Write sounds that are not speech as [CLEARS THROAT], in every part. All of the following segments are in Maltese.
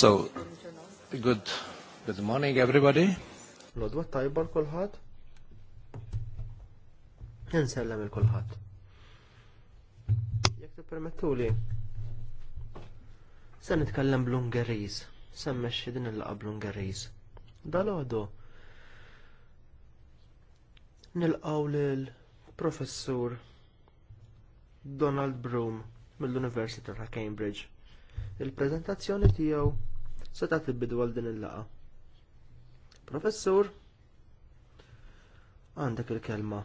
So, good, good morning everybody. Lodwa tajba l-kolħat? Nsellem il-kolħat. Jek t-permettu li, se nitkellem bl-Ungeriż, semmex din il-laqa bl-Ungeriż. Dal-għodu, nilqaw l-professur Donald Broom mill-Università ta' Cambridge. Il-prezentazzjoni tiegħu seta tibbidu għal din il laqa Professur, għandek il-kelma.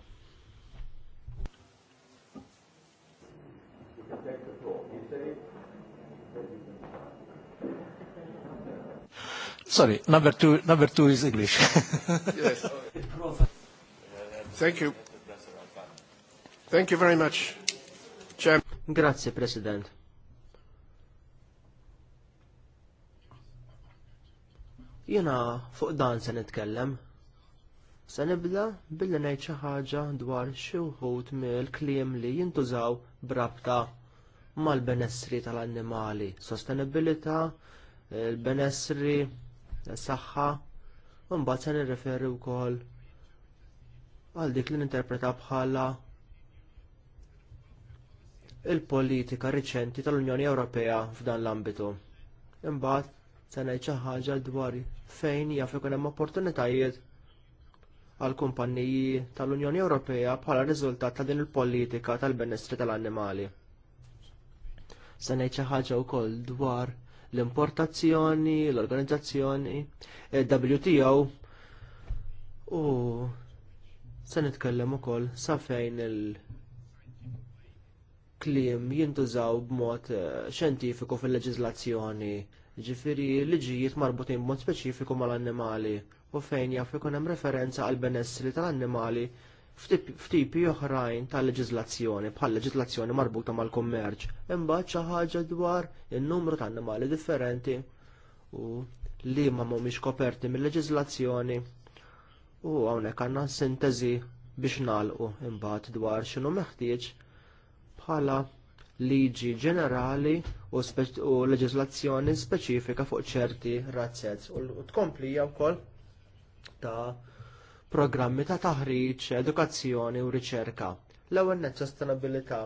Sorry, number two, number two is English. yes. Thank you. Thank you very much, Chairman. Grazie, President. Jena fuq dan se nitkellem. Se nibda billi ngħid xi ħaġa dwar xi wħud mill-kliem li jintużaw brabta mal-benessri tal-annimali, sostenibilità, il-benessri, s-saħħa, u mbagħad se nirreferi wkoll għal dik li ninterpreta bħala il-politika riċenti tal-Unjoni Ewropea f'dan l-ambitu. Imbagħad se ngħid xi ħaġa dwar fejn jaf hemm opportunitajiet għall kumpanniji tal-Unjoni Ewropea bħala riżultat ta' din il-politika tal benestri tal-annimali. Se ngħid xi ħaġa wkoll dwar l-importazzjoni, l-organizzazzjoni, il-WTO u se nitkellem ukoll sa fejn il-klim jintużaw b'mod eh, xjentifiku fil-leġiżlazzjoni ġifiri liġijiet marbutin b'mod speċifiku mal-annimali u fejn jaf ikun hemm referenza għal benessri tal-annimali f'tipi oħrajn tal-leġiżlazzjoni bħal leġiżlazzjoni marbuta mal-kummerċ. Imbagħad xi ħaġa dwar in-numru ta' annimali differenti u li ma mhumiex koperti mill-leġiżlazzjoni u hawnhekk għandna sintesi biex nagħlqu imbagħad dwar x'inhu meħtieġ bħala liġi ġenerali u, u leġislazzjoni speċifika fuq ċerti razzez. U tkomplija wkoll ta' programmi ta' taħriġ, edukazzjoni u riċerka. L-ewwel net sostenabilità.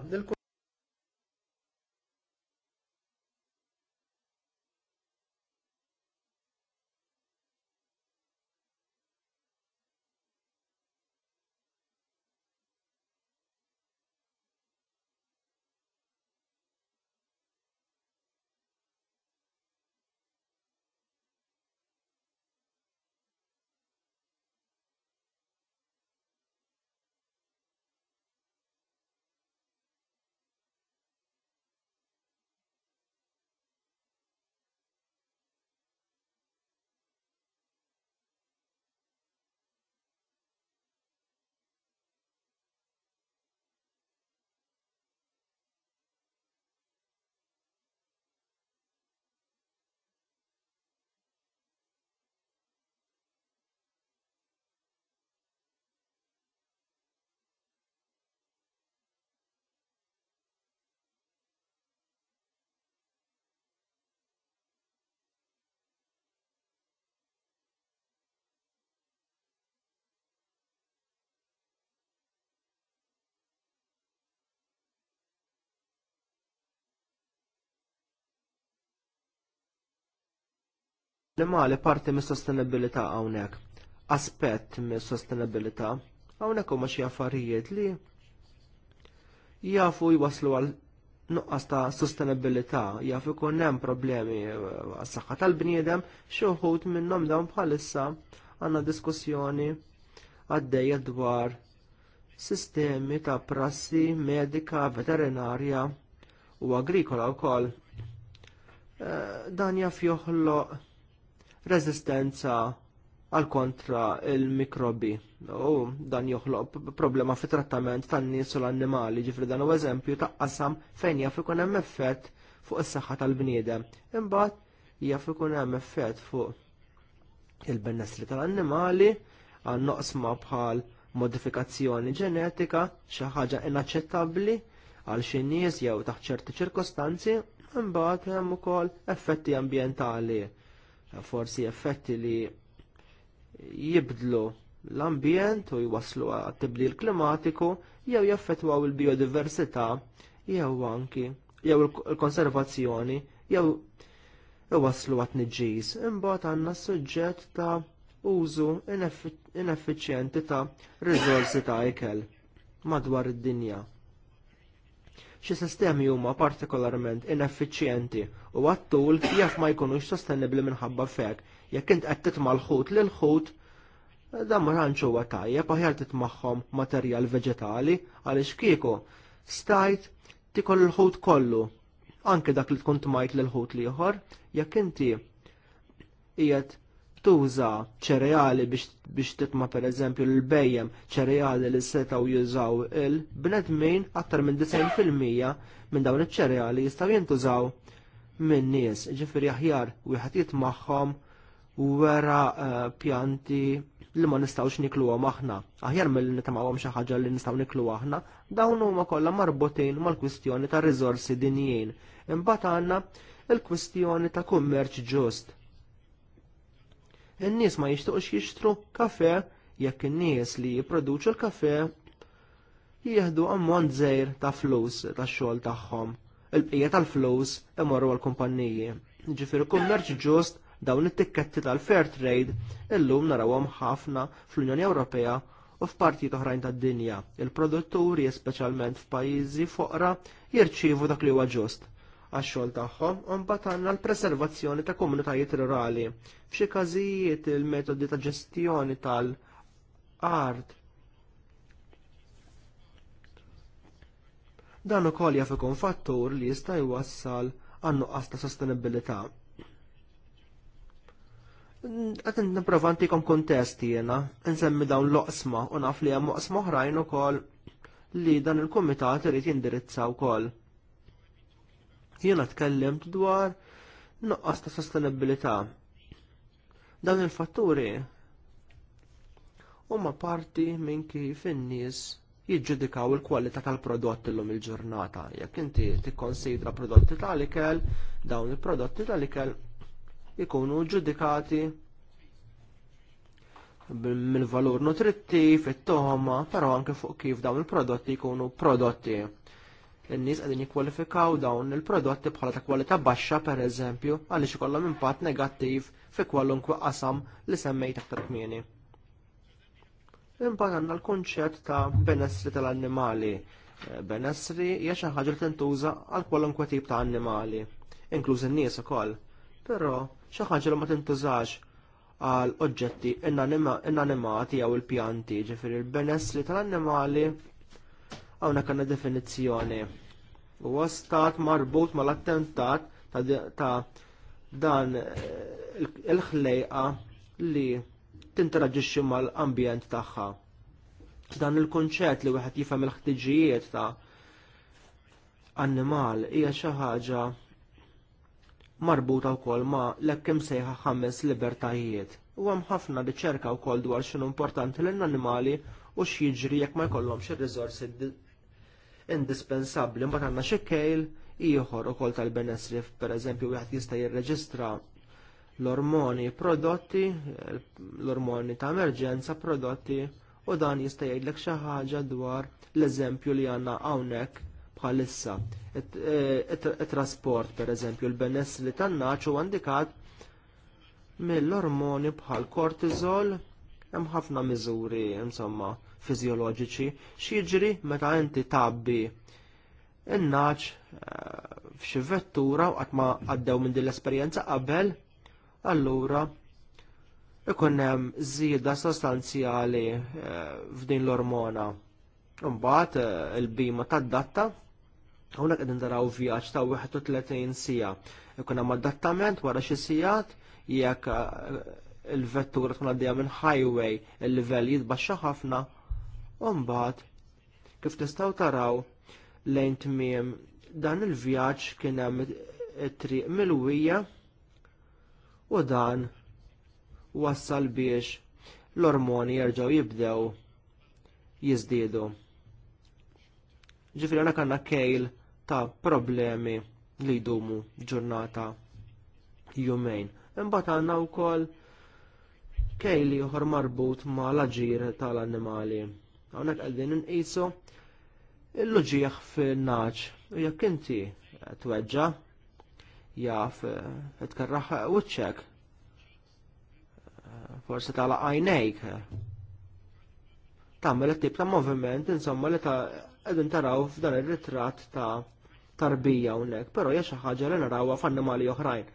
L-mali parti mis sostenibilità hawnhekk, aspett mis sostenibilità hawnhekk huma xi affarijiet li jafu jwaslu għal nuqqas ta' sostenibilità, jafu jkun hemm problemi eh, għas-saħħa tal-bniedem, xi wħud minnhom dawn bħalissa għandna diskussjoni għaddeja dwar sistemi ta' prassi medika, veterinarja u agrikola wkoll. Eh, dan jaf joħloq reżistenza għal kontra il-mikrobi. U dan joħloq problema fit trattament tan-nies u l-annimali, ġifri dan u eżempju ta' qasam fejn jaf ikun hemm effett fuq is-saħħa tal-bniedem. Imbagħad jaf ikun hemm effett fuq il-benessri tal-annimali għal noqsma bħal modifikazzjoni ġenetika xi ħaġa inaċċettabbli għal xi nies jew taħt ċerti ċirkostanzi, imbagħad hemm ukoll effetti ambjentali forsi effetti li jibdlu l-ambjent u jwaslu għat-tibdil klimatiku jew jaffettwaw il-biodiversità jew anki jew il-konservazzjoni jew jwaslu għat nġis imbagħad għandna suġġett ta' użu ineffiċjenti ta' rizorsi ta' ikel madwar id-dinja xi sistemi huma partikolarment ineffiċjenti u għattul kif ma jkunux sostenibbli minħabba fek. Jekk int qed titma' l-ħut lil ħut dan ma tantx huwa tajjeb aħjar titmaħħom materjal veġetali għaliex kieku stajt tikol l-ħut kollu, anke dak li tkun tmajt lil ħut ieħor jekk inti qiegħed tuża ċereali biex titma per eżempju l-bejjem ċereali li setaw jużaw il-bnedmin aktar minn 90% minn dawn iċ-ċereali jistaw jintużaw minn nies. Ġifiri aħjar wieħed jitmaħħom wera eh, pjanti li ma nistawx nikluhom aħna. Aħjar mill nitamawhom xi ħaġa li nistgħu nikluwa maħna, dawn huma kollha marbutin mal-kwistjoni ta' rizorsi dinjin. Imbagħad għandna il-kwistjoni ta' kummerċ ġust in-nies ma jixtuqx jixtru kafe jekk in-nies li jipproduċu l-kafe jieħdu ammont żgħir ta' flus tax-xogħol tagħhom. Il-bqija tal-flus imorru l kumpanniji Ġifir kummerċ ġust dawn it-tikketti tal-fair trade illum narawhom ħafna fl-Unjoni Ewropea u f'partijiet oħrajn tad-dinja. Il-produtturi, speċjalment f'pajjiżi foqra, jirċievu dak li huwa ġust għax-xogħol tagħhom u mbagħad għandna l-preservazzjoni ta' komunitajiet rurali. F'xi każijiet il-metodi ta' ġestjoni tal-art dan ukoll jaf fattur li jista' jwassal għan-nuqqas ta' sostenibilità. Qed kom kontesti kuntest jiena, nsemmi dawn l-oqsma u naf li hemm oqsma oħrajn ukoll li dan il-kumitat irid jindirizza wkoll. Jiena tkellimt dwar noqqas ta' sostenibilità. Dawn il-fatturi huma parti minn kif in-nies jiġġudikaw il-kwalità tal-prodott illum il-ġurnata. Jekk inti tikkonsidra prodotti tal-ikel, dawn il-prodotti tal-ikel ikunu ġudikati mill-valur nutrittiv, it-toħma, però anke fuq kif dawn il-prodotti jkunu prodotti l nies qegħdin jikkwalifikaw dawn il-prodotti bħala ta' kwalità baxxa pereżempju għaliex ikollhom impatt negattiv fi kwalunkwe qasam li semmejt aktar kmieni. Imbagħad għandna l-kunċett ta' benessri tal-annimali. Eh, benessri hija xi ħaġa li tintuża għal kwalunkwe tip ta' annimali, inkluż in-nies ukoll. Però xi ħaġa li ma tintużax għal oġġetti inanimati jew il-pjanti, ġifir il-benessri tal-annimali Għawna kanna definizzjoni. U stat marbut mal-attentat ta' dan eh, il-ħlejqa li tinteraġixxi mal-ambjent tagħha. Dan il-konċett li wieħed jifhem il-ħtiġijiet ta' annimal hija xi ħaġa marbuta wkoll ma' l-ekkim sejħa ħames libertajiet. U hemm ħafna riċerka wkoll dwar x'inhu importanti l-annimali u x'jiġri jekk ma jkollhomx ir-riżorsi indispensabbli. Mbagħad għandna xi kejl ieħor ukoll tal-benessri, pereżempju wieħed jista' jirreġistra l-ormoni prodotti, l-ormoni ta' emerġenza prodotti u dan jista' jgħidlek xi ħaġa dwar l-eżempju li għandna hawnhekk bħalissa. It-trasport, e, e, pereżempju, l-benessri tan-naċ huwa indikat mill-ormoni bħal kortizol hemm ħafna miżuri insomma fiżjoloġiċi x'jiġri meta inti tabbi in-naċ eh, f'xi vettura u qatt ma għaddew minn din l-esperjenza qabel, allura ikun hemm żieda sostanzjali eh, f'din l-ormona. Imbagħad eh, il-bima tad-datta hawnhekk qed naraw vjaġġ ta' 31 sija. Ikun hemm adattament wara xi sigħat jekk il-vettura tkun għaddejja minn highway il-livell jitbaxxa ħafna Umbat, kif tistaw taraw lejn tmiem dan il-vjaġġ kien hemm it-triq milwija u dan wassal biex l-ormoni jerġgħu jibdew jiżdiedu. Ġifieri għandna kanna kejl ta' problemi li jdumu ġurnata jumejn. Imbagħad għandna wkoll kejli oħor marbut ma' l-aġir tal-annimali. Hawnhekk qegħdin inqisu il-loġieħ fin-naċ. U jekk inti tweġġa' jaf tkarraħ eh, wiċċek. Eh, Forse tala għajnejk. Tammel it-tip ta' moviment, insomma, li ta' għedin taraw f'dan ir-ritratt ta' tarbija unnek, pero jaxa ħaġa li narawha f'annimali oħrajn.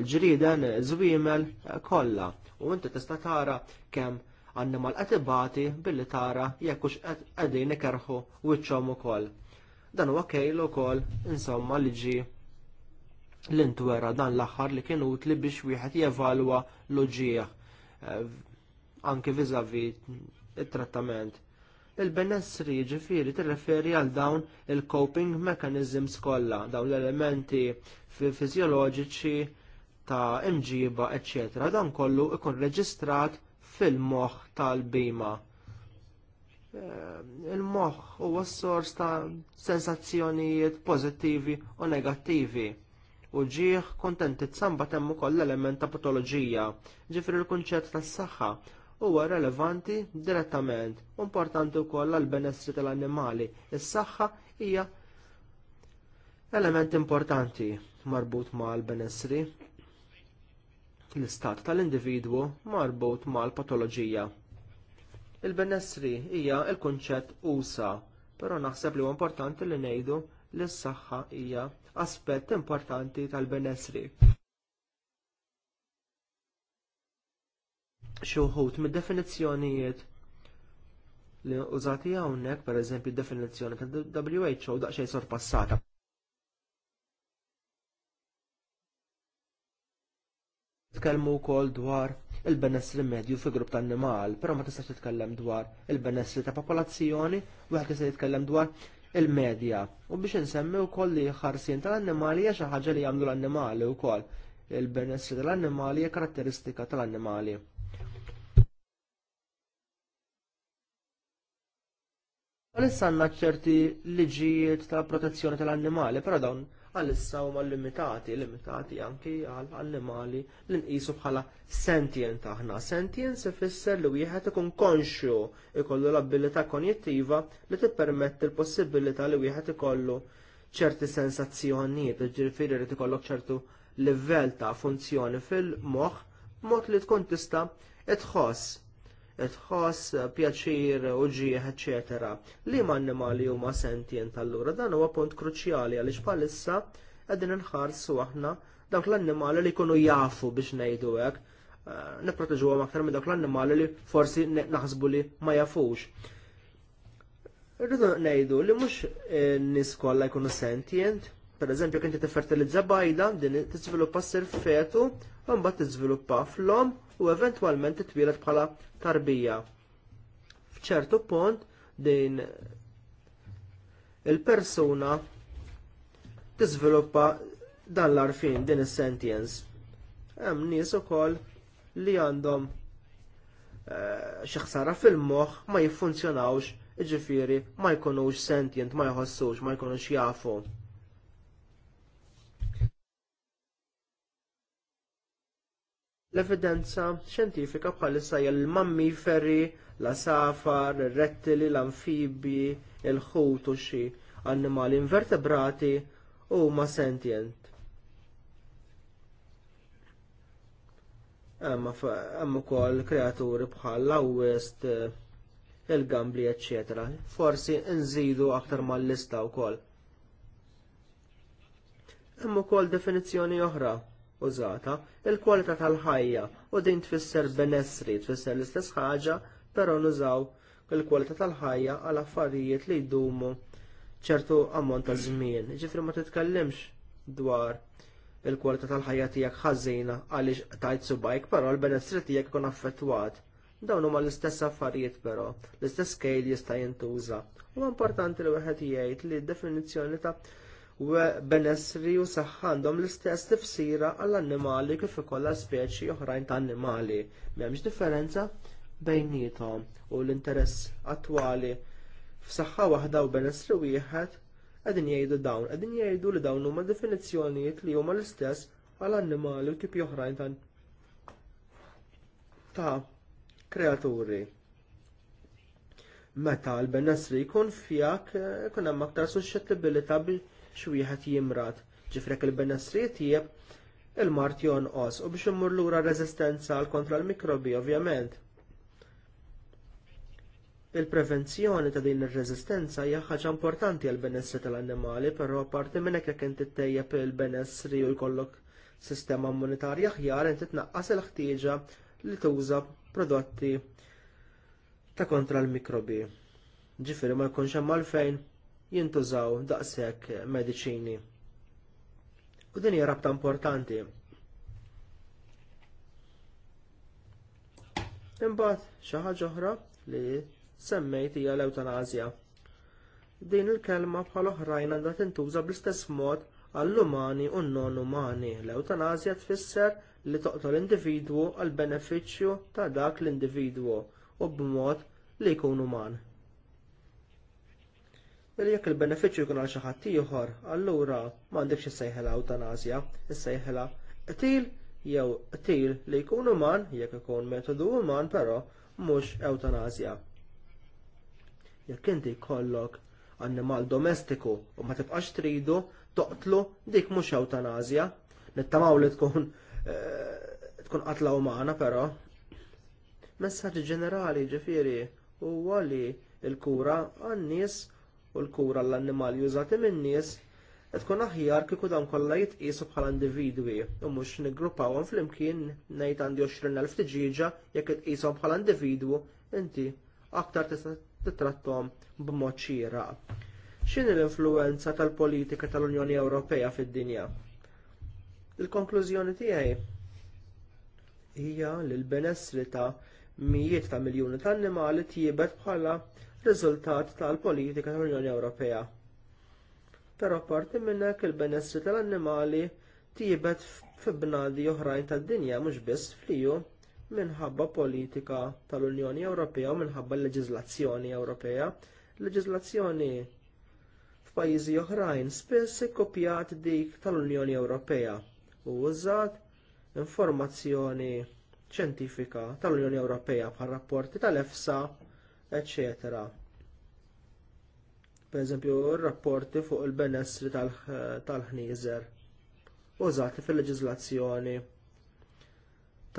Il-ġriden, żwiemel, eh, kollha. U inti tista' tara kemm għanna mal-qatibati billi tara jekkux għadin ikerħu wiċċom u koll. Dan huwa kejlu wkoll insomma li ġi l-intwera dan l-aħħar li kien utli biex wieħed jevalwa l-uġieħ eh, anke vizavi il trattament Il-benessri ġifiri tirreferi għal dawn il-coping mechanisms kollha, dawn l-elementi fizjoloġiċi ta' imġiba, ecc. Dan kollu ikun reġistrat fil-moħħ tal-bima. Eh, Il-moħħ huwa s-sors ta' sensazzjonijiet pożittivi u negattivi. U ġieħ kontenti tsamba temmu koll element ta' patoloġija, ġifri l-kunċett tas saħħa huwa relevanti direttament, importanti wkoll għall benessri tal-annimali. Is-saħħa hija element importanti marbut mal benessri l-istat tal-individwu marbut mal-patoloġija. Il-benessri hija l il kunċett usa, però naħseb li huwa importanti li ngħidu li s-saħħa hija aspett importanti tal-benessri. Xi wħud mid-definizzjonijiet li użati hawnhekk, pereżempju d definizzjoni tal WHO daqsxejn sorpassata. Tkellmu wkoll dwar il-benessri medju fi grupp ta' nimal però ma tistax titkellem dwar il-benessri ta' popolazzjoni, wieħed jista' jitkellem dwar il-medja. U biex insemmi wkoll li ħarsien tal-annimali hija xi ħaġa li jagħmlu l-annimali wkoll. Il-benessri tal-annimali hija karatteristika tal-annimali. Għalissa għanna ċerti liġijiet ta' protezzjoni tal-annimali, però dawn għalissa huma limitati, limitati anki għal annimali li nqisu bħala sentient aħna. Sentient se fisser li wieħed ikun konxju ikollu l-abilità konjettiva li tippermetti l-possibilità li wieħed ikollu ċerti sensazzjonijiet, ġifieri li ikollok ċertu livell ta' funzjoni fil-moħħ mod li tkun tista' tħoss tħoss, pjaċir, uġieħ, eċetera. Li ma annimali huma sentient allura dan huwa punt kruċjali għaliex bħalissa qegħdin inħarsu aħna dawk l-annimali li jkunu jafu biex ngħidu hekk. għam eh, aktar minn dawk l-annimali li forsi naħsbu li ma jafux. Rridu ngħidu li mhux eh, n-nies jkunu sentient, Per eżempju, kinti tiffertilizza bajda, din tiżviluppa s fetu, u t tiżviluppa flom u eventwalment twilet bħala tarbija. F'ċertu punt din il-persuna tiżviluppa dan l-arfin, din is-sentience. Hemm nies ukoll li għandhom eh, xi ħsara fil-moħħ ma jiffunzjonawx, jiġifieri ma jkunux sentient, ma jħossux, ma jkunux jafu. L-evidenza xjentifika bħalissa hija l-mammiferi, l-asafar, ir-rettili, l amfibi il-ħut u xi annimali invertebrati huma sentient. Hemm ukoll kreaturi bħal l-awwest, il-gambli, eċċetera. Forsi nżidu aktar mal-lista wkoll. Hemm ukoll definizzjoni oħra użata il-kwalità tal-ħajja u din tfisser benessri, tfisser l-istess ħaġa, però nużaw il-kwalità tal-ħajja għal affarijiet li jdumu ċertu ammont ta' żmien. Ġifri ma titkellimx dwar il-kwalità tal-ħajja tiegħek ħażina għaliex tajt subajk, però l-benessri tiegħek kun affettwat. Dawn huma l-istess affarijiet però, l-istess kejl jista' jintuża. Huwa importanti li wieħed jgħid li d-definizzjoni ta' u benessri u saħħa għandhom l-istess tifsira għall-annimali kif ikollha speċi oħrajn ta' annimali. M'hemmx differenza bejnietom u l-interess attwali f'saħħa waħda u benessri wieħed qegħdin jgħidu dawn, qegħdin jgħidu li dawn huma definizzjonijiet li huma l-istess għall-annimali u tipi oħrajn ta' kreaturi meta l-benessri jkun fjak, ikun hemm aktar suscettibilità biex xwieħed jimrat. Ġifrek il-benessri tiegħek il-mart jonqos u biex immur lura reżistenza għal kontra l-mikrobi ovvjament. Il-prevenzjoni ta' din ir-reżistenza hija ħaġa importanti għall benessri tal-annimali, però apparti minn hekk jekk inti ttejjeb il-benessri u jkollok sistema immunitarja aħjar inti tnaqqas il-ħtieġa li tuża prodotti ta' kontra l-mikrobi. Ġifieri ma jkunx hemm għalfejn jintużaw daqshekk mediċini. U din hija rabta importanti. Imbagħad xi ħaġa oħra li semmejt hija l-eutanazja. Din il-kelma bħal oħrajn għandha tintuża bl-istess mod għall-umani u non-umani. L-eutanazja tfisser li toqtol individwu għall benefiċċju ta' dak l-individwu u b'mod li jkun uman. Illi jekk il-benefiċċju jkun għal xi ħadd ieħor, allura m'għandekx issejħela eutanasja, issejħela qtil jew qtil li jkun uman jekk ikun metodu uman però mhux eutanasja. Jekk inti jkollok annimal domestiku u ma tibqax tridu toqtlu dik mhux eutanasja, nittamaw li tkun eh, tkun qatla umana però. Messaġġ ġenerali ġifieri huwa li l-kura għan-nies u l-kura l-annimali jużati min-nies qed tkun aħjar kieku dawn kollha jitqisu bħala individwi u mhux niggruppawhom flimkien ngħid għandi 20,000 tiġiġa jekk itqishom bħala individwu inti aktar tista' titrattom b'mod xieraq. X'inhi l-influenza tal-politika tal-Unjoni Ewropea fid-dinja? Il-konklużjoni tiegħi hija li l-benessri ta' mijiet ta' miljuni ta' annimali tjiebet bħala riżultat tal-politika tal-Unjoni Ewropea. Però parti minn hekk il-benessri tal-annimali tjiebet f'bnadi oħrajn tad-dinja mhux biss fliju minħabba politika tal-Unjoni Ewropea u minħabba l-leġiżlazzjoni Ewropea. Leġiżlazzjoni f'pajjiżi oħrajn spiss ikkopjat dik tal-Unjoni Ewropea u użat informazzjoni ċentifika tal-Unjoni Ewropea bħal rapporti tal-EFSA, etc. Pereżempju r rapporti fuq il-benessri tal-ħnieżer użati fil-leġiżlazzjoni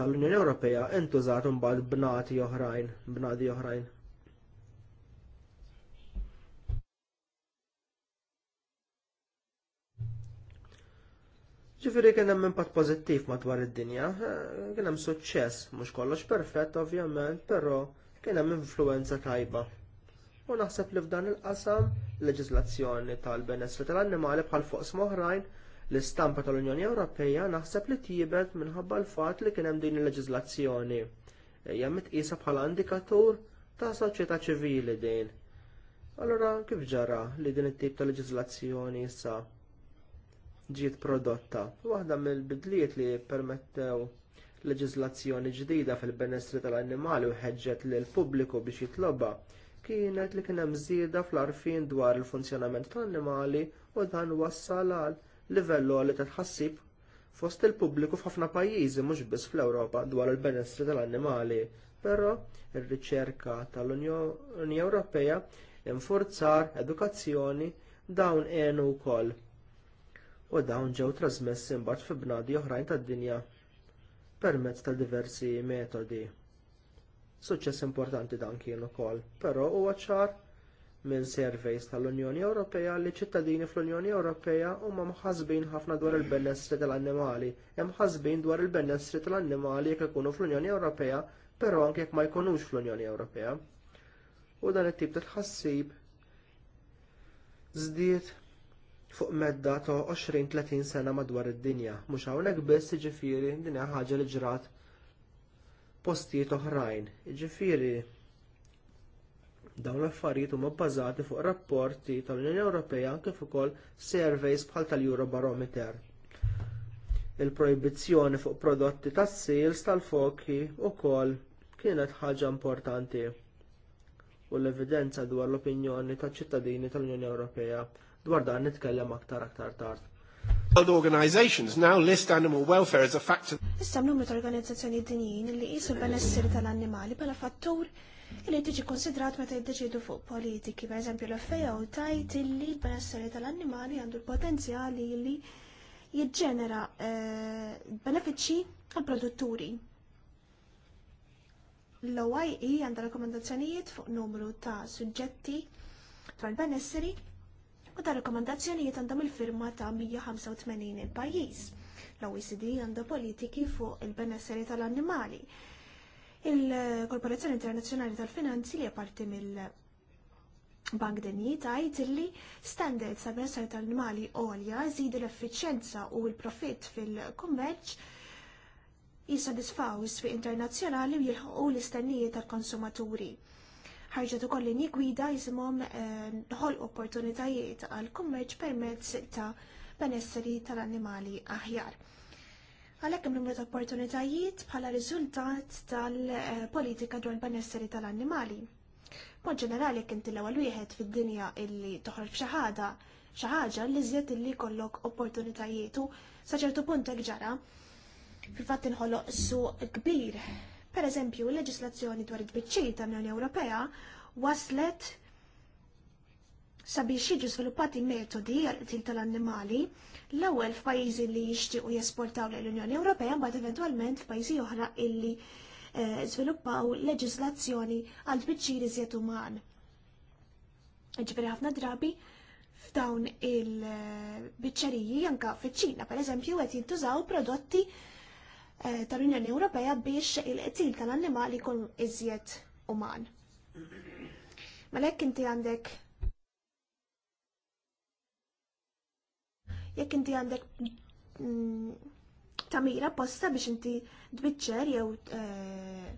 tal-Unjoni Ewropea intużat mbagħad bnati oħrajn, bnadi oħrajn Ġifiri kien hemm impatt pożittiv madwar id-dinja, kien hemm suċċess, mhux kollox perfett ovvjament, però kien hemm influenza tajba. U naħseb li f'dan il-qasam leġiżlazzjoni tal-benessri tal-annimali bħal fuq smoħrajn l-istampa tal-Unjoni Ewropea naħseb li tibet minħabba l-fatt li kien hemm din il-leġiżlazzjoni. Hija mitqisa bħala indikatur ta' soċjetà ċivili din. Allora kif ġara li din it-tip ta' leġiżlazzjoni issa ġiet prodotta. Waħda mill-bidliet li permettew leġiżlazzjoni ġdida fil benestri tal-annimali u ħeġġet lill pubbliku biex jitlobha kienet li kien hemm żieda fl-arfin dwar il-funzjonament tal-annimali u dan wassal għal livell għali ta' tħassib fost il-pubbliku f'ħafna pajjiżi mhux biss fl-Ewropa dwar il benestri tal-annimali. Però ir-riċerka tal-Unjoni Ewropea, infurzar, edukazzjoni dawn għenu wkoll u dawn ġew trasmessi imbagħad fi bnadi oħrajn tad-dinja permezz ta' diversi metodi. Suċċess importanti dan kien ukoll, però huwa ċar minn surveys tal-Unjoni Ewropea li ċittadini fl-Unjoni Ewropea huma mħasbin ħafna dwar il-benessri tal-annimali, hemm ħasbin dwar il-benessri tal-annimali jekk ikunu fl-Unjoni Ewropea, però anke jekk ma jkunux fl-Unjoni Ewropea. U dan it-tip ta' tħassib żdied fuq medda ta' 20-30 sena madwar id-dinja. Mhux hawnhekk biss jiġifieri din hija ħaġa li ġrat postijiet oħrajn. Jiġifieri dawn l-affarijiet huma bbażati fuq rapporti tal-Unjoni Ewropea kif ukoll surveys bħal tal-Eurobarometer. Il-projbizzjoni fuq prodotti tas-sils tal-foki wkoll kienet ħaġa importanti u l-evidenza dwar l-opinjoni taċ ċittadini tal-Unjoni Ewropea Dwar dan nitkellem aktar aktar tard. World organizations now list animal welfare as a factor. Issa numru ta' organizzazzjoni dinjin li qisu l-benessir tal-annimali bħala fattur li tiġi konsidrat meta jiddeċidu fuq politiki, per eżempju l-FAO tajt li l-benessir tal-annimali għandu l-potenzjali li jiġġenera eh, benefiċċji għall produtturi l-OIE għandha rakkomandazzjonijiet fuq numru ta' suġġetti tal-benesseri u ta' rekomendazzjonijiet għandhom il-firma ta' 185 il-pajjiż. L-OECD għandha politiki fuq il-benesseri tal-annimali. Il-Korporazzjoni Internazzjonali tal-Finanzi li parti mill- Bank Dinji ta' li standards ta' benesseri tal-annimali għolja zidu l-effiċenza u l-profitt fil-kummerċ jisodisfaw is-sfiq internazzjonali u jilħqu l-istennijiet tal-konsumaturi ħarġet ukoll linji gwida jisimhom eh, ħol opportunitajiet għal kummerċ permezz ta' benesseri tal-annimali aħjar. Għalhekk hemm numru ta' opportunitajiet bħala riżultat tal-politika dwar benesseri tal-annimali. Mod ġenerali kien l-ewwel wieħed fid-dinja illi toħroġ b'xi xi ħaġa li żjed illi jkollok opportunitajiet u sa ċertu punt hekk ġara. Fil-fatt inħoloq suq kbir Per eżempju, l-leġislazzjoni dwar il-biċċil tal-Unjoni Ewropea waslet sabiex jiġu sviluppati metodi għal-qtil tal-annimali l-ewwel f'pajjiżi li jixtiequ jesportaw l-Unjoni Ewropea mbagħad eventwalment f'pajjiżi oħra illi żviluppaw eh, leġiżlazzjoni għal tbiċċir iżjed uman. Ġifieri ħafna drabi f'dawn il-biċċeriji eh, anke fiċ-Ċina pereżempju qed jintużaw prodotti Eh, tal-Unjoni Ewropea biex il-qtil tal-annimali jkun iżjed uman. Mela jekk inti għandek jekk inti għandek mm, tamira posta biex inti dbiċċer jew eh,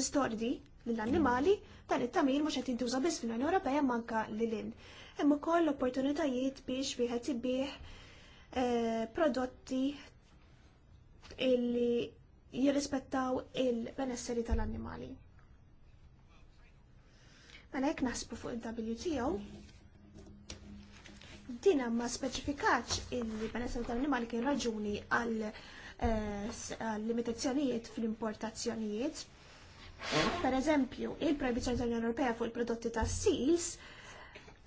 tistordi lill-annimali, dan it-tamir mhux qed jintuża biss fil-Unjoni Ewropea manka lilin. Hemm ukoll opportunitajiet biex wieħed ibih eh, prodotti illi jirrispettaw il-benesseri tal-annimali. Mela jekk nasbu fuq il-WTO, dina ma speċifikax il-benesseri tal-annimali kien raġuni eh, għal limitazzjonijiet fl-importazzjonijiet. Per eżempju, il-proibizjoni tal-Unjoni Ewropea fuq il-prodotti tas-sils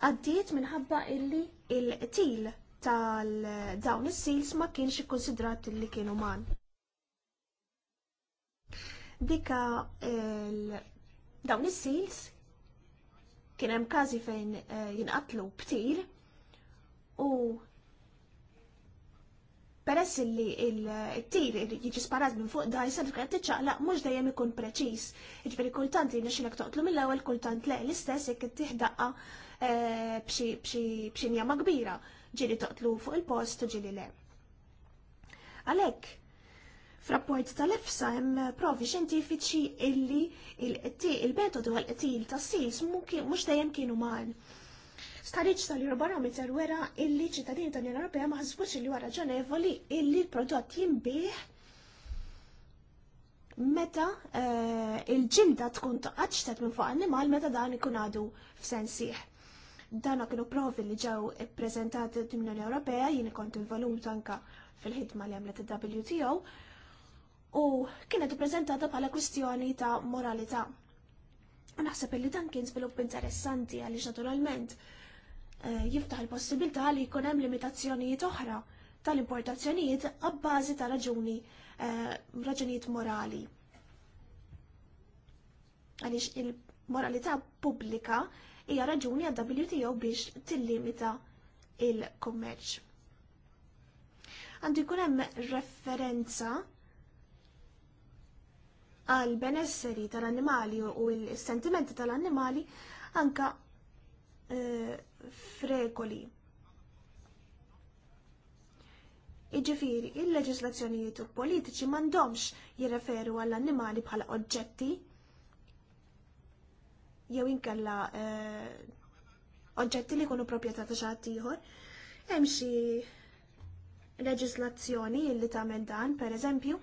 għaddiet minħabba illi il-til tal-dawn is-sils ma kienx ikkonsidrat li kienu man. Dika dawn is-sils kien hemm każi fejn eh, jinqatlu ptir u peress li il-tir jiġi sparat minn fuq daj sa tkun tiċċaqlaq mhux dejjem ikun preċiż. Iġveri kultant jinexilek toqtlu mill-ewwel kultant le l-istess jekk ittih daqqa eh, b'xi njama kbira ġili toqtlu fuq il-post u ġili le. Għalek, frappojt tal-EFSA hemm provi xjentifiċi illi il-metodu għal-qtil tas sils mhux dejjem kienu man. Stariċ tal-Eurobarometer wera illi ċittadini tal-Unjoni Ewropea ma ħasbux li wara ġonevoli illi l-prodott jinbih meta eh, il-ġilda tkun taqaċtet minn fuq annimal meta dan ikun għadu f'sensieħ. Dana kienu provi li ġew ippreżentati l-Unjoni Ewropea, jien kont involut tanka fil-ħidma li għamlet il-WTO, u kienet ippreżentata bħala kwistjoni ta' moralità. Naħseb li dan kien svilupp interessanti għaliex naturalment eh, jiftaħ il-possibilità li jkun hemm limitazzjonijiet oħra tal-importazzjonijiet għabbażi ta' raġuni eh, raġunijiet morali. Għaliex il-moralità pubblika hija raġuni għad-WTO biex tillimita il-kummerċ. Għandu jkun hemm referenza għal benesseri tal-annimali u l-sentimenti tal-annimali anka eh, frekoli. Iġifiri, il-leġislazzjonijiet u politiċi mandomx jirreferu għall-annimali bħala oġġetti jew inkella eh, oġġetti li jkunu proprjetà ta' xi ieħor. Hemm xi leġislazzjoni li tagħmel dan, pereżempju,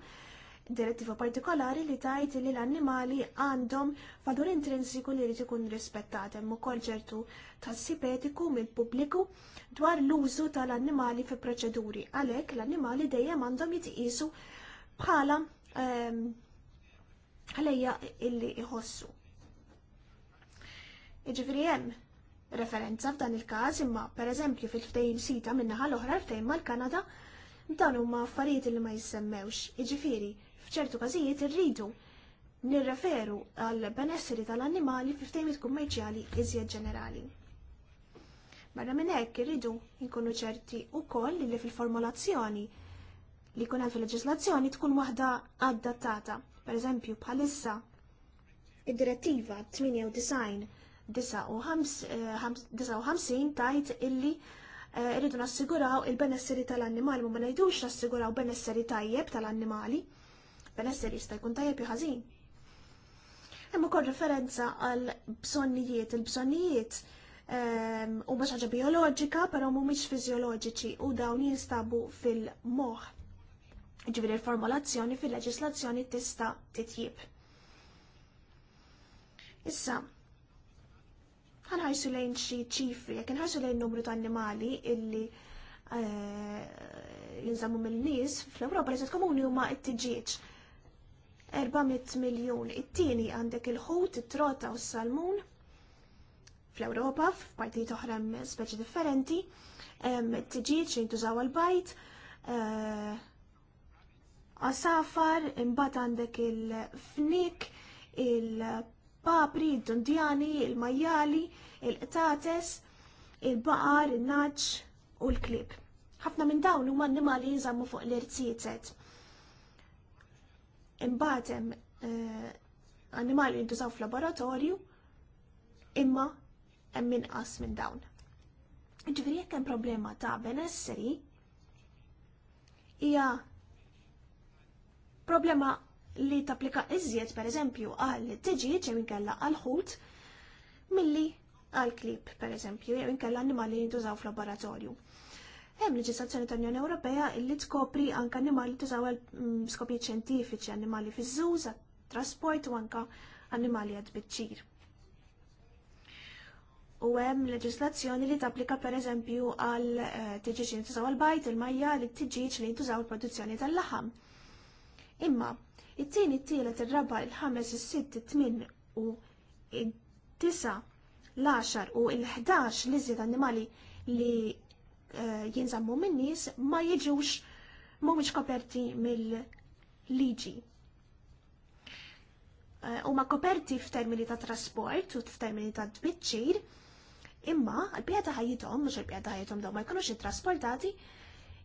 direttiva partikolari li tajt li l-annimali għandhom valur intrinsiku li jrid ikun rispettat hemm ukoll ċertu tassib etiku mill-pubbliku dwar l-użu tal-annimali fi proċeduri. Għalhekk l-annimali dejjem għandhom jitqisu bħala ehm, ħalejja illi iħossu iġifiri hemm referenza f'dan il-każ imma pereżempju fil-ftehim sita min-naħa l-oħra ftejn mal-Kanada dan huma affarijiet li ma jissemmewx. iġifiri, f'ċertu każijiet irridu nirreferu għal benesseri tal-annimali fi ftehimiet kummerċjali iżjed ġenerali. Barra minn hekk irridu nkunu ċerti wkoll li fil-formulazzjoni li jkun hemm fil-leġislazzjoni tkun waħda adattata. Per eżempju, bħalissa id-direttiva 98 59 eh, tajt illi eh, rridu nassiguraw il-benesseri tal-annimali, ma ngħidux nassiguraw benesseri tajjeb tal-annimali. Benesseri jista' jkun tajjeb ħażin. Imma kol referenza għal bżonnijiet, il-bżonnijiet ehm, u ma ħaġa biologika, però mhumiex fiżjoloġiċi u dawn jinstabu fil-moħħ. Ġifieri l-formulazzjoni fil-leġislazzjoni tista' titjib. Issa, ħanħarsu lejn xi ċifri, jekk inħarsu lejn numru ta' annimali illi eh, jinżammu mill-nies fl-Ewropa li komuni huma t-tiġieġ. 400 miljun. It-tieni għandek il-ħut, it-trota u s-salmun fl-Ewropa, f'partijiet oħra speċi differenti, t-tiġieġ jintużaw għal-bajt, eh, għasafar, imbagħad għandek il-fnik, il il-papri, il dundjani il-majjali, il-qtates, il-baqar, il naċ u l-klib. ħafna minn dawn huma annimali jinżammu fuq l-irtietet. Imbagħad hemm eh, annimali jintużaw f'laboratorju imma hemm inqas minn dawn. Ġifieri jekk hemm problema ta' benesseri hija problema li tapplika iżjed per eżempju għal tiġi jew inkella għal ħut milli għal klib per eżempju jew inkella annimali li jintużaw fl-laboratorju. Hemm leġislazzjoni tal-Unjoni Ewropea li tkopri anke annimali tużaw għal mm, skopji ċjentifiċi, annimali fiż-żuż, trasport u anke annimali għad biċċir. U hemm leġislazzjoni li tapplika pereżempju għal eh, tiġiġ li tużaw għal bajt, il-majja li tiġiġ li tużaw il-produzzjoni tal-laħam. Imma it-tieni, it-tielet, ir-raba, il-ħames, is-sitt, it-tmin u it-tisa, l għaxar u l ħdax li żied annimali li eh, jinżammu minn nies ma jiġux mhumiex koperti mill-liġi. Eh, huma koperti f'termini ta' trasport u f'termini ta' tbiċċir, imma għal-pjata ħajjithom, mhux il-pjata ħajjithom dawn ma jkunux ittrasportati,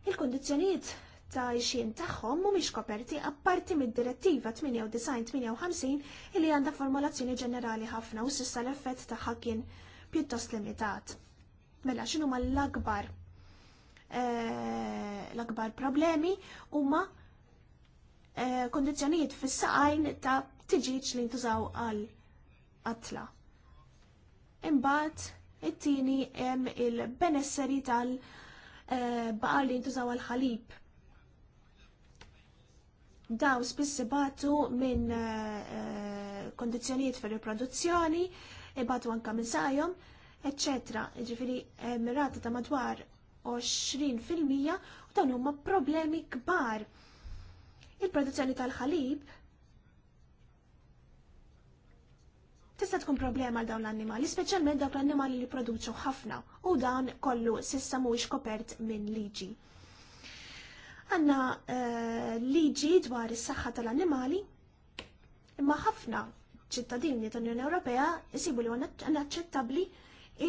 il-kondizzjonijiet ta' xin tagħhom mhumiex koperti apparti mid-direttiva 98-58 li għandha formulazzjoni ġenerali ħafna u s'issa l-effett tagħha kien pjuttost limitat. Mela ma l-akbar eh, l-akbar problemi huma eh, kondizjonijiet fis-saqajn ta' tiġiġ li ntużaw għal atla. Imbagħad it-tieni hemm il-benesseri tal- eh, baqal li ntużaw għal ħalib daw spissi batu minn eh, eh, kondizjoniet fil riproduzzjoni ibatu anka minn sajom, etc. Ġifiri, mirata ta' madwar 20% u dawn huma problemi kbar. Il-produzzjoni tal-ħalib tista' tkun problema għal dawn l-annimali, speċjalment dawn l-annimali li produċu ħafna u dan kollu sissa mhuwiex kopert minn liġi. Għanna eh, liġi dwar is-saħħa tal-annimali imma ħafna ċittadini tal-Unjoni Ewropea jisibu li ċettabli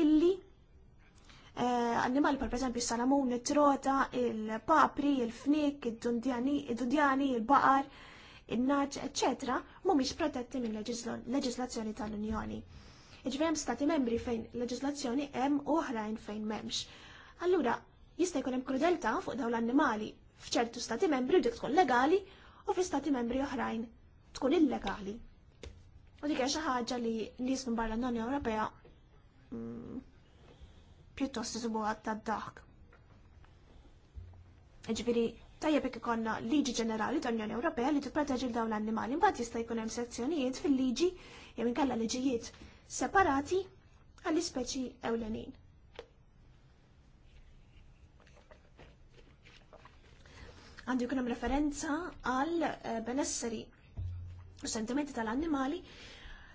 illi eh, annimali per eżempju salamun, it-trota, il-papri, il-fnik, id-dundjani, il-baqar, il-naċ, etc. mumiex protetti minn leġislazzjoni tal-Unjoni. Iġveri stati membri fejn leġislazzjoni hemm oħrajn fejn memx. Allura, jista' jkun hemm krudelta fuq dawn l-annimali f'ċertu stati membri u dik tkun legali u fi stati membri oħrajn tkun illegali. U dik xi ħaġa li nismu barra l-Unjoni Ewropea mm, pjuttost għatta d dak Ġifieri tajjeb jekk ikollna liġi ġenerali tal-Unjoni Ewropea li tipproteġi dawn l-annimali, mbagħad jista' jkun hemm sezzjonijiet fil-liġi jew inkella liġijiet separati għall-ispeċi ewlenin. għandu jkun hemm referenza għal eh, benesseri u sentimenti tal-annimali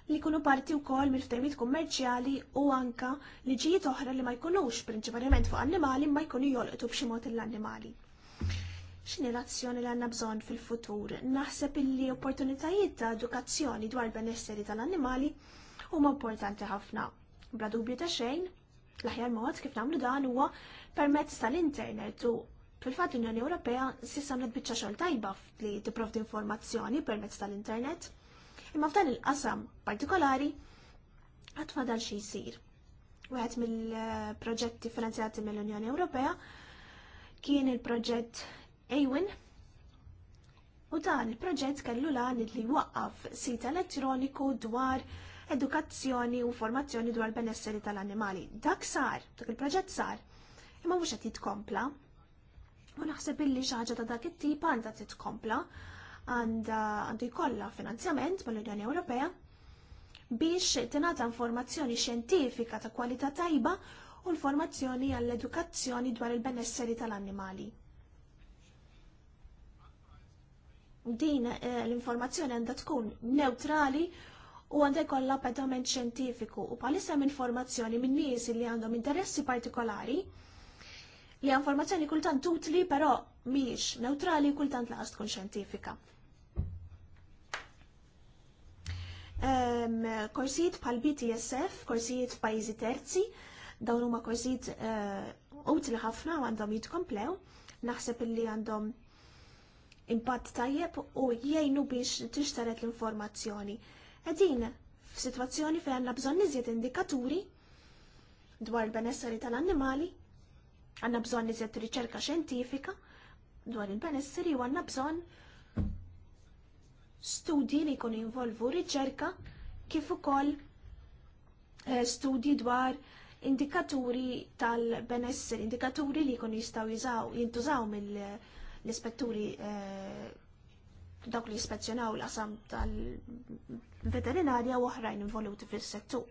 li jkunu parti wkoll mill-ftehmiet kummerċjali u anka liġijiet oħra li ma jkunux prinċipalment fuq annimali ma jkunu jolqtu b'xi mod l-annimali. X'inhi l-azzjoni li għandna bżonn fil-futur? Naħseb li opportunitajiet ta' edukazzjoni dwar benesseri tal-annimali huma importanti ħafna. Bla dubju ta' xejn, l-aħjar mod kif nagħmlu dan huwa permezz tal-internet u Fil-fatt l-Unjoni Ewropea sissa nitbiċċa xogħol tajba li tipprovdi informazzjoni permezz tal-internet, imma f'dan il-qasam partikolari għad fadal xi jsir. Wieħed mill-proġetti finanzjati mill-Unjoni Ewropea kien il-proġett Ewin u dan il-proġett kellu lan li waqqaf sit elettroniku dwar edukazzjoni u formazzjoni dwar benesseri tal-annimali. Dak sar, dak il-proġett sar, imma mhux qed jitkompla U naħseb illi ħaġa ta' dak it-tip għandha titkompla għandu jkollha finanzjament mal-Unjoni Ewropea biex tingħata informazzjoni xjentifika ta' kwalità tajba u l-formazzjoni għall-edukazzjoni dwar il-benesseri tal-annimali. Din eh, l-informazzjoni għandha tkun neutrali u għandha jkollha pedament xjentifiku u bħalissa informazzjoni minn nies li għandhom interessi partikolari li informazzjoni kultant utli però miex neutrali kultant laqas tkun xjentifika. Um, korsijiet pal BTSF, korsijiet pajizi terzi, dawn huma korsijiet eh, utli uh, ħafna għandhom jitkomplew, naħseb li għandhom impatt tajjeb u jgħinu biex tixtaret l-informazzjoni. Edin, f-situazzjoni fejn għanna bżon iżjed indikaturi dwar il-benessari tal-annimali Għanna bżon li riċerka xentifika dwar il-benessiri u għanna bżon studji li jkunu involvu riċerka kif ukoll eh, studji dwar indikaturi tal-benessir, indikaturi li jkunu jistaw jintużaw mill-ispetturi eh, dawk li jispezzjonaw l-qasam tal-veterinarja u oħrajn involuti fis-settur.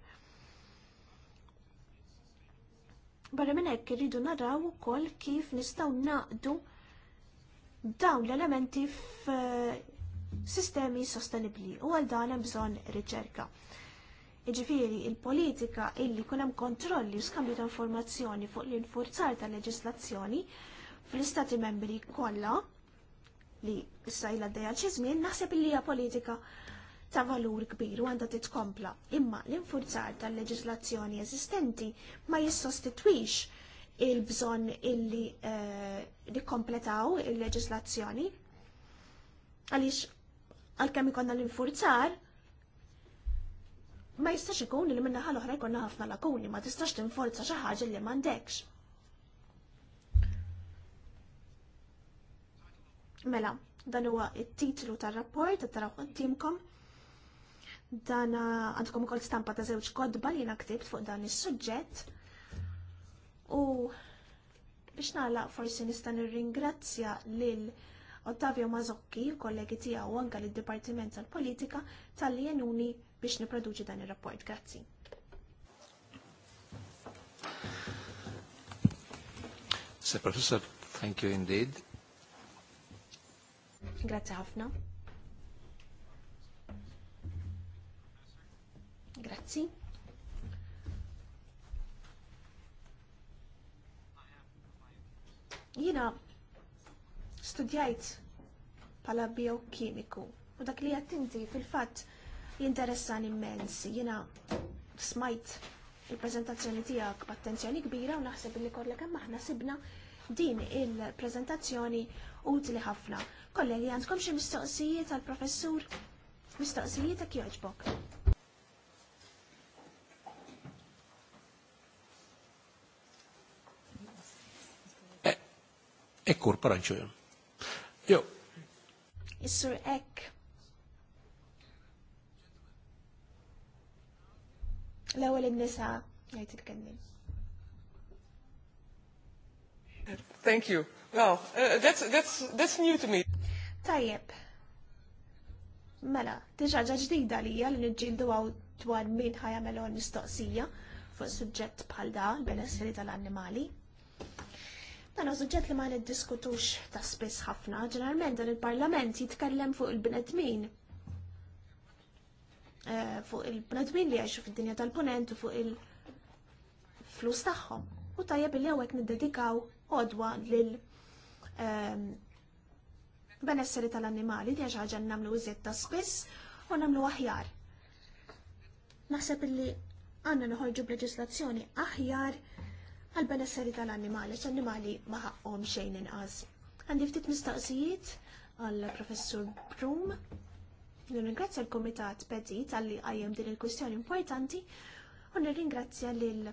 Barra minn hekk irridu naraw ukoll kif nistgħu naqdu dawn l-elementi f'sistemi sostenibbli u għal dan hemm bżonn riċerka. Iġifieri il-politika illi kun hemm kontrolli u skambju ta' informazzjoni fuq l-infurzar ta' leġislazzjoni fl-istati membri kollha li issa jla d-dejja naħseb li hija politika ta' valur kbir u għandha titkompla, imma l-infurzar tal-leġislazzjoni eżistenti ma jissostitwix il-bżonn illi eh, nikkompletaw uh, il-leġislazzjoni. Għaliex għalkemm ikonna l-infurzar, ma jistax ikun li minnaħa l-oħra jkunna ħafna lakuni, ma tistax tinforza xi ħaġa li m'għandekx. Mela, dan huwa it-titlu tar-rapport, tara quddiemkom. Dan ah, għandkom ukoll stampa ta' żewġ kodba li jiena ktibt fuq dan is-suġġett. U biex nagħlaq forsi nista' nirringrazzja lil Ottavio Mazzocchi, kollegi tiegħu anke lid-Dipartiment tal-Politika tal jenuni biex niproduċi dan ir-rapport. Grazzi. Sir Professor, thank you indeed. Grazie ħafna. Grazzi. Jina studjajt pala biokimiku u dak li jattinti fil-fat jinteressan immens. Jina smajt il-prezentazzjoni tijak b'attenzjoni kbira u naħseb li kollek hemm aħna sibna din il-prezentazzjoni utli ħafna. Kollegi, għandkom xi mistoqsijiet għal professur Mistoqsijiet jogħġbok. ekkur parancsoljon. Jo. Isur ek. L-ewwel nisa jgħid il Thank you. Well, uh, that's, that's, that's new to me. Tajjeb. Mela, ġa ġdida li hija li nġildu għaw dwar min ħajamelu mistoqsija fuq suġġett bħal da, l-benessri tal-annimali. Dan għazu suġġett li ma niddiskutux ta' spiss ħafna, ġeneralment dan il-Parlament jitkellem fuq il-bnedmin eh, fuq il-bnedmin li għaxu fid-dinja tal ponent u fuq il-flus tagħhom. U tajjeb li hawnhekk niddedikaw odwa lil ehm, benesseri tal-annimali li ħaġa nagħmlu iżjed ta' spiss u nagħmlu aħjar. Naħseb illi għandna b b'leġislazzjoni aħjar għal benesseri tal-annimali, x-annimali maħaqqom xejn inqas. Għandi ftit mistaqsijiet għal professur Brum. Nirringrazzja l-Komitat Peti tal-li għajem din il-kwistjoni importanti u nirringrazzja lil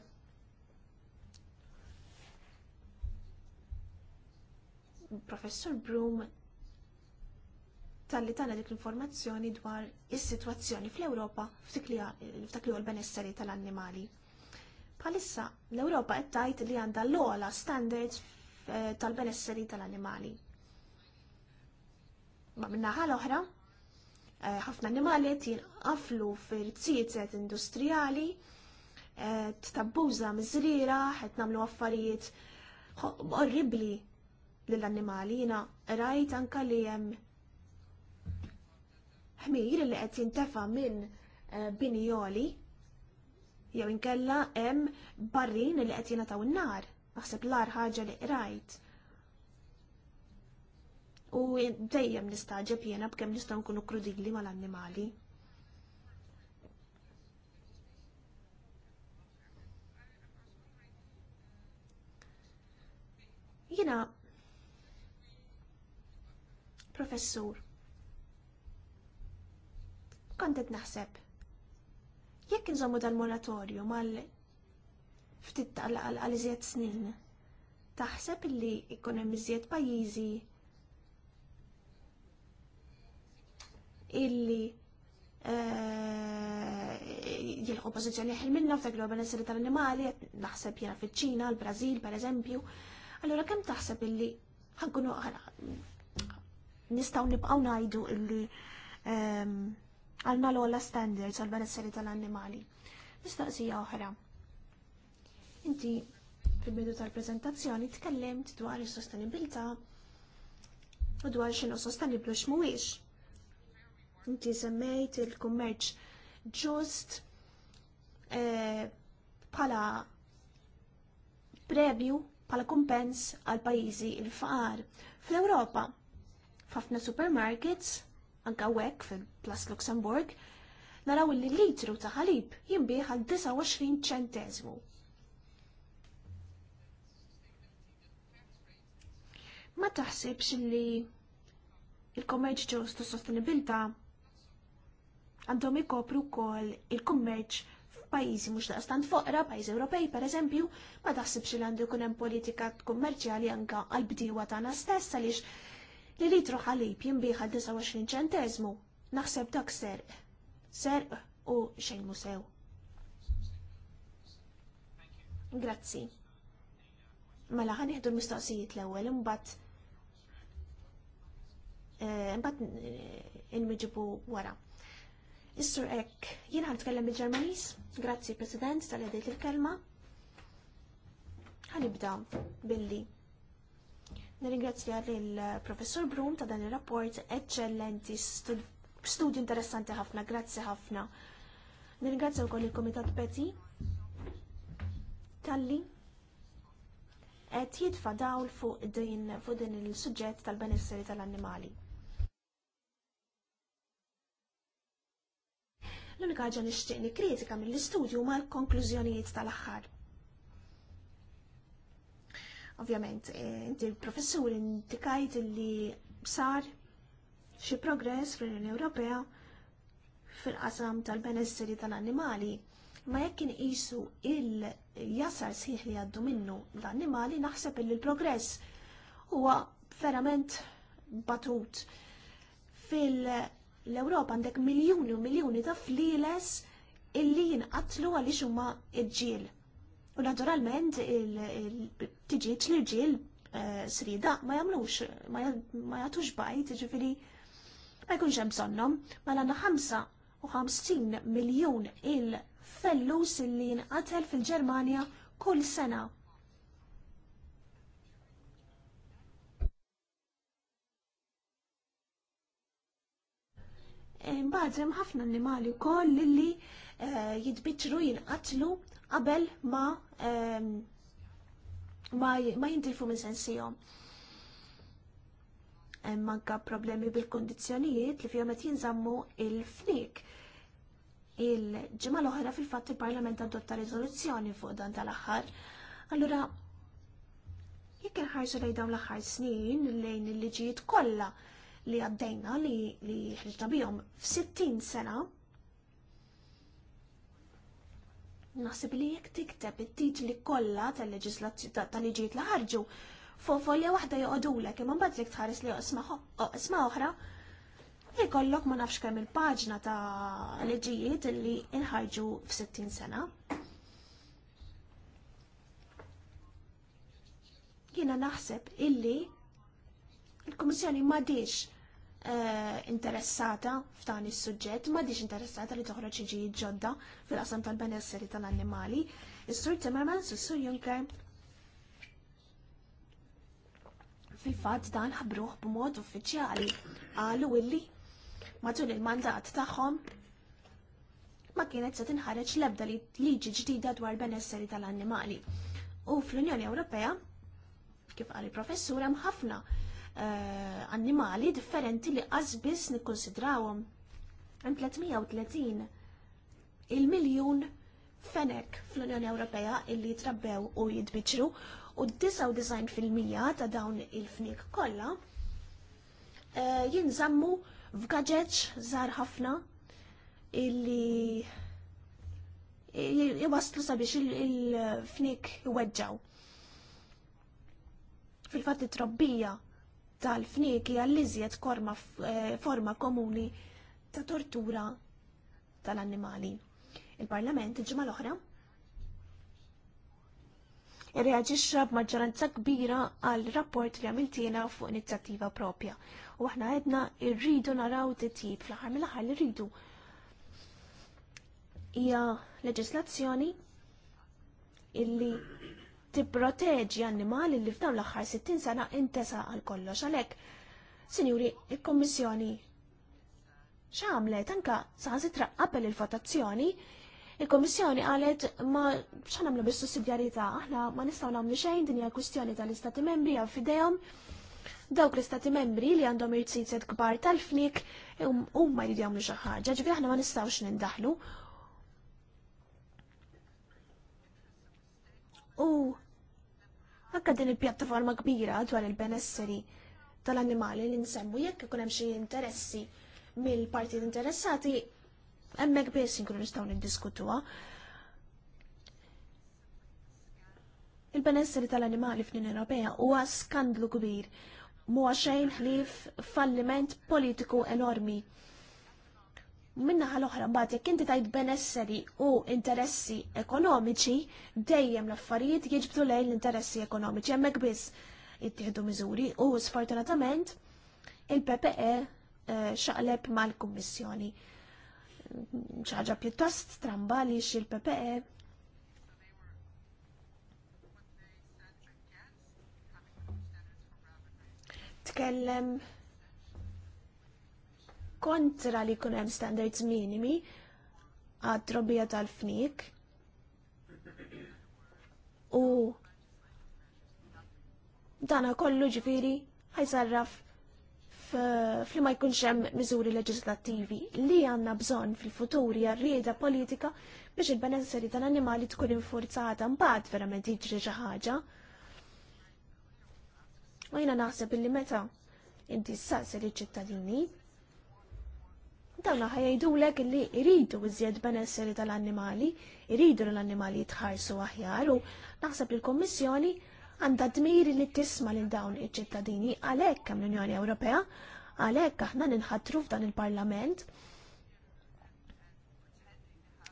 professur Brum tal-li tana dik l-informazzjoni dwar is-sitwazzjoni fl-Ewropa f'dak li għal l-benesseri tal-annimali. Palissa l-Ewropa qed tgħid li għandha l-ogħla standards eh, tal-benesseri tal-annimali. Ma minnaħa l-oħra, eh, ħafna annimali qed jinqaflu fir-tziet industrijali, eh, tabbuża miżrira, qed nagħmlu affarijiet orribli lill-annimali jiena rajt anka li hemm ħmir li qed jintefa' minn binjoli jew inkella hemm barrin li qed jingħataw in-nar. Naħseb l-ar ħaġa li qrajt. U dejjem nistaġeb jiena b'kemm nistgħu nkunu krudili mal-annimali. Jiena professur. Kontet naħseb Jekk inżommu dal-moratorju mal ftit għal iżjed snin, taħseb li jkun hemm iżjed pajjiżi illi eh, jilħu pożizzjoni ħil minna f'dak l-urbanizzazzjoni tal-animali, naħseb jena fiċ-Ċina, l-Brażil pereżempju. Allura kemm taħseb illi ħankunu nistgħu nibqgħu ngħidu illi ehm, għalna l standards għal benessari tal-annimali. Mistaqsija oħra. Inti fil-bidu tal-prezentazzjoni tkellimt dwar is-sostenibilità u dwar xinu sosteniblu x'mhuwiex. Inti semmejt il-kummerċ ġust eh, bħala premju bħala kumpens għal pajjiżi il-faqar. Fl-Ewropa, f'ħafna supermarkets, anka wek fil-Plas Luxemburg, naraw li litru ta' ħalib jimbieħ għal 29 ċentesmu. Ma taħsibx li il-kommerċ ġustu sostenibilta għandhom ikopru wkoll il-kummerċ f'pajjiżi mhux daqstant foqra, pajjiż Ewropej pereżempju, ma taħsibx li għandu jkun hemm politika kummerċjali anke għall-bdiewa tagħna stess għaliex li litru ħalib jimbiħa 29 ċentezmu. Naħseb dak serq. Serq u xejn musew. Grazzi. Mela ħan jihdu l-mistoqsijiet l-ewwel imbagħad eh, imbagħad eh, inmiġibu wara. Is-sur ek, jien ħan tkellem bil-Ġermanis, grazzi President tal-għediet il-kelma. Ħanibda billi Nirringrazzja lill professor Brum ta' dan ir-rapport eċċellenti, studju interessanti ħafna, grazzi ħafna. Nirringrazzja wkoll il-Kumitat Peti talli qed jitfa' dawl fuq din fuq din il-suġġett tal-benesseri tal-annimali. L-unika ħaġa nixtieq nikkritika mill-istudju huma l-konklużjonijiet tal-aħħar. Ovvjament, eh, inti l-professur indikajt li sar xi progress fl-Unjoni Ewropea fil-qasam tal-benesseri tal-annimali. Ma jekk inqisu il-jasar sħiħ li għaddu minnu l-annimali naħseb li l-progress huwa verament batut. Fil-Ewropa għandek miljuni u miljuni ta' fliles illi jinqatlu għaliex huma ġġiel. U naturalment il-tiġiet l-irġiel eh, srida ma jagħmlux ma jagħtux bajt, ġifieri ma jkunx hemm bżonnhom, l-għanna mela 55 miljun il-fellus li jinqatel fil-Ġermanja kull sena. Mbagħad hemm ħafna annimali wkoll li eh, jitbiċċru jinqatlu qabel ma ma, ma jintilfu minn sensijom. Manka problemi bil-kondizjonijiet li fjom qed jinżammu il-fnik. Il-ġimgħa l-oħra fil-fatt il-Parlament adotta riżoluzzjoni fuq dan tal-aħħar. Allura jekk inħarsu lejn dawn l-aħħar snin lejn il-liġijiet kollha li għaddejna li ħriġna bihom f'60 sena Naħseb li jekk tikteb it-titli kollha tal-liġijiet li ħarġu fuq folja waħda joqodulek imma mbagħad jekk tħares li oqsma oħra, ikollok ma nafx kemm il-paġna ta' liġijiet li inħarġu f'60 sena. Jiena naħseb illi il-Kummissjoni ma diġ Eh, interessata f'dan is-suġġett, ma diġ interessata li toħroġ iġi ġodda fil-qasam tal-benesseri tal-annimali. Is-sur Timmermans, is-sur Juncker, fil-fatt dan ħabruħ b'mod uffiċjali qalu illi matul il-mandat tagħhom ma kienet se tinħareġ l-ebda liġi ġdida dwar benesseri tal-annimali. U fl-Unjoni Ewropea, kif qal il-professura, mħafna Eh, annimali differenti li qasbis nikkonsidrawhom. Hemm 330 il-miljun fenek fl-Unjoni Ewropea illi trabbew u jitbiċru u 99% ta' dawn il-fnik kollha eh, jinżammu f'gaġeġġ żgħar ħafna illi jwaslu sabiex il-fnik iweġġaw. Fil-fatt it-trobbija tal-fnieki għall-iżjed eh, forma komuni ta' tortura tal-annimali. Il-Parlament ġimgħa l-oħra irreaġixxa b'maġġoranza kbira għal rapport li għamiltina fuq inizjattiva propja. U aħna għedna rridu naraw titjib fl-aħħar mill-aħħar li rridu. Hija leġislazzjoni illi tipproteġi annimali li f'dawn l-aħħar 60 sena intesa għal kollox għalhekk. Sinjuri, il-Kommissjoni x'għamlet anka saħansi traqqabel il-votazzjoni, il-Kommissjoni qalet ma x'għamlu bis-sussidjarjetà, aħna ma nistgħu nagħmlu xejn din hija kwistjoni tal-Istati Membri għal fidejhom dawk l-istati membri li għandhom irtsiset kbar tal-fnik huma jridu jagħmlu xi ħaġa, ġifieri aħna ma nistgħux nindaħlu U għakka din il-pjattaforma kbira dwar il-benesseri tal-annimali li nsemmu jekk ikun hemm xi interessi mill-partit interessati hemmhekk biss inkunu nistgħu niddiskutuha. Il-benesseri tal-annimali fl Ewropea huwa skandlu kbir, mwa xejn ħlief falliment politiku enormi minna l-oħra mbagħad jekk inti tajt benesseri u interessi ekonomiċi, dejjem l-affarijiet jiġbdu lejn l-interessi ekonomiċi hemmhekk biss jittieħdu miżuri u sfortunatament il-PPE eh, xaqleb mal-Kummissjoni. ċaġa pjuttost tramba li il-PPE tkellem kontra li kun hemm standards minimi għad trobija tal-fnik. U dana kollu ġifiri ħajsarraf fl ma jkunx hemm miżuri leġislattivi li għandna bżonn fil-futuri għar-rieda politika biex il-benesseri tal-annimali tkun infurzata mbagħad verament jiġri xi ħaġa. U jiena naħseb illi meta inti ssaqsel iċ-ċittadini dawna ħajajdulek li iridu iżjed benesseri tal-annimali, iridu l-annimali jitħarsu aħjar u naħseb li l-Kommissjoni għandha dmiri li tisma' lil dawn iċ-ċittadini għalhekk hemm l-Unjoni Ewropea, għalhekk aħna ninħatru f'dan il-Parlament.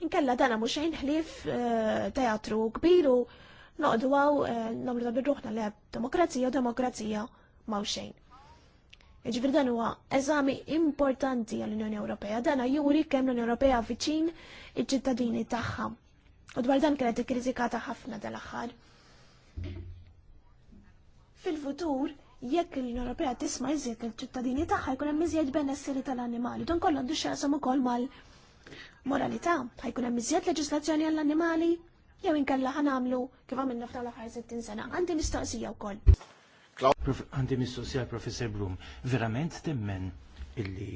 Inkella dana mhux xejn ħlief eh, teatru kbir u noqdu għaw eh, nagħmlu ta' birruħna leb demokrazija u demokrazija ma' xejn. Iġbir dan huwa eżami importanti għall-Unjoni Ewropea. Dan juri kemm l-Unjoni Ewropea viċin iċ-ċittadini tagħha. U dwar dan kienet ikkritikata ħafna dal-aħħar. Fil-futur, jekk l-Unjoni Ewropea tisma' iżjed il-ċittadini tagħha jkun hemm iżjed benessiri tal-annimali. Dan kollu għandu x'jaqsam ukoll mal-moralità. Ħajkun hemm iżjed leġislazzjoni għall-annimali jew inkella ħanamlu kif għamilna f'tal-aħħar 60 sena. Għandi mistoqsija wkoll. Għandi mistoqsija professor Blum, verament temmen illi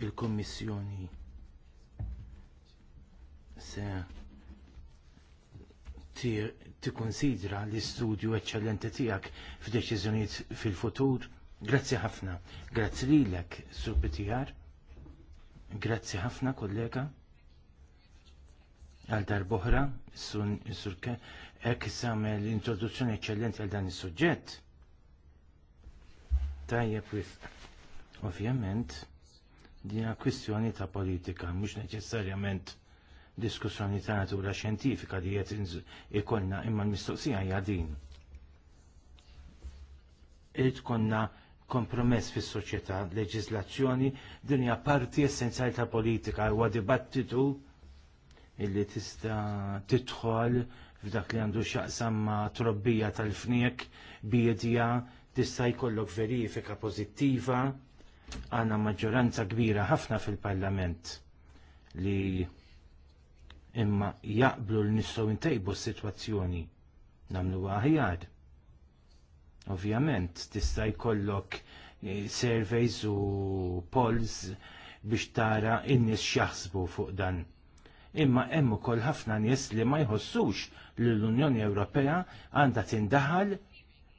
il-Kommissjoni se konsidra l-istudju eċċellenti tiegħek f'deċiżjonijiet fil-futur. Grazzi ħafna. Grazzi lilek, Sur Bitijar. Grazzi ħafna, kollega għal darboħra, sur Ek samel l-introduzzjoni eccellenti għal dan is-suġġett. Tajjeb wisq. Ovvjament, dina kwistjoni ta' politika, mhux neċessarjament diskussjoni ta' natura xjentifika li qed ikollna imma l-mistoqsija hija din. Irid konna kompromess fis soċjetà leġislazzjoni din hija parti essenzjali ta' politika huwa dibattitu illi tista' tidħol f'dak li għandu xaqsam ma' trobbija tal-fniek biedja tista' jkollok verifika pożittiva għandna maġġoranza kbira ħafna fil-Parlament li imma jaqblu l nistgħu ntejbu s-sitwazzjoni namlu aħjar. Ovvjament tista' jkollok eh, surveys u polls biex tara in-nies xjaħsbu fuq dan imma hemm ukoll ħafna nies li ma jħossux li l-Unjoni Ewropea għandha tindaħal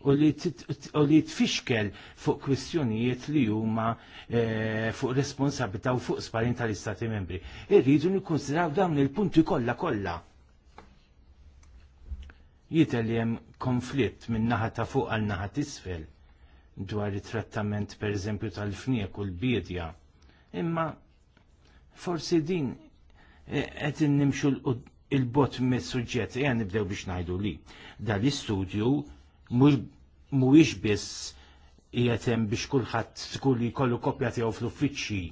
u li tfixkel fuq kwistjonijiet li huma eh, fuq responsabilità u fuq sparin tal-Istati membri. Irridu nikkonsidraw dawn il-punti kollha kollha. Jitel li hemm konflitt minn naħa ta' fuq għal naħa tisfel dwar it-trattament pereżempju tal-fniek u l-biedja. Imma forsi din qed nimxu il-bot mis-suġġett, ejja nibdew biex najdu li dal-istudju mhuwiex biss qiegħed hemm biex kulħadd tkun li jkollu kopja tiegħu fl-uffiċċji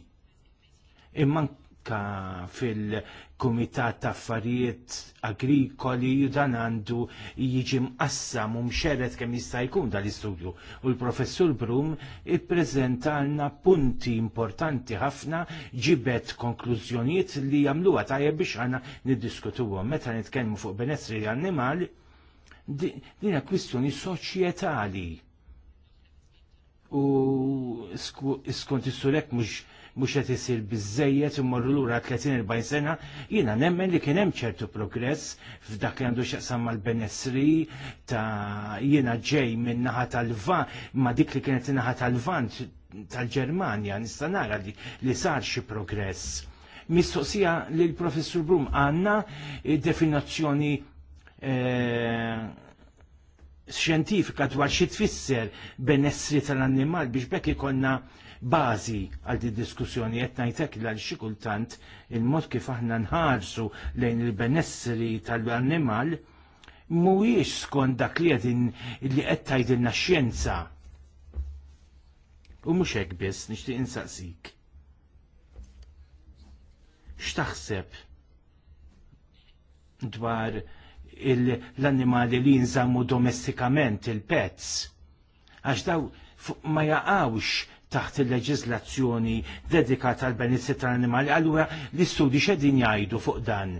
Imman ta' fil-Kumitat ta' Affarijiet Agrikoli dan għandu jiġi mqassam u kemm jista' jkun dal-istudju. U l-professur Brum ippreżentalna punti importanti ħafna ġibet konklużjonijiet li jagħmluha tajjeb biex għandna niddiskutuhom. Meta nitkellmu fuq benessri l-annimal, din kwistjoni soċjetali. U skont is-surek mhux mhux qed isir biżejjed immorru lura 30-40 sena, jiena nemmen li kien hemm ċertu progress f'dak li għandu x'aqsam mal-benessri ta' jiena ġej minn naħa tal-va ma' dik li kienet naħa tal-vant tal-Ġermanja nista' nara li, li sar xi progress. Mistoqsija li l-professur Brum għanna eh, definizzjoni e xjentifika dwar xi tfisser benessri tal-annimal biex bekk ikonna bażi għal di diskussjoni qed ngħidlek li għal xi kultant il-mod kif aħna nħarsu lejn il-benessri tal-annimal mhuwiex skont dak li qed li qed tgħidilna x-xjenza. U mhux hekk biss nixtieq insaqsik. X'taħseb dwar l-annimali li jinżammu domestikament il-pets. Għax daw ma jaqawx taħt il-leġizlazzjoni dedikata għal benessi tal-animali, allura l-istudi xedin jgħidu fuq dan.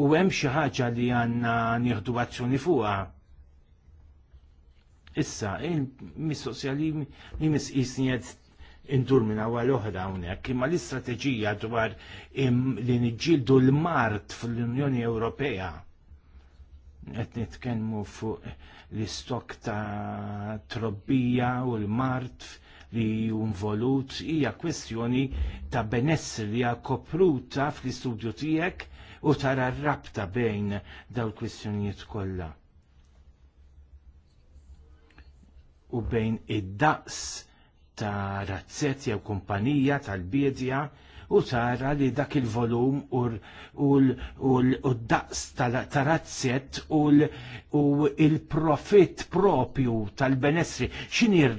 U hemm xi ħaġa li għandna nieħdu azzjoni fuqha. Issa, il-mistoqsija li misqisni għed indur minn għal oħra hawnhekk, imma l-istrateġija dwar li niġġieldu l-mart fl-Unjoni Ewropea qed nitkellmu fuq l-istok ta' trobbija u l-mart li involut hija kwestjoni ta' benessri hija kopruta fl-istudju tiegħek u tara rabta bejn dawn kwistjonijiet kollha. U bejn id-daqs ta' razzett jew kumpanija tal-bidja u tara li dak il-volum u l-daqs tal-razzjet u il-profit propju tal-benessri xin r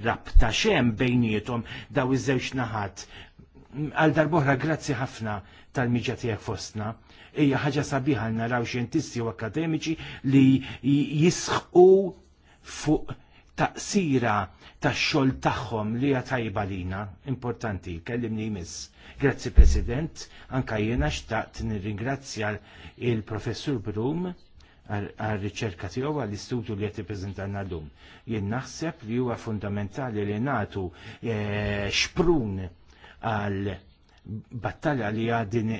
xem bejnietom daw iż-żewġ naħat għal darbohra grazzi ħafna tal-miġa għak fostna. Ija ħaġa sabiħa naraw xjentisti u akademiċi li jisħu fuq taqsira tax-xogħol tagħhom li hija lina, importanti, kellimni jmiss. Grazzi President, anka jiena xtaqt nirringrazzja il-Professur Brum għal-riċerka tiegħu għall-istudju li qed ippreżentana llum. Jien naħseb li huwa fundamentali li nagħtu eh, xprun għal battalja li għadin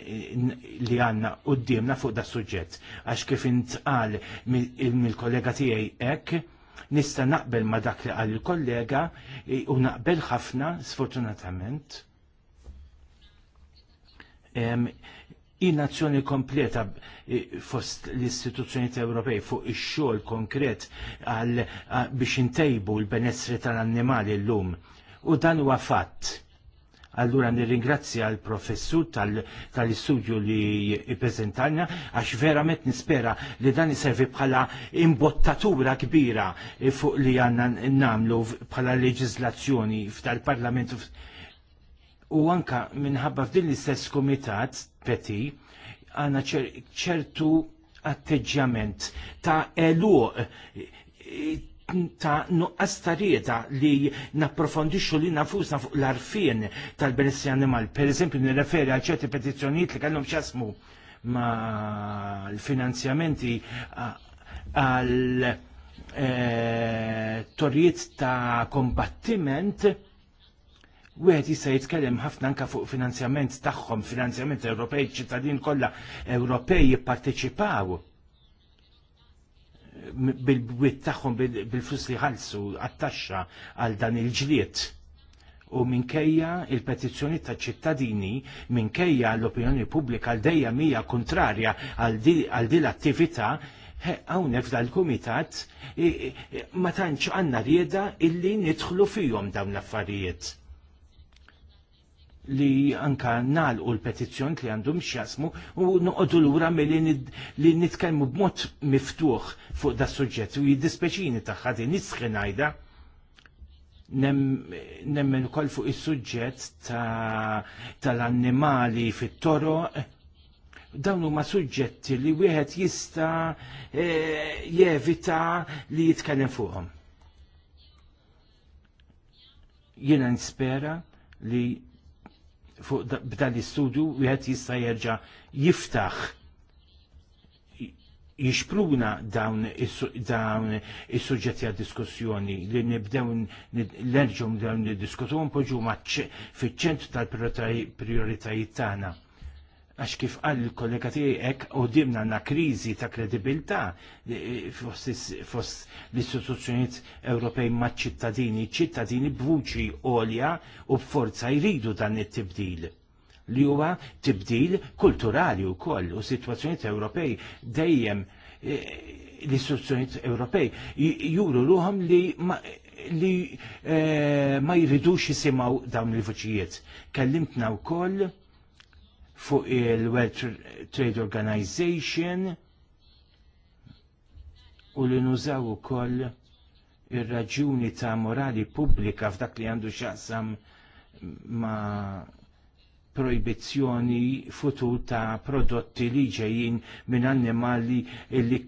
li għanna u fuq da' suġġett. Għax kif intqal mill-kollega tiegħi hekk, Nista naqbel ma dak li għal il-kollega u naqbel ħafna, sfortunatament. nazzjoni kompleta fost l-istituzzjoniet Ewropej fuq ix-xogħol konkret biex intejbu l-benessri tal-annimali llum. U dan huwa fatt Allura nirringrazzja l-professur tal-istudju li ippreżentalna għax verament nispera li dan iservi bħala imbottatura kbira fuq li għanna namlu bħala leġizlazzjoni f'tal-parlament u anka minħabba f'din l-istess komitat peti għanna ċertu atteġġjament ta' eluq ta' nuqqas tarieta li napprofondixxu li nafusna fuq l-arfien tal-benessi animal. Per eżempju, nirreferi għal ċerti petizzjonijiet li kellhom xasmu ma' l-finanzjamenti għal eh, torriet ta' kombattiment Wieħed jista' jitkellem ħafna anke fuq finanzjament tagħhom, finanzjament Ewropej, ċittadin kollha Ewropej jipparteċipaw bil-bwiet tagħhom bil-flus li ħalsu għat għal dan il-ġlied. U minkejja il-petizzjoni ta' ċittadini, minkejja l-opinjoni pubblika għal dejja mija kontrarja għal din l-attività, hawnhekk dal-kumitat ma tantx għandna rieda illi nidħlu fihom dawn l-affarijiet li anka nalqu l-petizzjon li għandhom xjasmu u noqogħdu lura milli li nitkellmu b'mod miftuħ fuq da suġġett u jiddispeċini tagħha din nisħi ngħidha nemmen ukoll fuq is-suġġett tal-annimali fit-toroq dawn huma suġġetti li wieħed jista' eh, jevita li jitkellem fuqhom. Jiena nispera li fuq b'dan l-istudju wieħed jista' jerġa' jiftaħ jixpruna dawn is-suġġetti għad diskussjoni li nibdew l-erġum dawn niddiskutu un poġu fiċ-ċentru tal-prioritajiet tagħna għax kif għal kollega tijek u dimna na kriżi ta' kredibilità eh, fost l-istituzzjonijiet Ewropej ma' ċittadini, ċittadini b'vuċi għolja u b'forza jridu dan it-tibdil li huwa tibdil kulturali u koll u situazzjoniet Ewropej dejjem eh, l-istituzzjoniet Ewropej juru ruħom li li ma eh, jridux jisimaw dawn il-vuċijiet. Kellimtna u koll fuq il-World Trade Organization u li nużaw ukoll ir-raġuni ta' morali pubblika f'dak li għandu xaqsam ma' proibizzjoni futur ta' prodotti li ġejjin minn annimali li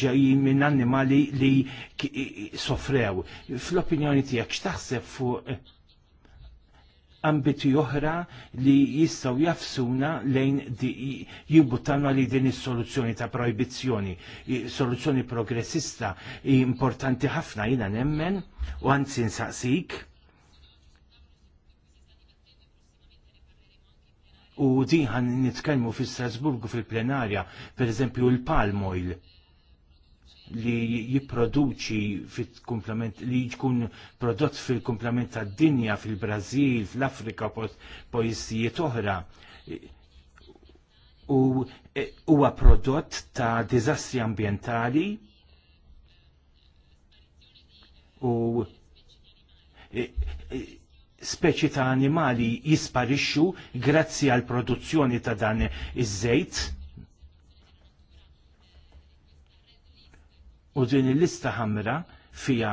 ġejjin minn annimali li soffrew. Fl-opinjoni tiegħek x'taħseb fuq ambiti oħra li jistaw jafsuna lejn jibuttana li din is-soluzzjoni ta' proibizzjoni, soluzzjoni progressista importanti ħafna jina nemmen u għanzi nsaqsik. U din nitkellmu fi Strasburgu fil-plenarja, per eżempju l-palm oil li jipproduċi fit-komplement li jkun prodott fil-komplement tad-dinja fil-Brażil, fl-Afrika pajjiżijiet oħra. U e, huwa prodott ta' diżastri ambjentali u e, e, speċi ta' animali jisparixxu grazzi għal produzzjoni ta' dan iż-żejt U din il-lista ħamra fija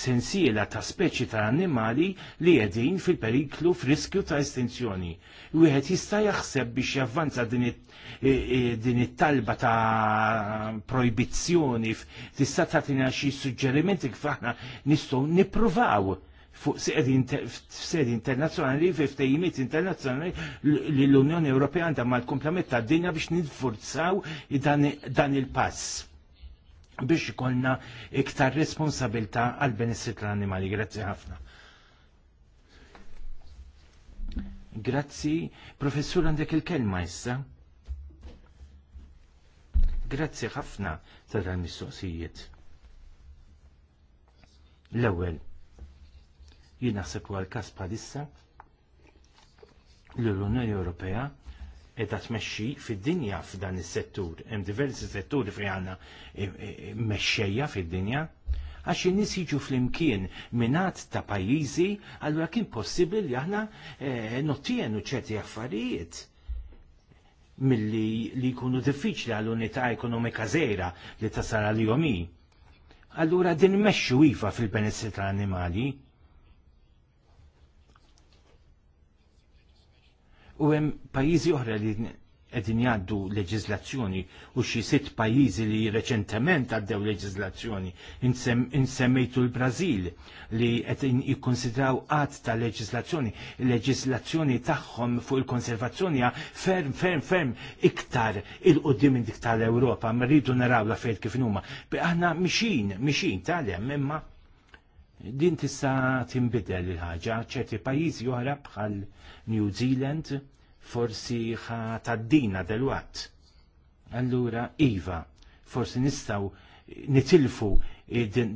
sensiela ta' speċi ta' annimali li jedin fil-periklu f'riskju ta' estinzjoni. Wieħed jista' jaħseb biex javvanza din e, e, it-talba ta' proibizzjoni tista' tagħtina xi suġġerimenti kif aħna nistgħu nippruvaw fuq sedi internazzjonali, f'ftejimiet internazzjonali li l-Unjoni Ewropea għandha mal-komplement tad dinja biex nifurzaw dan il-pass biex ikollna iktar responsabilta għal benessir tal-animali. Grazzi ħafna. Grazzi, professur għandek il-kelma issa. Grazzi ħafna ta' tal-mistoqsijiet. L-ewwel, jien naħseb għal każ bħalissa l-Unjoni Ewropea edha tmexxi fid-dinja f'dan is-settur. Hemm diversi setturi fejn għandna e, e, e, mexxejja fid-dinja. Għax in-nies jiġu flimkien minat ta' pajjiżi, allura kien possibbli li aħna e, nottienu ċerti affarijiet milli li jkunu diffiċli għall-unità ekonomika żgħira li tasal għal jomi. Allura din mexxu iva fil-benessi tal-annimali, u hemm pajjiżi oħra li qegħdin jgħaddu leġiżlazzjoni u xi sitt pajjiżi li reċentement għaddew leġiżlazzjoni insemmejtu l-Brażil li qed jikkonsidraw qatt ta' leġiżlazzjoni, leġiżlazzjoni tagħhom fuq il-konservazzjoni ferm ferm ferm iktar il-qudiem minn dik tal-Ewropa, ma rridu naraw la fejn kif huma. Aħna mixin, mixin tal-hemm imma din tista' tinbidel il-ħaġa ċerti pajjiżi oħra bħal New Zealand forsi ħataddina delwat. Allura, Iva, forsi nistaw nitilfu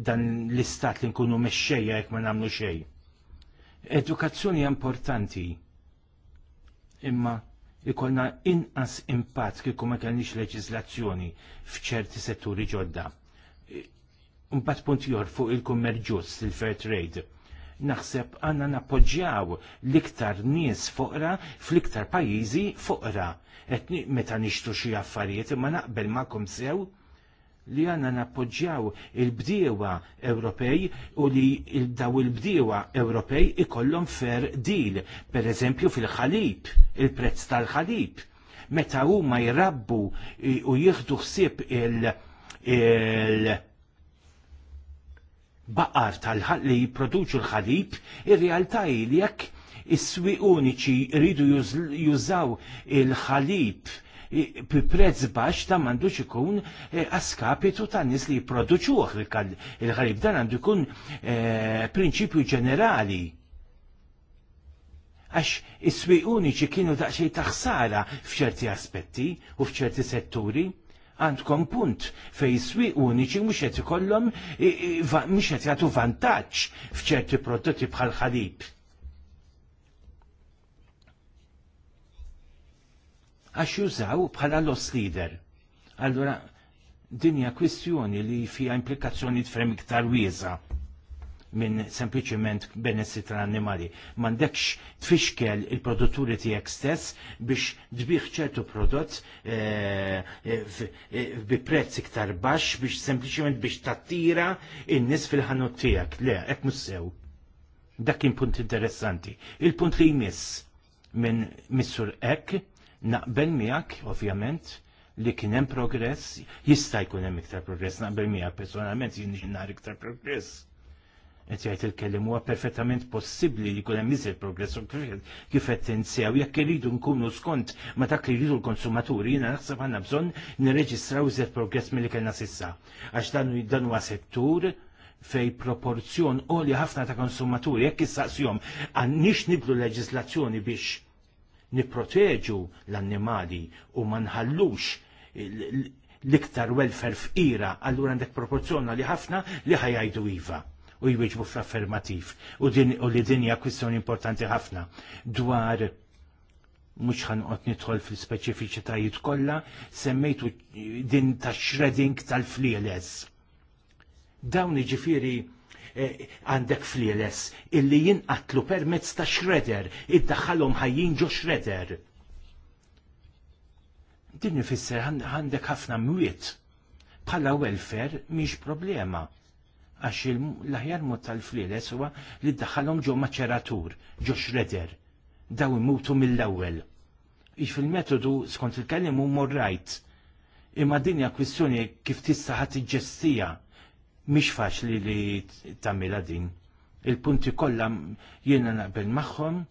dan l-istat li nkunu mexxejja jekk ma nagħmlu xejn. Edukazzjoni importanti, imma ikolna inqas impatt kieku ma kellniex leġiżlazzjoni f'ċerti setturi ġodda. E, mbagħad punt jor fuq il kummerġus il-fair trade naħseb għanna nappoġġjaw l-iktar nies foqra fl-iktar pajjiżi foqra. Et meta nixtu xi affarijiet imma naqbel magħkom sew li għanna nappoġġjaw il-bdiewa Ewropej u li daw il-bdiewa Ewropej ikollhom fair deal, per eżempju fil-ħalib, il-prezz tal-ħalib. Meta huma jrabbu u jieħdu ħsieb il-, il baqar tal-ħal li jipproduċu l-ħalib, ir-realtà li jekk is-swi uniċi ridu jużaw il-ħalib prezz baxx ta' mandux ikun e, askapitu ta' nis li jipproduċuh il-ħalib dan għandu jkun e, prinċipju ġenerali għax is-swi uniċi kienu daqsxejn taħsara f'ċerti aspetti u f'ċerti setturi għandkom punt fej swi uniċi mhux qed ikollhom mhux qed jagħtu vantaġġ f'ċerti prodotti bħal ħalib. Għax jużaw bħala loss leader. Allura dinja kwistjoni li fija implikazzjoni tfrem iktar wiesa minn sempliciment benessi tal-annimali. Mandekx tfixkel il-produtturi tijek stess biex dbiħ ċertu prodott eh, eh, eh, bi prezz iktar baxx biex sempliciment biex tattira in-nis fil-ħanut tijek. Le, ek mussew. Dak kien punt interessanti. Il-punt li jmiss minn missur ek, naqbel miegħek, ovvjament, li kien hemm progress, jista' jkun hemm iktar progress, naqbel miegħek personalment jien nar iktar progress qed jgħid il kellim huwa perfettament possibbli li jkun hemm iżjed progress kif qed tinsew jekk iridu nkunu skont ma dak li jridu l-konsumaturi jiena naħseb għandna bżonn nirreġistraw iżjed progress milli kellna sissa. Għax dan dan huwa settur fej proporzjon għoli ħafna ta' konsumaturi jekk issaqsjom għandniex niblu leġislazzjoni biex nipproteġu l-annimali u ma nħallux l-iktar welfare f'ira, allura għandek proporzjona li ħafna li ħajajdu iva u jwieġbu fl-affermativ. U, din, u li dinja kwistjoni importanti ħafna dwar mux ħanqot nidħol fil-speċifiċitajiet kollha, semmejtu din ta' shredding tal-flieles. Dawn ġifiri eh, għandek eh, flieles illi jinqatlu permezz ta' shredder, iddaħħalhom ħajjin ġo shredder. Din ifisser għandek ħafna mwiet bħala welfare miex problema għax l-aħjar mod tal-fliles huwa li ddaħħalhom ġo maċeratur, ġo xreder, daw imutu mill-ewwel. Ix fil-metodu skont il-kellim hu morrajt. Imma din hija kwistjoni kif tista' ħadd iġġestija mhix faċli li tagħmilha din. Il-punti kollha jiena naqbel magħhom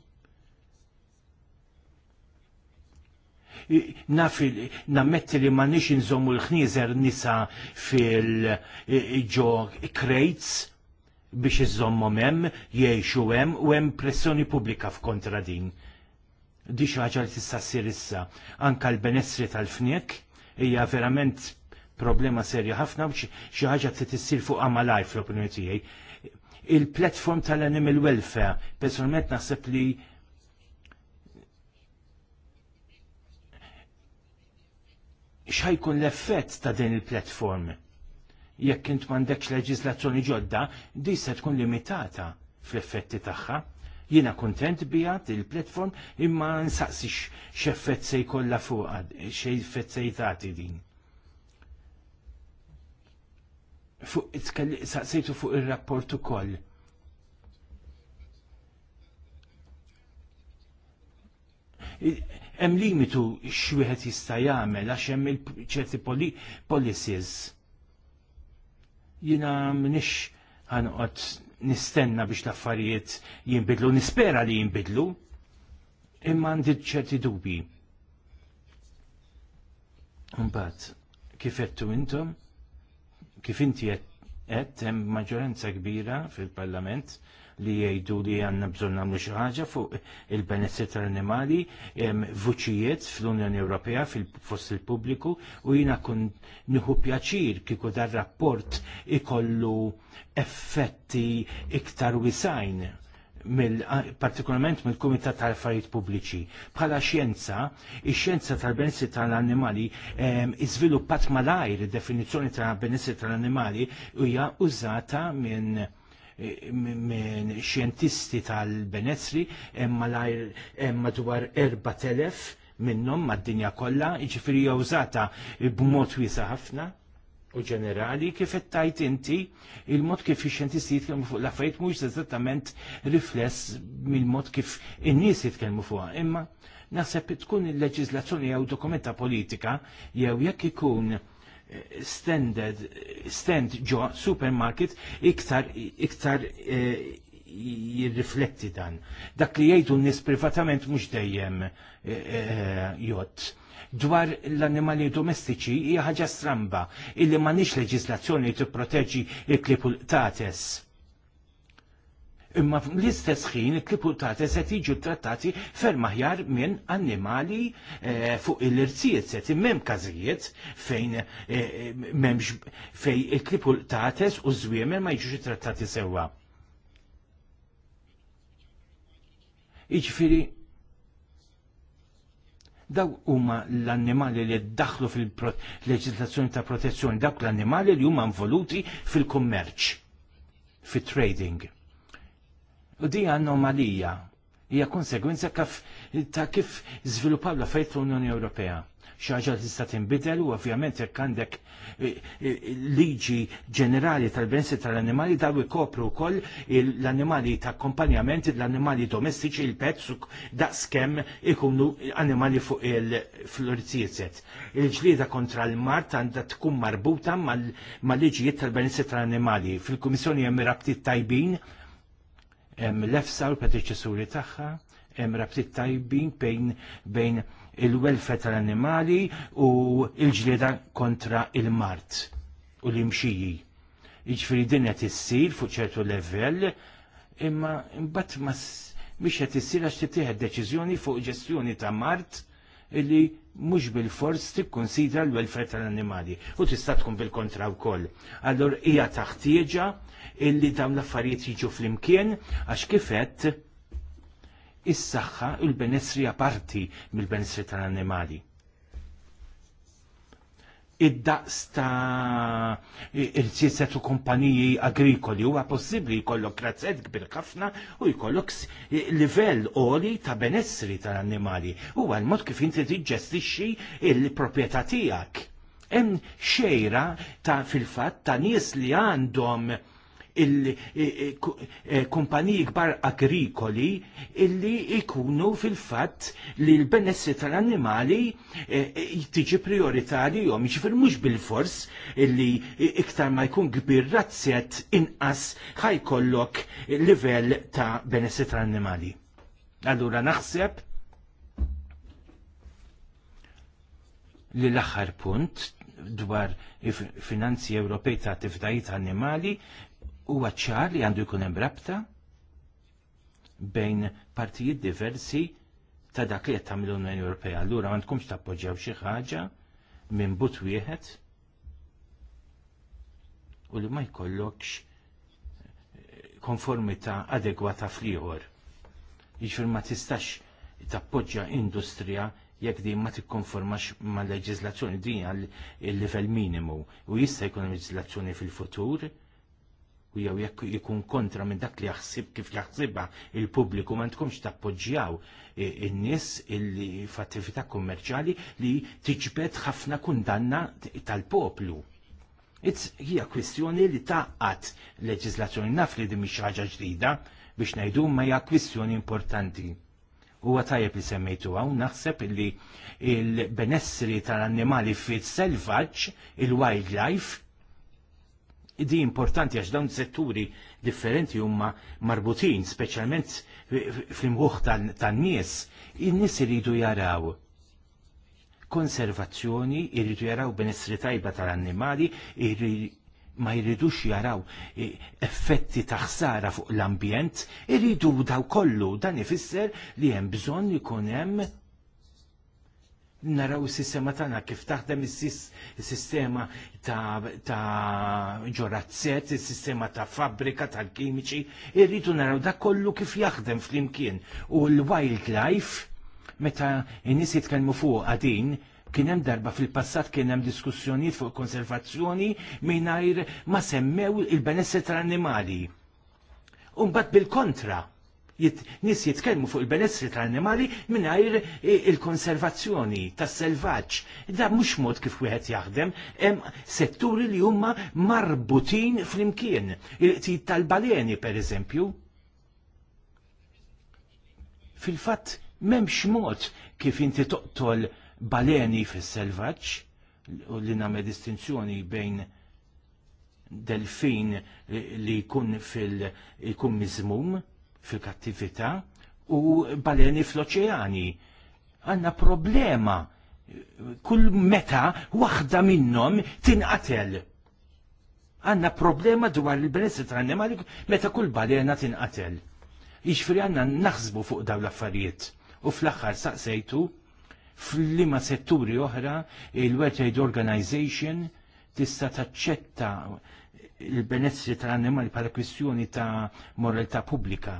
nafil nammetti li ma nix nżommu l-ħnieżer nisa fil-ġo crates biex iżommhom hemm, jgħixu hemm u hemm pressjoni pubblika f'kontra din. Di xi ħaġa li tista' ssir issa. Anka l-benessri tal-fniek hija verament problema serja ħafna u xi ħaġa trid issir fuq għamalaj fl-opinjoni tiegħi. Il-platform tal-animal welfare, personalment naħseb li xħajkun l-effett ta' din il-platform. Jekk int m'għandekx leġislazzjoni ġodda, di se tkun limitata fl-effetti tagħha. Jiena kontent biha il-platform imma nsaqsix x'effett se jkollha fuq x'effett se jtati din. Fuq saqsejtu fuq ir-rapport ukoll. Il hemm limitu x'wieħed jista' jagħmel għax hemm ċerti policies. Jiena m'nix ħanqod nistenna biex l-affarijiet jinbidlu, nispera li jinbidlu, imma għandi ċerti dubi. Mbagħad, kif għedtu intom, kif inti qed hemm maġġoranza kbira fil-Parlament li jgħidu li għanna bżon nagħmlu xi ħaġa fuq il-benessir tal-annimali, vuċijiet fl-Unjoni Ewropea fil-fost il-pubbliku u jiena kun nħu pjaċir kieku dar rapport ikollu effetti iktar wisajn mill partikolarment mill-Kumitat tal-Affarijiet Pubbliċi. Bħala xjenza, ix-xjenza tal-benessri tal-annimali iżviluppat malajr id-definizzjoni tal-benessri tal-annimali hija użata minn minn xjentisti tal-Benezri hemm madwar 4000 minnhom mad-dinja kollha, jiġifieri użata b'mod wiesa ħafna u ġenerali kif qed inti il-mod kif ix-xjentisti jitkellmu fuq l-affarijiet mhux eżattament rifless mill-mod kif in-nies jitkellmu fuqha. Imma naħseb tkun il-leġiżlazzjoni jew dokumenta politika jew jekk ikun standard stand ġo supermarket iktar iktar eh, jirrifletti dan. Dak li jgħidu nis privatament mhux dejjem eh, eh, jott dwar l-annimali domestiċi hija ħaġa stramba illi m'għandix leġislazzjoni proteġi il l-klipultates imma l-istess ħin il deputati se tiġu trattati ferm aħjar minn annimali eh, fuq il-irzijiet se timmem każijiet fejn eh, memx fej il-deputates u żwiemel ma jiġux trattati sewwa. Iġifiri, daw huma l-annimali li ddaħlu fil-leġislazzjoni ta' protezzjoni, dawk l-annimali li huma involuti fil-kummerċ, fit-trading. U di anomalija hija konsegwenza kif ta' kif żviluppaw l-affarijiet l-Unjoni Ewropea. Xi ħaġa li tista' tinbidel u ovvjament jekk għandek eh, eh, liġi ġenerali tal-bensi tal-annimali daw ikopru wkoll l-annimali ta' kompanjament, l-annimali domestiċi, il-pets u daqs ikunu annimali fuq il-florizijiet. Il-ġlieda kontra l-mart għandha tkun marbuta mal-liġijiet tal-bensi tal-annimali. Fil-Kummissjoni hemm rabtiet tajbin hemm l-efsa u l-predeċessuri tagħha, hemm rabtiet tajbin bejn bejn il-welfare tal-annimali u l-ġlieda kontra il-mart u l-imxiji. Jiġifieri din qed issir fuq ċertu livell, imma mbagħad ma mhix qed issir għax tittieħed deċiżjoni fuq ġestjoni ta' mart illi mhux bil-fors tikkunsidra l-welfare tal-annimali u tista' tkun bil-kontra wkoll. Allor hija taħtieġa illi dawn l-affarijiet jiġu flimkien għax kifet is-saħħa u l-benessri aparti mill-benessri tal-annimali id-daqs ta' irċiset u kumpaniji agrikoli huwa possibbli jkollok razzet kbir ħafna u jkollok livell oli ta' benessri tal-annimali. Huwa l-mod kif inti tiġġestixxi il-proprjetà tiegħek. Hemm xejra ta' fil-fatt ta' nies li għandhom il-kumpaniji eh, eh, eh, kbar agrikoli illi ikunu fil-fatt li l-benessi tal-annimali tiġi prioritari jom, ġifir mux bil-fors illi iktar ma jkun kbir razzet inqas ħajkollok livell ta' benessi tal animali Allura naħseb li l-axar punt dwar finanzi Ewropej ta' tifdajiet animali huwa ċar li għandu jkun hemm rabta bejn partijiet diversi ta' dak li qed tagħmel l-Unjoni Ewropea. Allura ma tkunx tappoġġjaw xi ħaġa minn but wieħed u li ma jkollokx eh, konformità adegwata fl-ieħor. Jiġifier ma tistax tappoġġja industrija jekk din ma tikkonformax mal leġiżlazzjoni din għal il-livell minimu u jista' jkun leġiżlazzjoni fil-futur u jew jekk ikun kontra minn dak li jaħsib kif jaħsibha il-pubbliku ma tkunx tappoġġjaw in-nies illi f'attività kummerċjali li tiġbed ħafna kundanna tal-poplu. Hija kwistjoni li taqqat leġislazzjoni naf li di mhix ħaġa ġdida biex ngħidu ma hija kwistjoni importanti. Huwa tajjeb li semmejtu hawn naħseb li il-benessri tal-annimali fit selvaġġ il-wildlife di importanti għax dawn setturi differenti huma marbutin, speċjalment fl-imħuħ tan-nies, in-nies iridu jaraw konservazzjoni, iridu jaraw benessri tajba tal-annimali, ma jridux jaraw e, effetti ta' ħsara fuq l-ambjent, iridu daw kollu dan ifisser li hemm bżonn ikun hemm naraw is-sistema tagħna kif taħdem is-sistema ta' ġorazzet, is-sistema ta' fabbrika tal-kimiċi, irridu naraw dak kollu kif jaħdem flimkien. U l-wildlife meta n-nies jitkellmu fuq għadin, kien hemm darba fil-passat kien hemm diskussjonijiet fuq konservazzjoni mingħajr ma semmew il benesset tal-annimali. Umbat bil-kontra, nis jitkellmu fuq il-benessri tal-annimali mingħajr il-konservazzjoni tas-selvaġġ. Da mhux mod kif wieħed jaħdem, hemm setturi li huma marbutin flimkien. il tit tal-baleni pereżempju. Fil-fatt m'hemmx mod kif inti toqtol baleni fis-selvaġġ u li nagħmel distinzjoni bejn delfin li jkun fil-jkun miżmum fil-kattività u baleni fl-oċeani. Għanna problema kull meta waħda minnhom tinqatel. Għanna problema dwar il-benessi tal-annimali meta kull balena tinqatel. Iġfri għanna naħsbu fuq daw l-affarijiet. U fl-axħar saqsejtu fl-lima setturi oħra il-World Trade Organization tista' taċċetta il-benessri tal-annimali bħala kwistjoni ta' moralità pubblika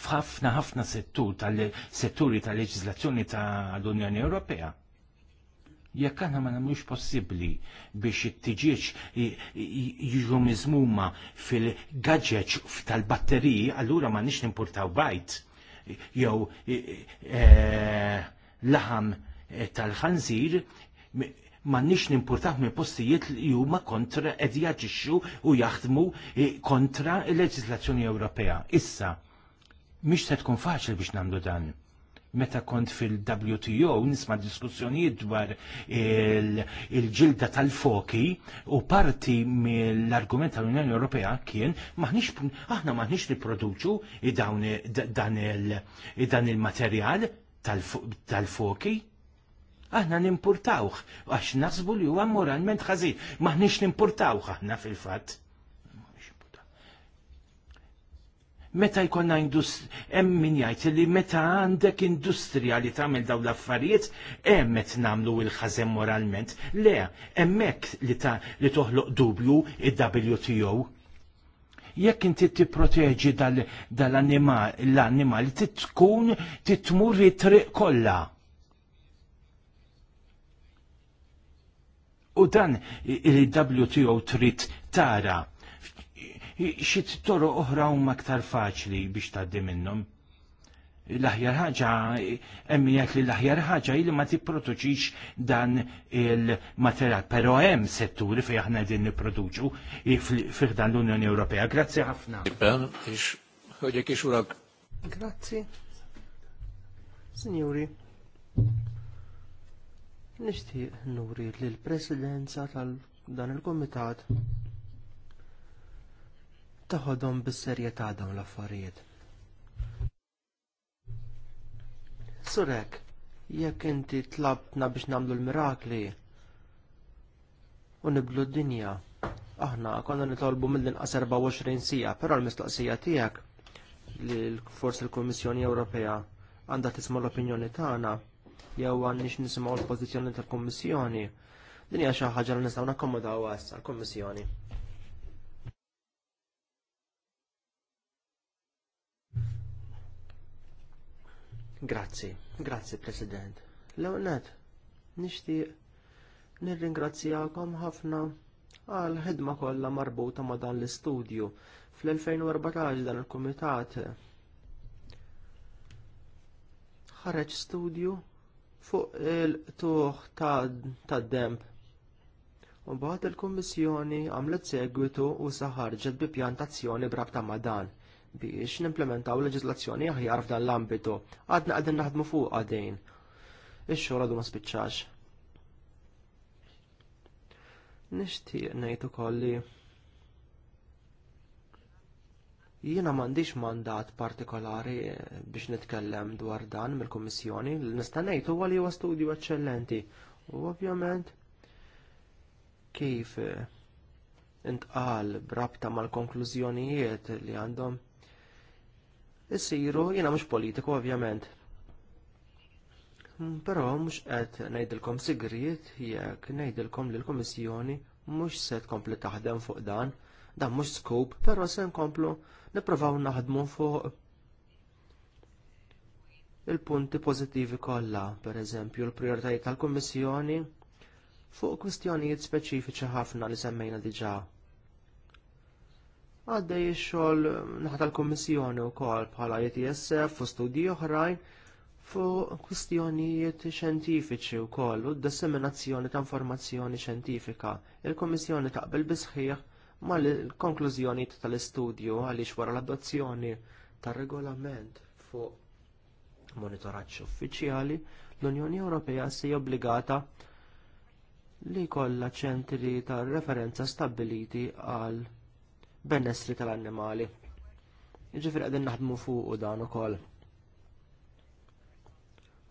f'ħafna ħafna settur tal-setturi tal-leġislazzjoni tal-Unjoni Ewropea. Jekk aħna ma nagħmlux possibbli biex it-tiġieġ jiġu miżmuma fil-gadgets tal-batteriji, allura ma nix nimportaw bajt jew e, laħam e, tal-ħanżir ma nix nimportaħ minn postijiet li huma kontra qed jaġixxu u jaħdmu e, kontra l-leġislazzjoni Ewropea. Issa, Mhix se tkun faċli biex nagħmlu dan. Meta kont fil-WTO nisma' diskussjonijiet dwar il-ġilda il tal-foki u parti mill-argument tal-Unjoni Ewropea kien maħniex aħna maħniex nipproduċu dan il-materjal tal-foki aħna nimpurtawh għax nasbu li huwa moralment ħażin, maħniex nimpurtawh aħna fil-fatt. Meta jkollna hemm min jgħid li meta għandek industrija li tagħmel dawn l-affarijiet hemm qed nagħmlu il-ħażem moralment. Le, hemmhekk li ta' li toħloq dubju id-WTO. Jekk inti tipproteġi dal-animal, l tkun titkun titmur triq kollha. U dan il-WTO trid tara xi toro oħra huma aktar faċli biex tgħaddi minnhom. L-aħjar ħaġa hemm jekk li l-aħjar ħaġa li ma tipproduċix dan il-materjal, però hemm setturi fejn aħna qegħdin nipproduċu fih dan l-Unjoni Ewropea. Grazzi ħafna. Grazzi. Signori, nishtiq nuri l-presidenza tal-dan il-komitat taħodhom bis-serjetà dawn l-affarijiet. Surek, jekk inti tlabtna biex nagħmlu l-mirakli u niblu d-dinja, aħna konna nitolbu mill-inqas 24 sija, però l-mistoqsija tiegħek li forsi l-Kummissjoni Ewropea għandha tisma' l-opinjoni tagħna jew għandix nisimgħu l-pożizzjoni tal-Kummissjoni. Din hija xi ħaġa li nistgħu nakkomodaw għas għall-Kummissjoni. Grazzi, grazzi President. Leonet, nixtieq nirringrazzjakom ħafna għal ħidma kollha marbuta ma' dan l-istudju fl-2014 dan il-Kumitat ħareġ studju fuq il-tuħ tad demp u bħad il kummissjoni għamlet segwitu u saħarġet bi pjantazzjoni brabta ma' dan biex nimplementaw leġislazzjoni aħjar f'dan l-ambitu. Għadna għadin naħdmu fuq għadin. Ix-xogħol għadu ma spiċċax. Nixtieq ngħid ukoll jiena m'għandix mandat partikolari biex nitkellem dwar dan mill-Kummissjoni, li nista' ngħid huwa li huwa studju eċċellenti. U ovvjament kif intqal brabta mal-konklużjonijiet li għandhom isiru jiena mhux politiku ovvjament. Mm, però mhux qed ngħidilkom sigrijiet jekk ngħidilkom li l-Kummissjoni mhux se tkompli taħdem fuq dan, dan mhux skup, però se nkomplu nippruvaw naħdmu fuq il-punti pożittivi kollha, pereżempju l prioritajiet tal-Kummissjoni fuq kwistjonijiet speċifiċi ħafna li semmejna diġà għaddej xogħol um, naħta l-Kummissjoni wkoll bħala ITSF u studji oħrajn fuq kwistjonijiet xjentifiċi wkoll u d-disseminazzjoni ta' informazzjoni xjentifika. Il-Kummissjoni taqbel bisħieħ mal-konklużjoni tal-istudju għaliex wara l-adozzjoni tar-regolament fuq monitoraġġ uffiċjali l-Unjoni Ewropea si obbligata li jkollha ċentri ta' referenza stabbiliti għal benessri tal-annimali. Ġifir għedin naħdmu fuq u dan ukoll.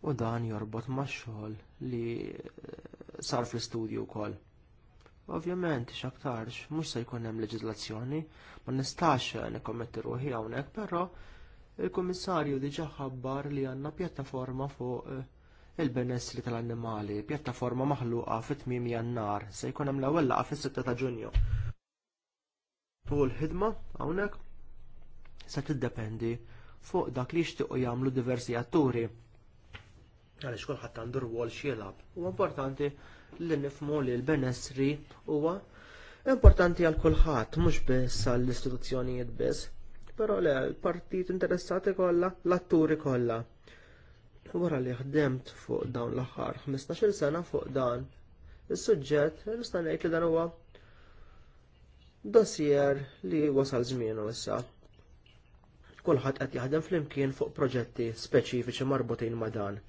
U dan jorbot maċħol xogħol li eh, sar fl-istudju wkoll. Ovvjament, xaktarx, mhux se jkun hemm leġiżlazzjoni, ma nistax nekommetti ruħi hawnhekk, però il-Kummissarju diġà ħabbar li għandna pjattaforma fuq eh, il-benessri tal-annimali, pjattaforma maħluqa fit tmim jannar, se jkun hemm l-ewwel laqgħa fis ta' Ġunju fuq l-ħidma hawnhekk se tiddependi fuq dak li jixtiequ jagħmlu diversi atturi. Għaliex kulħadd għandu rwol x'jelab. Huwa importanti li nifmu li l-benessri huwa importanti għal kulħadd mhux biss għall istituzzjonijiet biss, però le l-partit interessati kollha, l-atturi kollha. Wara li ħdemt fuq dawn l-aħħar 15-il sena fuq dan is-suġġett nista' ngħid li dan huwa dossier li wasal żmienu issa. Kulħadd qed jaħdem flimkien fuq proġetti speċifiċi marbutin ma' dan.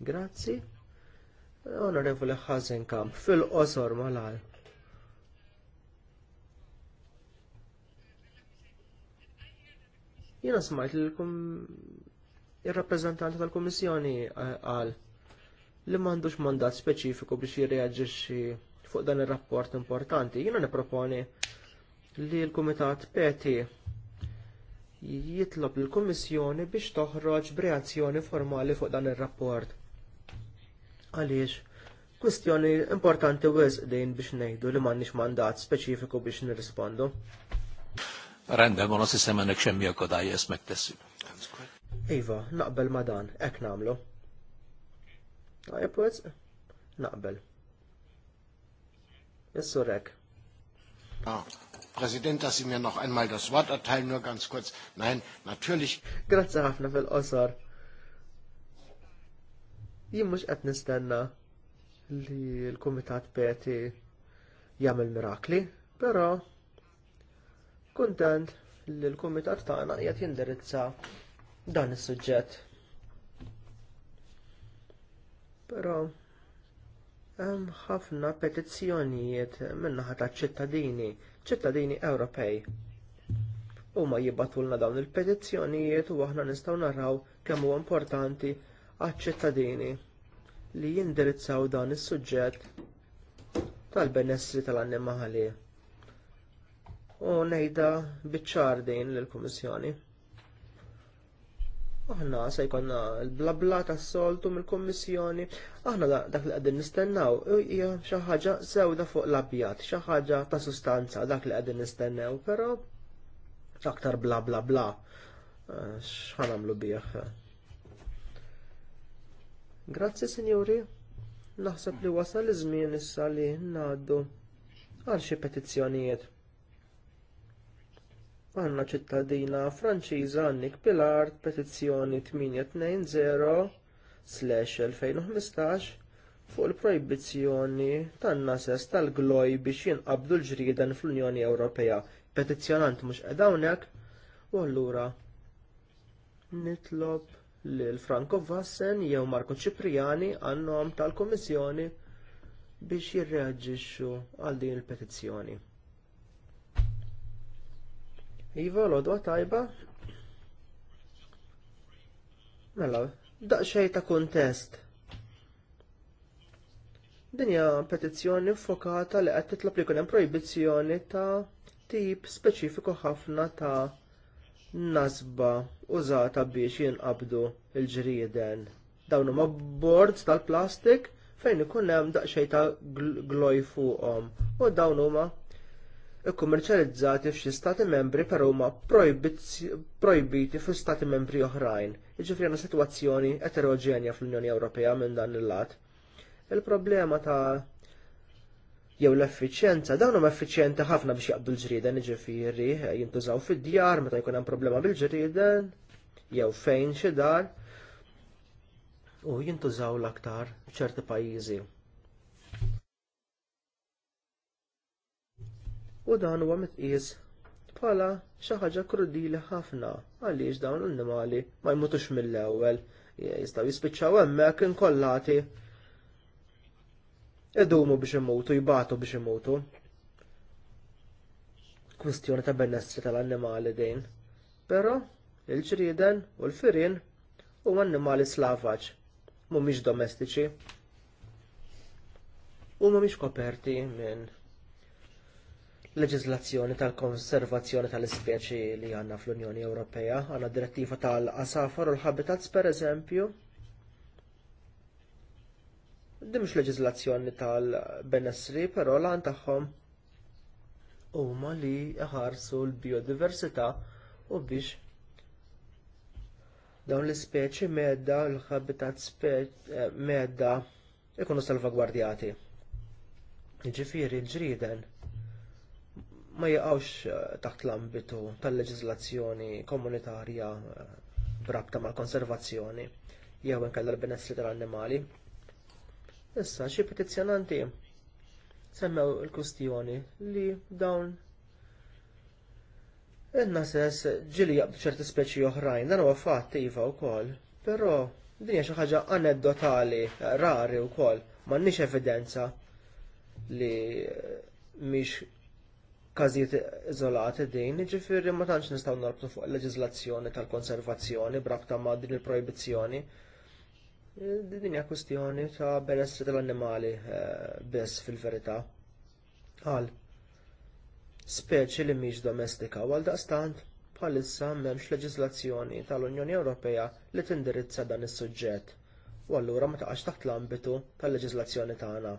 Grazzi. Onorevole Hasenkamp, fil-qosor malaj. Jiena smajt il-rappresentant tal kummissjoni qal eh, li m'għandux mandat speċifiku biex jirreaġixxi fuq dan ir-rapport importanti. Jiena nipproponi li l-Kumitat Peti jitlob l kummissjoni biex toħroġ b'reazzjoni formali fuq dan ir-rapport. Għaliex, kwistjoni importanti wisq din biex ngħidu li m'għandniex mandat speċifiku biex nirrispondu. Rendem u sistema nek xemmija kodaj jesmek tessi. Iva, naqbel ma dan, hekk nagħmlu. Għajb wisq? Naqbel. Jessurek. Ah. Präsident, dass Sie mir noch einmal das Wort erteilen, nur ganz kurz. Nein, natürlich. Grazie ħafna fil-qosor. Jien mhux qed nistenna li l-Kumitat Peti jagħmel mirakli, però kuntent li l-Kumitat tagħna qiegħed jindirizza dan is-suġġett. Però hemm ħafna petizzjonijiet minnaħa naħa taċ-ċittadini ċittadini Ewropej. Huma jibbatulna dawn il-petizzjonijiet u aħna nistgħu naraw kemm huwa importanti għaċ-ċittadini li jindirizzaw dan is-suġġett tal-benessri tal-annimali. U ngħidha biċ-ċar din lill-Kummissjoni. Aħna se jkollna l-blabla tas-soltu mill-Kummissjoni, aħna dak li qegħdin nistennew hija xi ħaġa sewda fuq l-abjat, xi ħaġa ta' sustanza dak li qegħdin nistennew, però aktar bla bla bla. Eh, X'ħan nagħmlu bih. Grazzi sinjuri, naħseb li wasal iż-żmien issa li ngħaddu għal xi petizzjonijiet għanna ċittadina franċiża Annik Pilar, petizzjoni 820-2015 fuq il-projbizzjoni tan-nases tal-gloj biex jinqabdu l-ġrieden fl-Unjoni Ewropea. Petizzjonant mhux qed hawnhekk u allura nitlob lil Franco Vassen jew Marco Cipriani għannom tal-Kummissjoni biex jirreaġixxu għal din il-petizzjoni. Iva, l-odwa tajba. Mela, daqxej ta' kontest. Dinja petizzjoni fokata li qed l li jkun hemm projbizzjoni ta' tip speċifiku ħafna ta' nasba użata biex jinqabdu l ġrieden Dawn huma boards tal-plastik fejn ikun hemm daqsxejn ta' gloj fuqhom u dawn huma ikkummerċjalizzati f'xi stati membri però huma projbiti fi stati membri oħrajn. Jiġifieri għandna sitwazzjoni eterogenja fl-Unjoni Ewropea minn dan il-lat. Il-problema ta' jew l-effiċjenza, dawn huma effiċjenti ħafna biex jaqbdu l-ġrieden, jiġifieri eh, jintużaw fid-djar meta jkun hemm problema bil-ġrieden, jew fejn xi dar, u jintużaw l-aktar f'ċerti pajjiżi. u dan huwa mitqies bħala xi ħaġa krudili ħafna għaliex dawn l-annimali ma jmutux mill-ewwel jistgħu jispiċċaw hemmhekk inkollati idumu biex imutu, jibatu biex imutu. Kwistjoni ta' benessri tal-annimali dejn. Però il-ġrieden u l firin huma annimali slavaċ, mhumiex domestiċi u mhumiex koperti minn leġiżlazzjoni tal-konservazzjoni tal-ispeċi li għandna fl-Unjoni Ewropea, għanna direttiva tal-qasafar u l-habitats pereżempju. eżempju. Dimx leġiżlazzjoni tal-benessri, però taħħom tagħhom ma li ħarsu l-biodiversità u biex dawn l-ispeċi medda l-habitat eh, medda ikunu salvagwardjati. Ġifiri, ġriden ma jiqawx eh, taħt l-ambitu tal-leġiżlazzjoni komunitarja eh, b'rabta mal-konservazzjoni jew inkella l-benessri tal-annimali. Issa xi petizzjonanti semmew il-kustjoni li dawn in-nases ġili jaqbdu ċerti speċi oħrajn, dan huwa fatt iva wkoll, però din hija xi ħaġa aneddotali, rari wkoll, m'għandniex evidenza li eh, mhix każijiet iżolati din, jiġifieri ma tantx nistgħu norbtu fuq il-leġiżlazzjoni tal-konservazzjoni brabta ma' din il-projbizzjoni. Din hija kwistjoni ta' benessri tal-annimali eh, biss fil-verità. Għal speċi li mhix domestika għal għaldaqstant bħalissa m'hemmx leġiżlazzjoni tal-Unjoni Ewropea li tindirizza dan is-suġġett u allura ma taqax taħt l-ambitu tal-leġiżlazzjoni tagħna.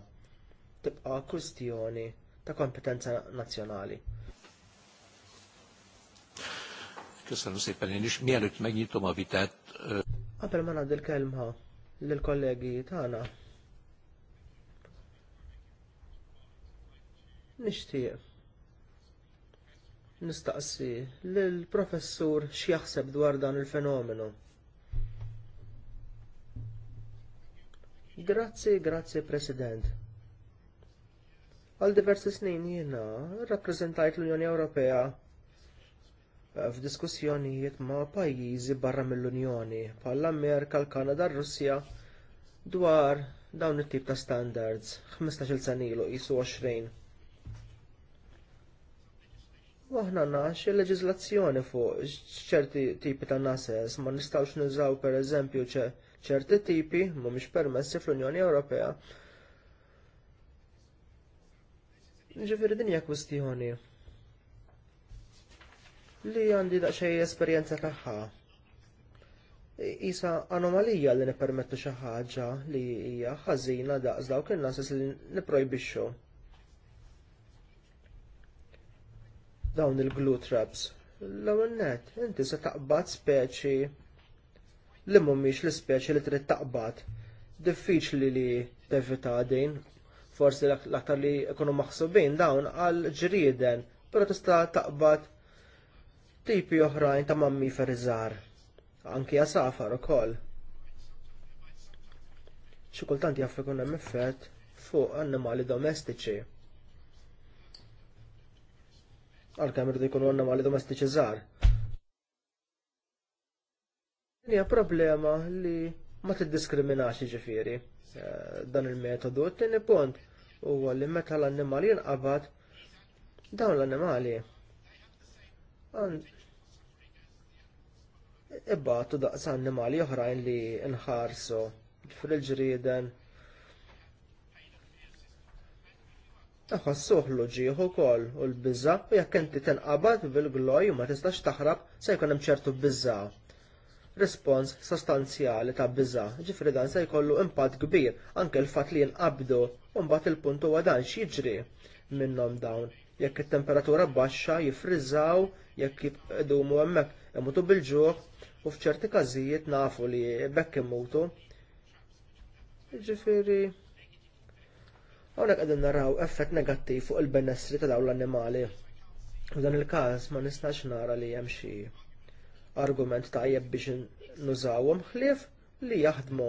Tibqa' kwistjoni ta' kompetenza nazzjonali. Köszönöm szépen nix is. Mielőtt megnyitom a vitát... Għabel ma nagħdi l-kelma lill-kollegi tagħna. Nixtieq nistaqsi lill-professur x'jaħseb dwar dan il-fenomenu. Grazzi, grazie, President. Għal diversi snin jiena rappresentajt l-Unjoni Ewropea f'diskussjonijiet ma' pajjiżi barra mill-Unjoni l amerika l-Kanada, r-Russja dwar dawn it-tip ta' standards 15-il sen ilu qisu 20. Waħna aħna nax il-leġiżlazzjoni fuq ċerti tipi ta' nases ma nistgħux per pereżempju ċerti tipi mhumiex permessi fl-Unjoni Ewropea Ġifiri din hija kwistjoni li għandi daqsxej esperjenza tagħha. Isa anomalija li nippermettu xi ħaġa li hija ħażina daqs dawk in-nas li nipprojbixxu. Dawn il-glue traps. L-ewwel net, inti se taqbad speċi li mhumiex l-ispeċi li trid taqbad. Diffiċli li tevita din forsi l-aktar li jkunu maħsubin dawn għal ġrieden, però tista' taqbad tipi oħrajn ta' mammi iżgħar, anki għasafar ukoll. Xi kultant jaf ikun hemm effett fuq annimali domestiċi. Għalkemm irdu jkunu annimali domestiċi żgħar. Hija problema li ma tiddiskriminax ġifiri dan il-metodu. t Tieni punt huwa li meta l-annimali jinqabad dawn l-annimali ibbatu daqs annimali oħrajn li nħarsu fil-ġrieden. Taħassuh l-ġieħu kol u l-bizza u jekk inti tenqabad bil-gloj u ma tistax taħrab se jkun hemm ċertu bizza rispons sostanzjali ta' biża, ġifri dan se jkollu impatt kbir, anke l-fatt li jinqabdu, mbagħad il-punt huwa dan x'jiġri minnhom dawn. Jekk it-temperatura baxxa jifriżaw, jekk jibdumu hemmhekk imutu bil-ġuħ u f'ċerti każijiet nafu li bekk imutu. Ġifieri hawnhekk qegħdin naraw effett negattiv fuq il-benessri ta' dawn l-annimali. U dan il każ ma nistax nara li hemm xi argument tajjeb biex nużawhom ħlief li jaħdmu.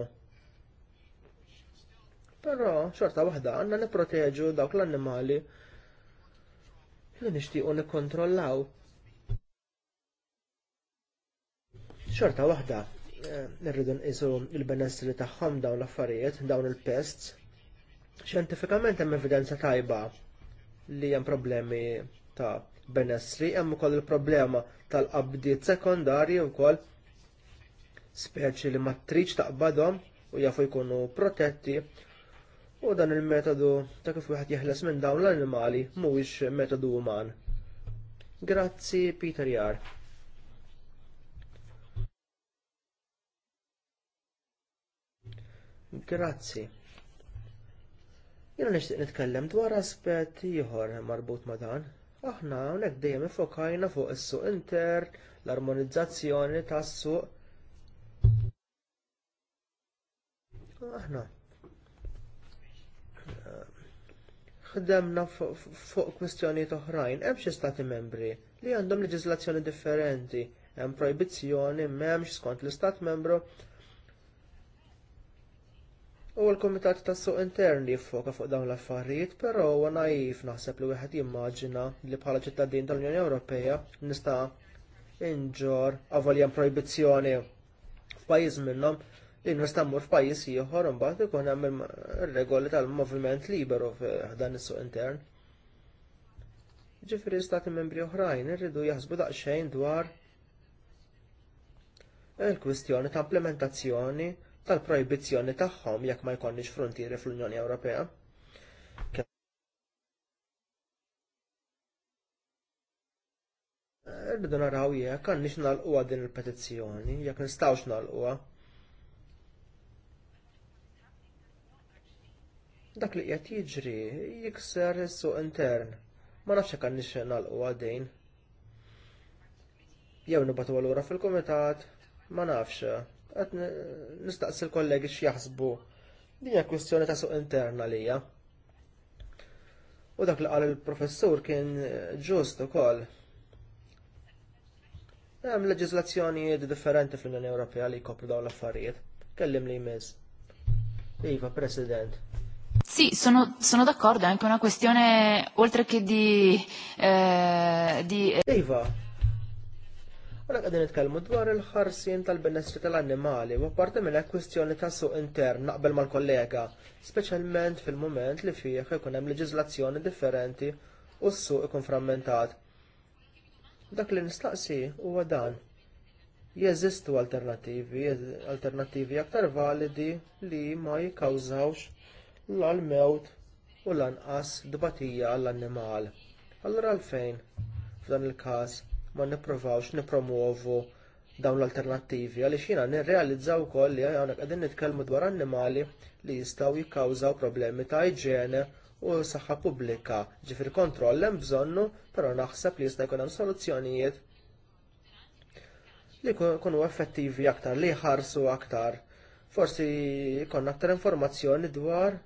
Però xorta waħda għandna nipproteġu dawk l-annimali li nixtiequ nikkontrollaw. Xorta waħda nirridu eh, nqisu l-benessri tagħhom dawn l-affarijiet, dawn il-pests. Xjentifikament hemm evidenza tajba li hemm problemi ta' benessri hemm ukoll il-problema tal-qabdiet sekondarji wkoll speċi li ma triċ taqbadhom u jafu jkunu protetti u dan il-metodu ta' kif wieħed jeħles minn dawn l-animali mhuwiex metodu uman. Grazzi Peter Jar. Grazzi. Jiena nixtieq nitkellem dwar aspett ieħor marbut ma' dan. Aħna hawnhekk dejjem ifokajna fuq is-suq intern, l-armonizzazzjoni tas-suq. Aħna ħdemna fuq kwistjonijiet oħrajn, hemm xi stati membri li għandhom leġiżlazzjoni differenti, hemm projbizzjoni m'hemmx skont l-istat membru U l-Kumitat tas suq Intern jiffoka fuq dawn l-affarijiet, però huwa naif naħseb li wieħed jimmaġina li bħala ċittadin tal-Unjoni Ewropea nista' inġor avoljem projbizzjoni f'pajjiż minnhom li nista' mmur f'pajjiż ieħor imbagħad ikun hemm ir-regoli tal-moviment liberu f'dan is-suq intern. Ġifieri stati membri oħrajn irridu jaħsbu daqsxejn dwar il-kwistjoni ta' implementazzjoni tal-projbizzjoni tagħhom jekk ma jkollniex frontieri fl-Unjoni Ewropea. Rridu naraw jekk għandniex nagħlquha din il-petizzjoni, jekk nistgħux nagħlquha. Dak li qed jiġri jikser is-suq intern. Ma nafx jekk għandniex nagħlquha din. Jew nibatu allura fil-kumitat, ma nafx nistaqsi l-kollegi x'jaħsbu. hija kwistjoni ta' suq interna lija. U dak li qal il-professur kien eh, ġust ukoll. Hemm leġiżlazzjonijiet differenti fl-Unjoni Ewropea li jkopru dawn l-affarijiet. Kellim li jmiss. Iva, President. Sì, sono, sono d'accordo, è anche una questione oltre che di... Eh, di... Eva, U mela l għadin nitkellmu dwar il-ħarsien tal-benessri tal-annimali, u apparti minn kwistjoni ta' suq intern naqbel mal-kollega, speċjalment fil mument li fih ikun hemm leġiżlazzjoni differenti u s-suq ikun frammentat. Dak li nistaqsi huwa dan. Jeżistu alternattivi, alternattivi aktar validi li ma jikkawżawx l-mewt u lanqas dbatija għall-annimal. Allura għalfejn f'dan il-każ ma nippruvawx nipromuovu dawn l-alternattivi għaliex jiena nirrealizzaw ukoll li għajna qegħdin nitkellmu dwar annimali li jistgħu jikkawżaw problemi ta' iġene u saħħa pubblika. Ġifir kontroll hemm bżonnu, però naħseb li jista' jkun hemm soluzzjonijiet li jkunu effettivi aktar, li jħarsu aktar. Forsi jkollna aktar informazzjoni dwar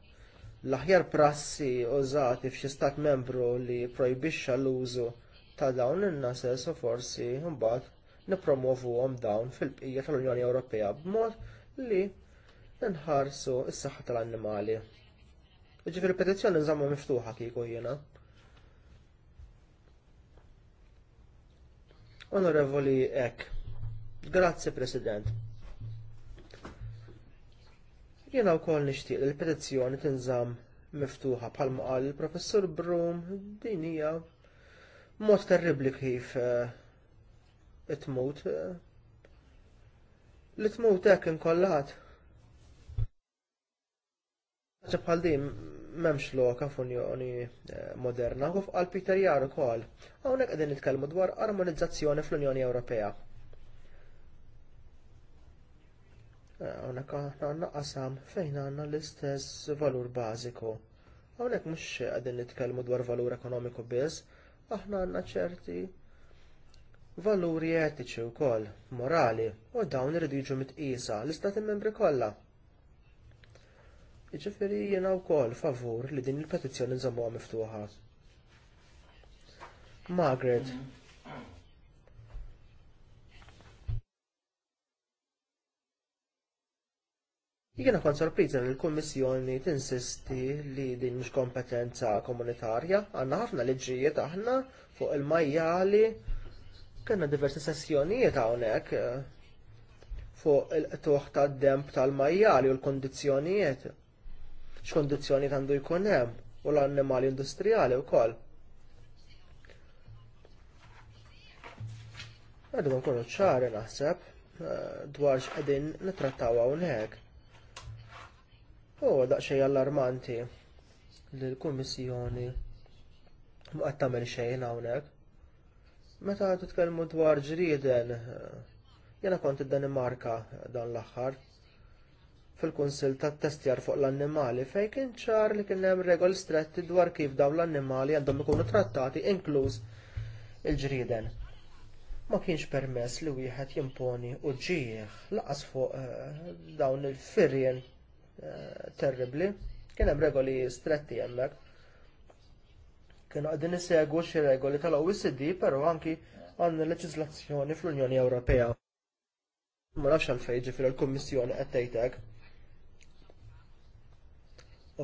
l-aħjar prassi użati f'xi stat membru li projbixxa l-użu ta' dawn in-nases u forsi mbagħad nippromovuhom dawn fil-bqija tal-Unjoni Ewropea b'mod li nħarsu s-saħħa tal-annimali. Jiġifieri petizzjoni nżamma miftuħa kieku jiena. Onorevoli Ek, grazzi President. Jiena wkoll nixtieq li l-petizzjoni tinżamm miftuħa bħalma qal il-Professur Brum din hija mod terribli kif eh, it-tmut. Li tmut hekk inkollat. Ħaġa bħal memx m'hemmx loka f'Unjoni eh, Moderna u għal Peter Jar ukoll. Hawnhekk qegħdin nitkellmu dwar armonizzazzjoni fl-Unjoni Ewropea. Eh, hawnhekk aħna għandna qasam fejn għandna l-istess valur bażiku. Hawnhekk mhux qegħdin nitkellmu dwar valur ekonomiku biss, aħna għandna ċerti valuri etiċi wkoll, morali, u dawn iridu jiġu mit-qisa l-istati membri kollha. Jiġifieri jiena wkoll favur li din il-petizzjoni nżammuha miftuħa. Margaret, mm. Jiena kont sorpriża li l-Kummissjoni tinsisti li din mhux kompetenza komunitarja, għandna ħafna liġijiet aħna fuq il-majjali, kellna diversi sessjonijiet hawnhekk eh, fuq il qtugħ tad demb tal-majjali u l kundizzjonijiet X'kundizzjonijiet għandu jkun hemm u l-annimali industrijali wkoll. Għadu nkunu ċari naħseb eh, dwar x'qegħdin nittrattaw hawnhekk. U daqsxejn allarmanti li l-Kummissjoni ma qed tagħmel xejn hawnhekk. Meta titkellmu dwar ġrieden, jiena kont id-Danimarka dan l-aħħar fil-Kunsill tat-testjar fuq l-annimali fejn kien ċar li kien hemm regoli stretti dwar kif dawn l-annimali għandhom ikunu trattati inkluż il-ġrieden. Ma kienx permess li wieħed jimponi u ġieħ laqas fuq eh, dawn il-firjen terribli. Kien hemm regoli stretti hemmhekk. Kien qegħdin isegwu xi regoli tal-OECD, però anki għandna leġiżlazzjoni fl-Unjoni Ewropea. Ma nafx għalfejn ġifier il-Kummissjoni qed tgħidlek.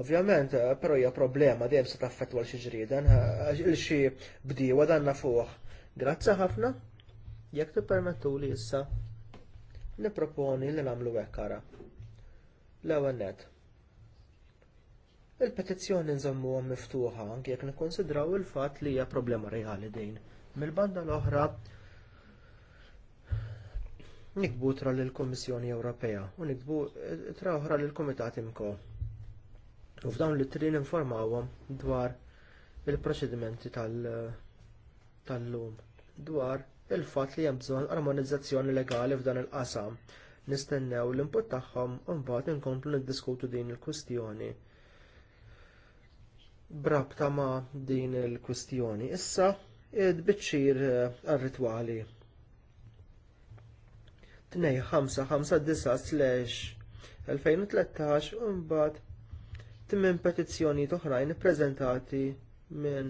Ovvjament, eh, però hija problema dejjem se taffettwa xi ġrieden, eh, il xi bdiewa danna fuq. Grazzi ħafna, jekk tippermettuli issa, Nipproponi li nagħmlu hekk ara. L-ewwel nett. Il-petizzjoni nżammuha miftuħa anke jekk nikkonsidraw il-fatt li hija problema reali din. Mill-banda l-oħra nikbu tra lill-Kummissjoni Ewropea u nikbu eh, tra oħra lill-Kumitat Imko. U f'dawn li trin informawhom dwar il-proċedimenti tal-lum dwar il-fatt li hemm bżonn armonizzazzjoni legali f'dan il-qasam nistennew l-input tagħhom u mbagħad inkomplu niddiskutu din il-kwistjoni. Brabta ma' din il-kwistjoni issa id-biċċir eh, ar ritwali Tnej 559/2013 u mbagħad timmen petizzjoni oħrajn ippreżentati minn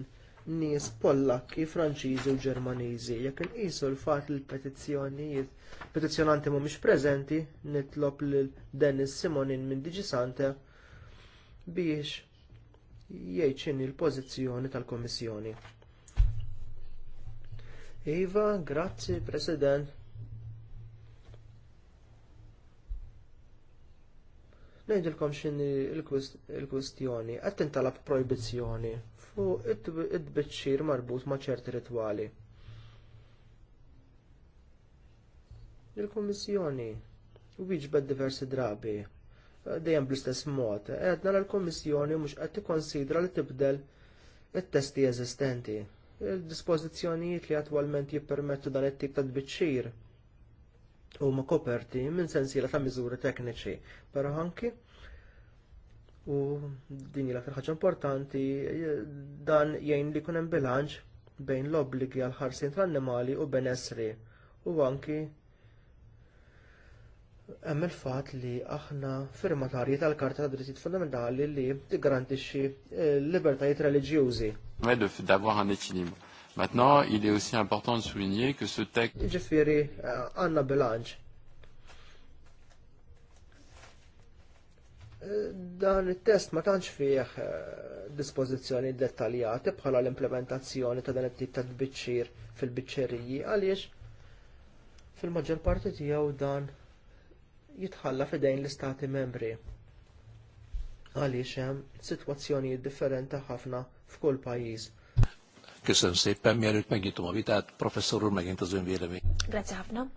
nies Pollakki, Franċiżi u Ġermaniżi. Jekk inqisu l-fatt li l-petizzjonijiet petizzjonanti mhumiex preżenti, nitlob lil Dennis Simonin minn Diġi Sante biex jgħidxin il-pożizzjoni tal kummissjoni Iva, grazzi President. Ngħidilkom x'inhi l-kwistjoni, qed tintalab projbizzjoni u id-bitxir marbut ma' ċerti ritwali. il kummissjoni wieġbed diversi drabi eh, dejjem bl-istess mod, edna l-Komissjoni mhux qed tikkonsidra li tibdel it-testi eżistenti. Il-dispożizzjonijiet li attwalment jippermettu dan it-tip ta' tbiċċir huma koperti minn sensiela ta' miżuri tekniċi, però anki U din l-aktar ħaġa importanti dan jgħin li jkun hemm bilanċ bejn l obbligi għal ħarsien tal-annimali u benessri u anki hemm il-fatt li aħna firmatarji tal-Karta ta' Drittijiet Fundamentali li tiggarantixxi eh, libertajiet reliġjużi. d'avoir un équilibre. Maintenant, il est aussi important de souligner que ce texte. Ġifieri eh, għandna bilanċ dan it-test ma tantx fih eh, dispożizzjoni dettaljati bħala l-implementazzjoni ta' dan it-tip ta' tbiċċir fil-biċċeriji għaliex fil-maġġor parti tiegħu dan jitħalla fidejn l-istati membri. Għaliex hemm sitwazzjonijiet differenti ħafna f'kull pajjiż. Kisem sejpem jarit megitu ma bitat professorur megin ta' zunvjelemi. Grazie ħafna.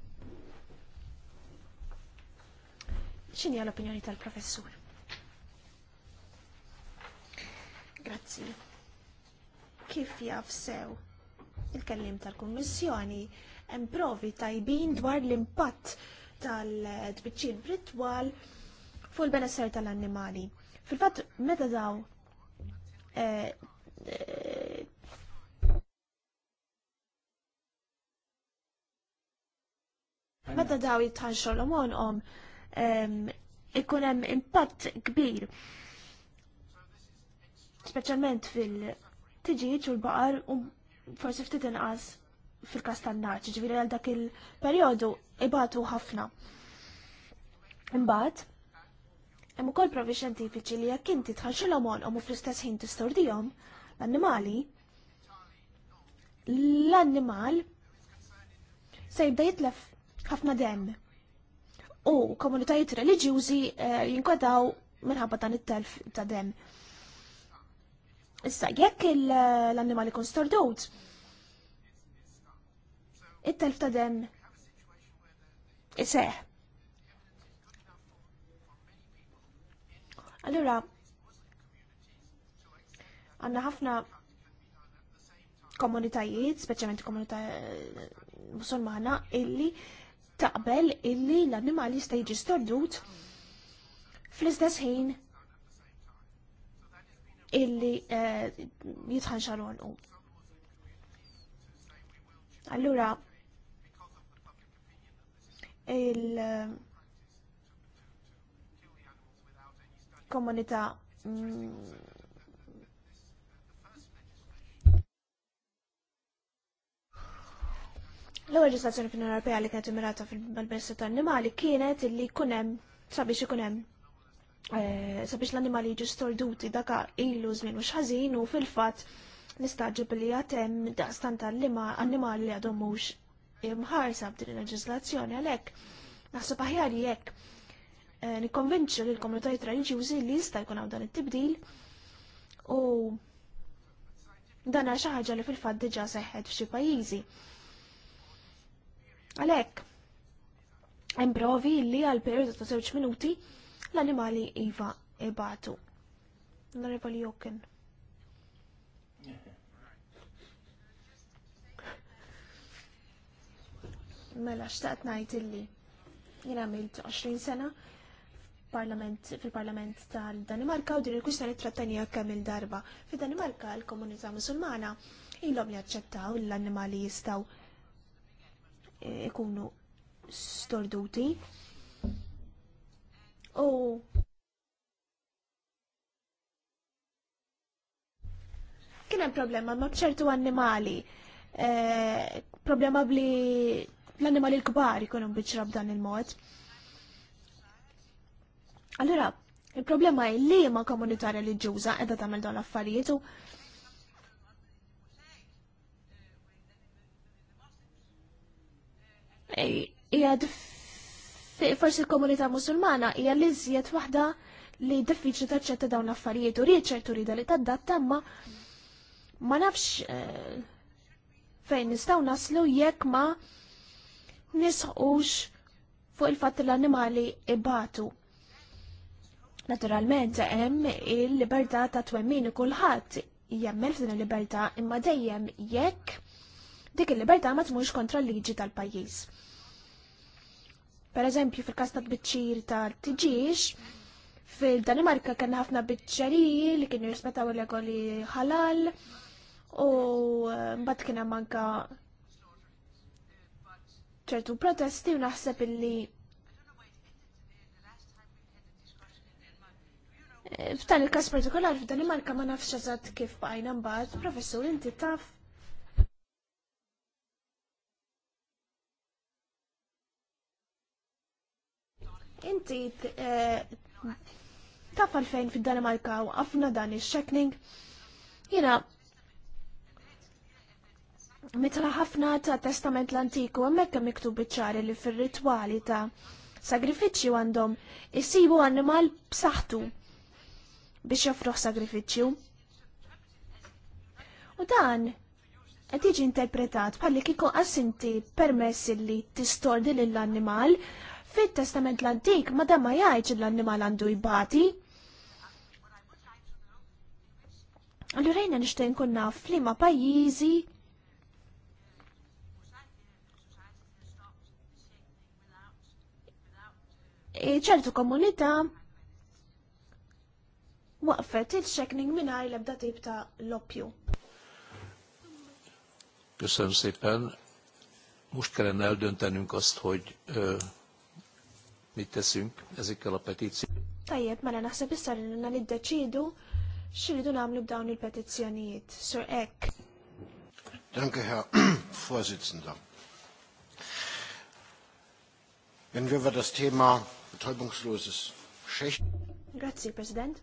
ċini għal-opinjoni tal-professur? Grazzi. Kif jaf sew il-kellim tal-Kummissjoni hemm provi tajbin dwar l-impatt tal tbiċċin Brittwal fuq il-benessar tal-annimali. Fil-fatt meta daw eh, eh, meta daw l-omon ikun hemm impatt kbir speċjalment fil-tiġiġ u l-baqar u forsi ftit inqas fil kastannaċ tan għal dak il-perjodu ibatu ħafna. Imbagħad hemm ukoll provi xjentifiċi li jekk inti tħaxxilhom għolqhom u fl-istess ħin tistordihom l-annimali, l-annimal se jibda jitlef ħafna dem. U komunitajiet reliġjużi eh, jinkodaw minħabba dan it-telf ta' dem. Issa, jekk l-annimal ikun stordut, it-telf ta' dem iseħ. Allura, għanna ħafna komunitajiet, speċjalment komunità musulmana, illi taqbel illi l-annimali stajġi stordut fl-istess ħin illi eh, jitħanxaru u. Allura, il komunità mm, L-ewwel leġislazzjoni fl-Unjoni Ewropea li kienet imirata fil-benessri tal-annimali kienet illi jkun hemm sabiex ikun hemm Eh, sabiex l-animali jiġu storduti daka ilu żmien mhux ħażin u fil-fatt nistaġib li għatem daqstan tal-animali li għadhom mhux imħarsa b'din il-leġislazzjoni għalhekk naħseb aħjar jekk eh, nikkonvinċu li l-komunitajiet reliġjużi li jista' jkun hawn dan it-tibdil u dan xi ħaġa li fil-fatt diġà seħħet f'xi pajjiżi. Għalhekk hemm provi li għal perjodu ta' żewġ minuti l-animali iva ibatu. Narevoli Jokin. Mela, xtaqt najt illi jina għamilt 20 sena fil-parlament tal-Danimarka u din il-kustjoni trattanija kemm il-darba. Fil-Danimarka l-komunità musulmana ilhom jaċċettaw l-annimali jistaw eh, ikunu storduti Oh! kien hemm problema ma' ċertu annimali. Eh, problema bli l-annimali l-kbar ikunu biċrab dan il-mod. Allora, il-problema hi li ma' komunità reliġjuża qiegħda tagħmel dawn l-affarijiet u eh, hija forsi l-komunità musulmana hija li żjed waħda li diffiċli taċċetta dawn l-affarijiet u riċer turi li tadatta ma ma nafx eh, fejn nistgħu naslu jekk ma nisħux fuq il-fatt l-annimali ibatu. Naturalment hemm il-libertà ta' twemmin u kulħadd jemmel f'din il-libertà imma dejjem jekk dik il-libertà ma tmux kontra l-liġi tal-pajjiż. Per eżempju, fil-kas ta' bitċir ta' tiġiġ, fil-Danimarka kien ħafna bitċeriji li kienu jismetaw regoli ħalal u eh, mbagħad kien hemm ċertu protesti u naħseb illi F'dan il-kas partikolar f'Danimarka ma nafx eżatt kif bajna mbagħad, professur inti taf Inti eh, taf għalfejn fid-Danimarka u għafna dan il-shackling. Jena, mitra ħafna ta' testament l-antiku għemmek miktub ċari li fil-ritwali ta' sagrifiċċju għandhom jisibu annimal b'saħħtu biex jafruħ sagrifiċċju. U dan qed jiġi interpretat bħalli kieku qas inti permess li tistordi lill-annimal Fit-testament l-antik ma dan ma l-annimal għandu jbati. Allura jgħina nixtieq nkun naf flima pajjiżi e, ċertu komunita waqfet il-xekning minar l-ebda tip l-opju. Köszönöm szépen. Most kellene eldöntenünk azt, hogy mit tessink ezekkel a petizzi Tajjeb, mela naħseb issa li niddeċidu xiridu nagħmlu b'dawn il-petizzjonijiet. Sir Ek. Danke, Herr [CLEARS THROAT] Vorsitzender. Wenn wir über das Thema betäubungsloses Schächt. Grazie, Präsident.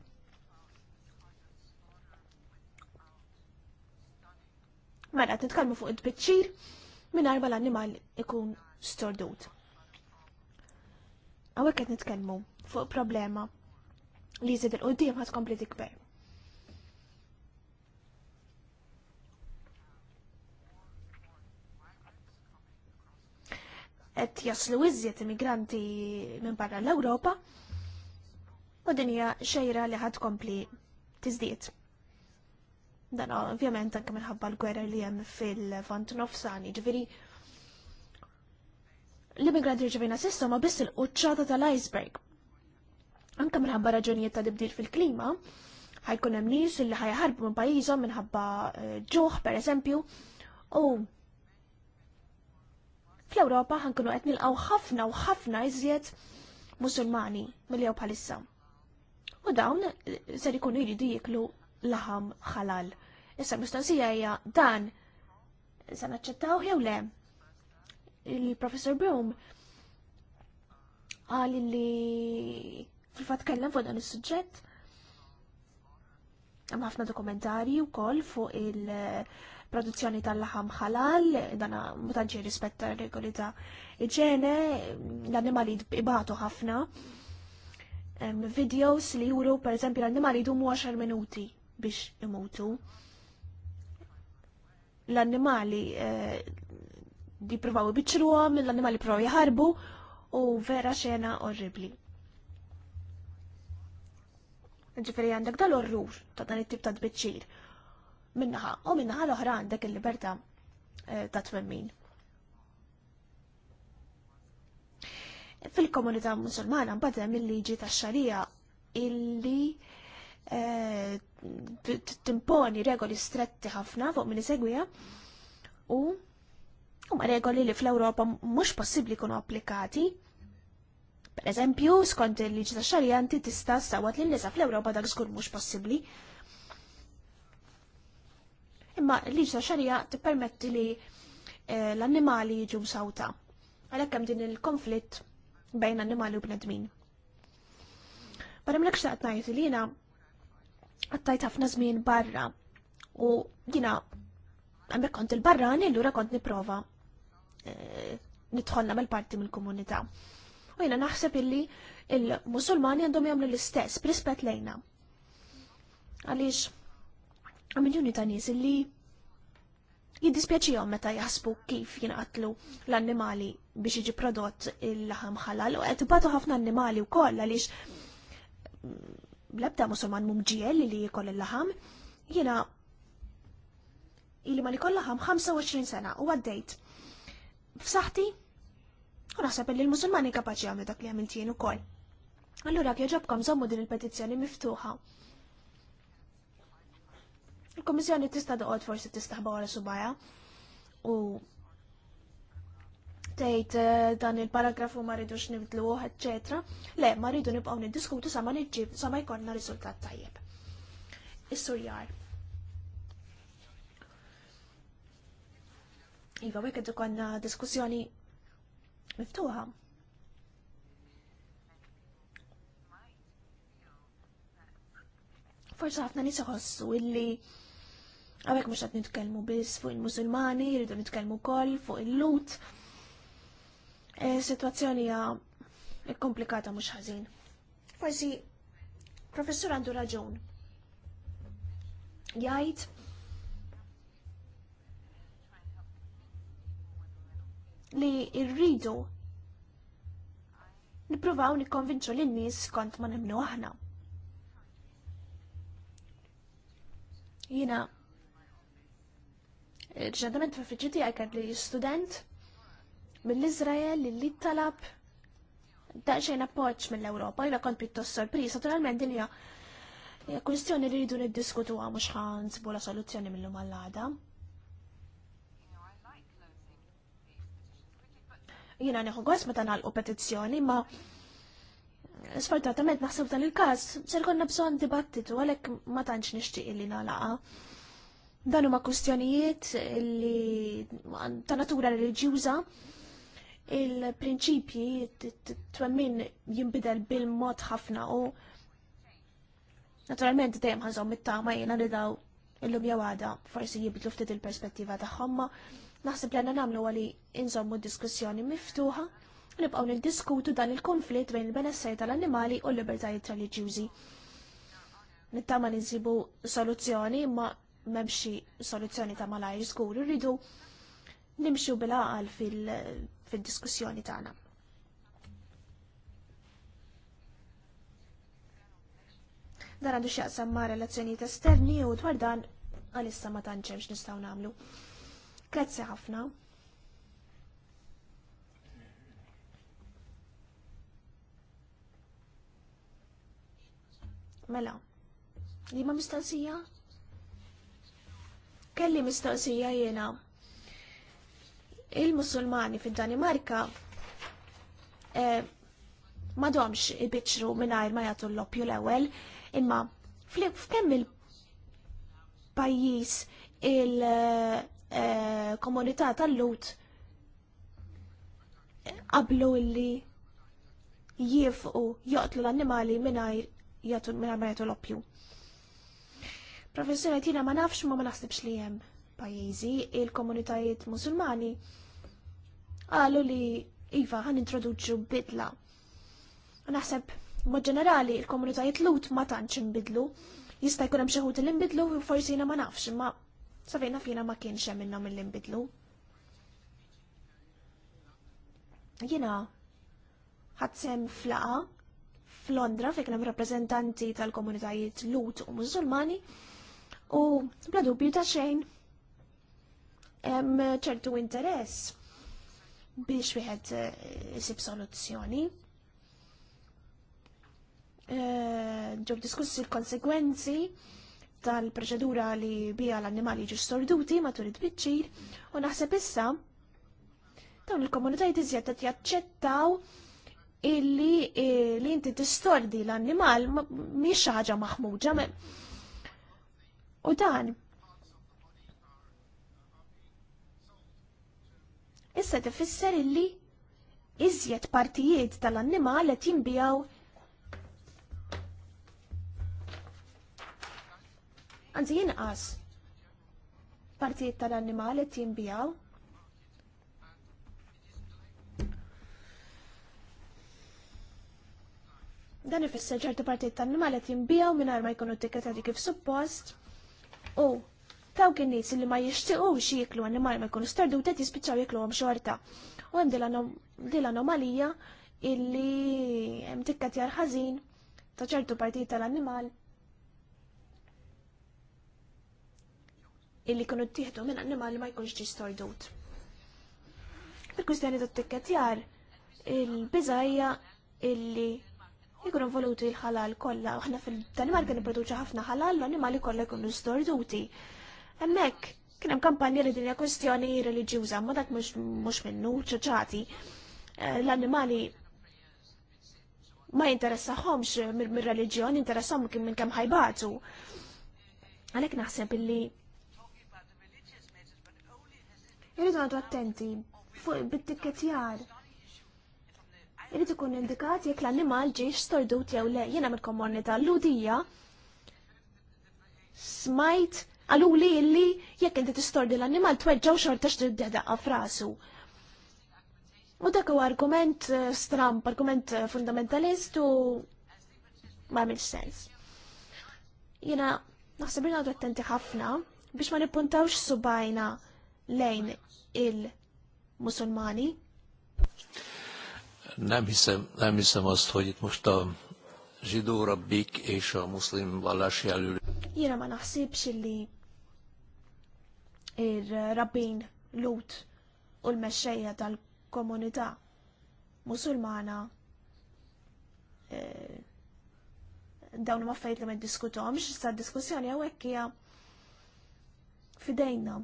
Mela, titkallmu fuq id-bitċir minn arba l animal ikun stordut. Għawek qed nitkellmu fuq problema li jizid il qoddim ħad kompli tikber. qed jaslu iżjed immigranti minn barra l-Ewropa u din hija xejra li ħad kompli tiżdied. Dan ovvjament anke minħabba l-gwerra li hemm fil-Font Nofsani, ġifieri l-immigranti ġivina sissa ma biss il-qċata tal-iceberg. Anka minħabba raġunijiet ta' dibdil fil-klima, ħajkun hemm nies li ħajħarbu minn pajjiżhom minħabba eh, ġuħ pereżempju u fl-Ewropa ħankunu qed nilqgħu ħafna u ħafna iżjed Musulmani mill-jew bħalissa. U dawn eh, ser ikunu jridu jiklu laħam ħalal. Issa mistoqsija hija dan se naċċettaw jew le il-professor Broom għal li fil-fat fuq dan is-suġġett. Hemm ħafna dokumentari wkoll fuq il-produzzjoni tal-laħam ħalal, dan ma tantx rispetta regoli ta' iġene, l-annimali ibatu ħafna. Videos li juru pereżempju l-annimali dumu 10 minuti biex imutu. L-annimali eh, jipruvaw biċruhom, l-annimali jipruvaw jaħarbu u vera xena orribli. Ġifiri għandek dal-orrur ta' dan it-tip ta' tbiċċir minnaħa u minnaħa l-oħra għandek il-libertà eh, ta' twemmin. Fil-komunità musulmana mbagħad hemm il-liġi tax-xarija illi eh, timponi regoli stretti ħafna fuq min isegwija u Huma regoli li fl-Ewropa mhux possibbli jkunu applikati. Per eżempju, skont il-liġi ta' xarja inti tista' sawat lil nisa fl-Ewropa dak żgur mhux possibbli. Imma l-liġi ta' xarja tippermetti li eh, l-annimali jiġu msawta. Għalhekk hemm din il-konflitt bejn annimali u bnedmin. Barra mlek xtaqt najt li jina għattajt ħafna żmien barra u jina għamek kont il-barra għani l-ura kont niprofa nitħonna mal-parti mill-komunità. U jena naħseb illi il-Musulmani għandhom jagħmlu l-istess, prispet lejna. Għalix, għamiljoni ta' nies illi jiddispjaċijom meta jasbu kif jinqatlu l-annimali biex jiġi prodott il-laħam ħalal u batu ħafna annimali u koll għalix blabda mm, musulman mumġiel li jikoll il-laħam jina illi ma li kollaħam 25 sena u għaddejt f'saħħti u naħseb li l-Musulmani kapaċi jagħmlu dak li għamilt jien ukoll. Allura kieġobkom żommu din il-petizzjoni miftuħa. Il-Kommissjoni tista' doqgħod forsi tistaħba wara subgħa u tgħid eh, dan il-paragrafu ma rridux nibdluh, eċċetra, Le, ma rridu nibqgħu niddiskutu sa ma niġġib sa ma jkollna riżultat tajjeb. Is-surjar. Iva, wek għeddu konna diskussjoni miftuħa. Forse ħafna nisa ħossu illi għawek mux għat nitkelmu bis fuq il-musulmani, jridu nitkelmu kol fuq il-lut. E, situazzjoni hija komplikata mhux ħażin. Forsi professur għandu raġun. Jgħid li rridu nippruvaw nikkonvinċu lin nies kont ma nimnu aħna. Jina, ġadament fa fiġiti tiegħi li student mill-Iżrael li talab daqsxejn appoġġ mill-Ewropa, jina kont pittos sorpris, naturalment dinja kwistjoni li rridu niddiskutuha mhux ħa nsibu la soluzzjoni minnhom għall Jiena neħu ma meta nagħlqu petizzjoni ma sfortunatament naħseb dan il-każ ser konna bżonn dibattitu għalhekk ma tantx nixtieq li nalaqa. Dan huma kwistjonijiet li ta' natura reliġjuża il-prinċipji twemmin jinbidel bil-mod ħafna u naturalment dejjem ħanżom mit-tama jiena li daw illum jew għada forsi jibdlu ftit il-perspettiva tagħhom ma' Naħseb li għanna namlu għali inżommu diskussjoni miftuħa u nibqaw nil-diskutu dan il-konflitt bejn il-benessaj tal-annimali u l-libertajiet reliġjużi. Nittama li nsibu soluzzjoni ma memxi soluzzjoni ta' malajr żgur irridu nimxu bil-għal fil-diskussjoni tagħna. Dan għandu xieqsam ma' relazzjonijiet esterni u dwar dan għalissa ma tantx nistgħu nagħmlu. Grazzi ħafna. Mela, li ma mistansija? Kelli mistansija jena. Il-Musulmani fil-Danimarka eh, il-bicru minnajr ma jgħatu l-loppju l-ewel, imma f'kemm il-pajis il-, -pajis, il Eh, komunità tal-lut qablu illi jifqu joqtlu l-annimali mingħajr jagħtu mingħajr ma jagħtu l-oppju. Professjoni tina ma nafx ma ma naħsibx li hemm pajjiżi il-komunitajiet Musulmani qalu li iva ħan introduċu bidla. Naħseb mod ġenerali il-komunitajiet lut ma tantx inbidlu, jista' jkun hemm xi ħut li u forsi jiena ma nafx, ma Sabina fina ma kienx hemm minnhom mill nbidlu. Jiena ħadd sem flaqa f'Londra fejn hemm rappreżentanti tal-komunitajiet Lut u Mużulmani u bla dubju ta' xejn hemm ċertu interess biex wieħed eh, isib soluzzjoni. Eh, Ġob diskussi l-konsegwenzi tal-proċedura li bija l-annimali ġu storduti matul id-bicċir u naħseb issa dawn il-komunitajiet iżjed qed jaċċettaw illi eh, li inti tistordi l-annimal mhix ħaġa maħmuġa. U dan issa tifisser illi iżjed partijiet tal-annimal qed jinbijaw anzi jinqas partijiet tal-annimali t-tim bijaw. Dan ifisser ċertu partijiet tal-annimali qed jinbijaw mingħajr ma jkunu tikketati kif suppost u taw kien nis li ma jixtiequx jiklu annimali ma jkunu t-tet qed jispiċċaw għom xorta. U hemm din l-anomalija illi hemm tikkat ħażin ta' ċertu partijiet tal-annimal illi kienu ttieħdu minn annimali ma jkunx ġistordut. Il-kwistjoni ta' tikketjar il-biżajja illi jkunu voluti l-ħalal kollha u aħna fil-Danimarka nipproduċi ħafna ħalal l-annimali kollha jkunu storduti. Hemmhekk kien hemm kampanja li dinja kwistjoni reliġjuża, ma dak mhux minnu ċoċati. L-annimali ma jinteressahomx mir-reliġjon, interessahom kien minn kemm ħajbatu. Għalhekk naħseb illi Irridu għadu attenti fuq bit-tikketjar. Irrid ikun indikat jekk l-annimal ġiex stordut jew le. Jiena mill-komunità l-ludija smajt li illi jekk inti tistordi l-annimal tweġġaw xortax tiddeħdaqqa frasu. U dak huwa argument eh, stramp, argument eh, fundamentalistu ma mill sens. Jiena naħseb li attenti ħafna biex ma nippuntawx subajna lejn il-Musulmani? Nem hiszem, nem hiszem azt, hogy itt most a zsidó rabbik és a muszlim vallás elő. Jena ma naħsibx li ir-rabbin lut ul messeja tal-komunità musulmana eh, dawn ma affarijiet li ma diskutom, xista diskussjoni hawnhekk hija fidejna.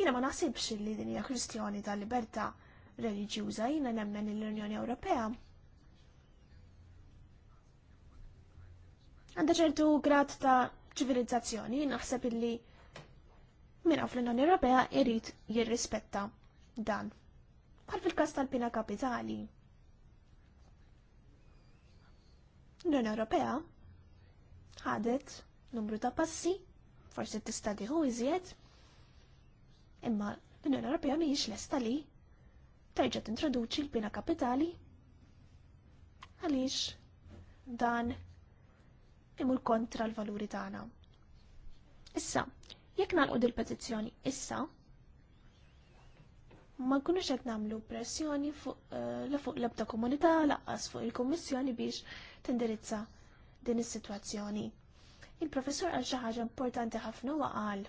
Jiena ma naħsibx li din hija kwistjoni ta' libertà reliġjuża, jiena nemmen l-Unjoni Ewropea għandha ċertu grad ta' ċivilizzazzjoni, naħseb illi minna fl-Unjoni Ewropea irrit jirrispetta dan. Bħal fil-kas tal-pina kapitali. L-Unjoni Ewropea ħadet numru ta' passi, forsi tista' diħu iżjed, Imma l-Unjoni Ewropea mhijiex lesta li terġa' tintroduċi l-bina kapitali għaliex dan imur kontra l-valuri tagħna. Issa, jekk nagħlqu il petizzjoni issa, ma nkunux qed nagħmlu pressjoni fuq eh, la fuq l-ebda komunità laqqas fuq il-Kummissjoni biex tindirizza din is-sitwazzjoni. Il-professur għal xi ħaġa importanti ħafna wa qal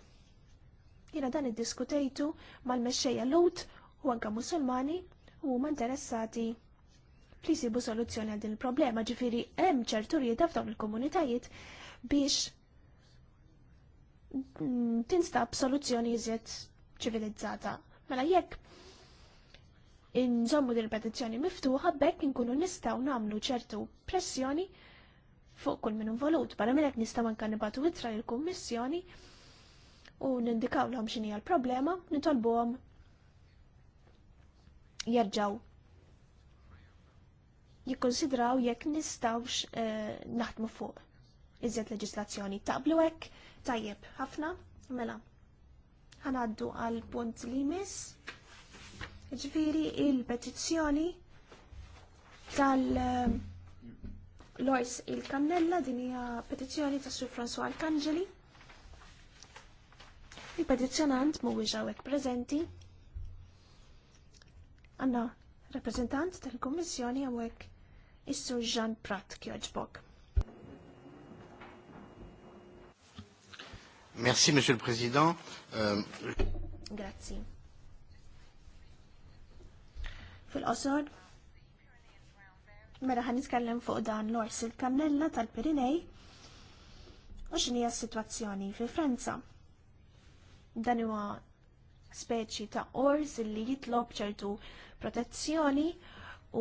Jena dan id-diskutejtu mal l ut u anka Musulmani u ma interessati li jsibu soluzzjoni għal din il-problema, ġifiri hemm ċertu rieda f'dawn il-komunitajiet biex tinstab soluzzjoni jizjet ċivilizzata. Mela jekk inżommu din il-petizzjoni miftuħa bekk inkunu nistgħu nagħmlu ċertu pressjoni fuq kull minn involut. Bara minnek nistaw nistgħu anke nibatu ittra lill-Kummissjoni u nindikaw l-ħom xinija l-problema, nitolbu għom jirġaw. Jikonsidraw jekk nistawx eh, naħdmu fuq iżjed leġislazzjoni. Taqblu hekk tajjeb ħafna, mela. Ħanaddu għal punt li mis, Ġviri il-petizzjoni tal- eh, Lois il-Kannella din hija petizzjoni ta' Sur François Arcangeli. Il-petizzjonant mu hawnhekk prezenti. Anna rappreżentant tal-Kummissjoni għawek is-Sur Jean Prat kjoġbog. Merci, Monsieur le Président. Euh... Grazie. Fil-qosor, mela ħan nitkellem fuq dan l-ors il-kannella tal-Pirinej u x'inhi s-sitwazzjoni fi Franza. Dan huwa speċi ta' ors li jitlob ċertu protezzjoni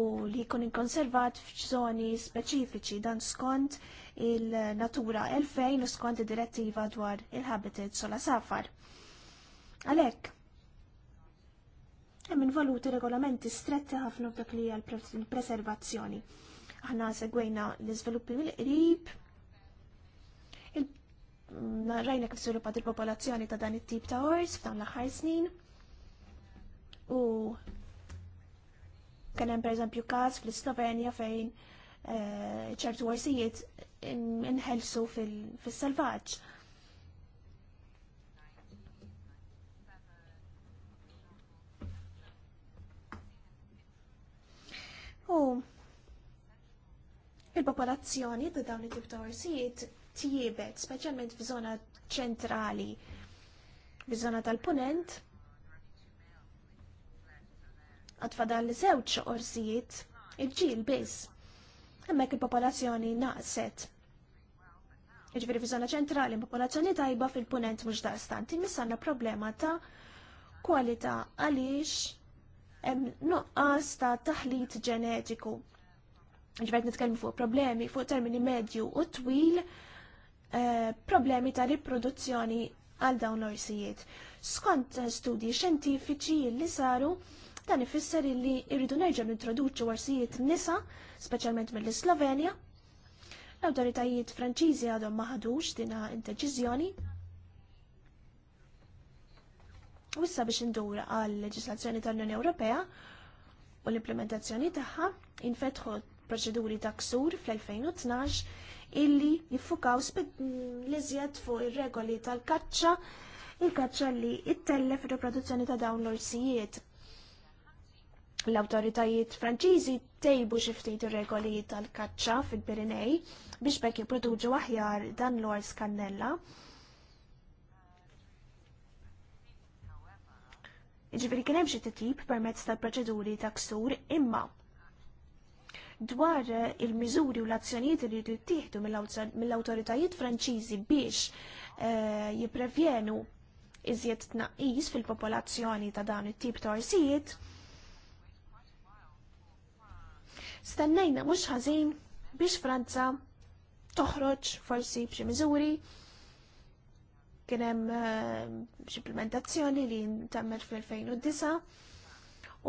u li jkun inkonservat f'żoni speċifiċi dan skont il-natura 2000 u skont id-direttiva dwar il-habitat sola safar. Għalhekk, hemm involuti regolamenti stretti ħafna f'dak li hija l-preservazzjoni. Aħna segwejna l-iżviluppi mill-qrib, rajna kif żviluppat il-popolazzjoni ta' dan it-tip ta' ors f'dawn l-aħħar snin. U kien hemm pereżempju każ fl-Slovenja fejn eh, ċertu orsijiet inħelsu fil-selvaġġ. U il-popolazzjoni ta' dawn it-tip ta' orsijiet tjiebet, speċjalment f'żona ċentrali, f'żona tal-punent. Għatfadal żewġ orsijiet, il-ġil biss. Hemmhekk il-popolazzjoni naqset. Iġveri f'żona ċentrali, popolazzjoni tajba fil-punent mhux daqstanti, missanna problema ta' kwalità għaliex hemm nuqqas ta' taħlit ġenetiku ġbert nitkellmu fuq problemi fuq termini medju u twil Eh, problemi ta' riproduzzjoni għal dawn l-orsijiet. Skont studji xjentifiċi li saru, dan ifisser li irridu nerġa' nintroduċu orsijiet nisa, speċjalment mill-Slovenja. L-awtoritajiet Franċiżi għadhom ma ħadux dina deċiżjoni. Wissa biex indura għal leġislazzjoni tal-Unjoni Ewropea u l-implementazzjoni tagħha infetħu proċeduri ta' ksur fl-2012 illi jiffukaw l-iżjed fuq ir-regoli tal-kaċċa, il-kaċċa li ittellef ir-riproduzzjoni ta' dawn l-orsijiet. L-awtoritajiet Franċiżi tejbu xi ftit ir-regoli tal-kaċċa fil-Pirinej biex bekk jipproduġu aħjar dan l-ors kannella. Ġifiri kien hemm xi titjib permezz tal-proċeduri ta' ksur imma dwar eh, il-miżuri u l-azzjonijiet li jridu jittieħdu mill-awtoritajiet Franċiżi biex eh, jiprevjenu iżjed tnaqqis fil-popolazzjoni ta' dawn it-tip ta' orsijiet. Stennejna mhux ħażin biex Franza toħroġ forsi b'xi miżuri kien hemm eh, implementazzjoni li ntemmet fil 2009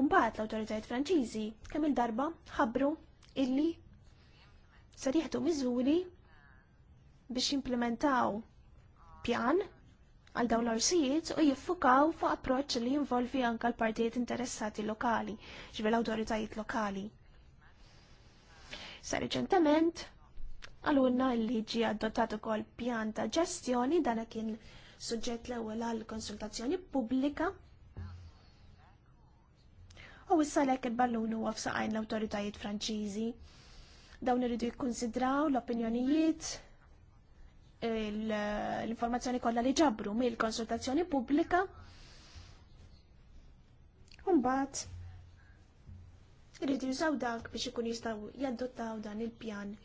mbagħad l awtoritajiet franċiżi kemm il-darba ħabru illi sar jieħdu miżuri biex jimplementaw pjan għal dawn l-orsijiet u jiffukaw fuq approċċ li jinvolvi anka l-partijiet interessati lokali, ġbel awtoritajiet lokali. Sa reċentament, għalunna l-liġi adottat ukoll pjan ta' ġestjoni dana kien suġġett l-ewwel għal konsultazzjoni pubblika u issa lek il-ballun huwa għafsaqajn l-awtoritajiet Franċiżi. Dawn irridu jikkonsidraw l-opinjonijiet l-informazzjoni kollha li ġabru mill-konsultazzjoni pubblika. Mbagħad irridu jużaw dak biex ikun jistgħu jaddottaw dan il-pjan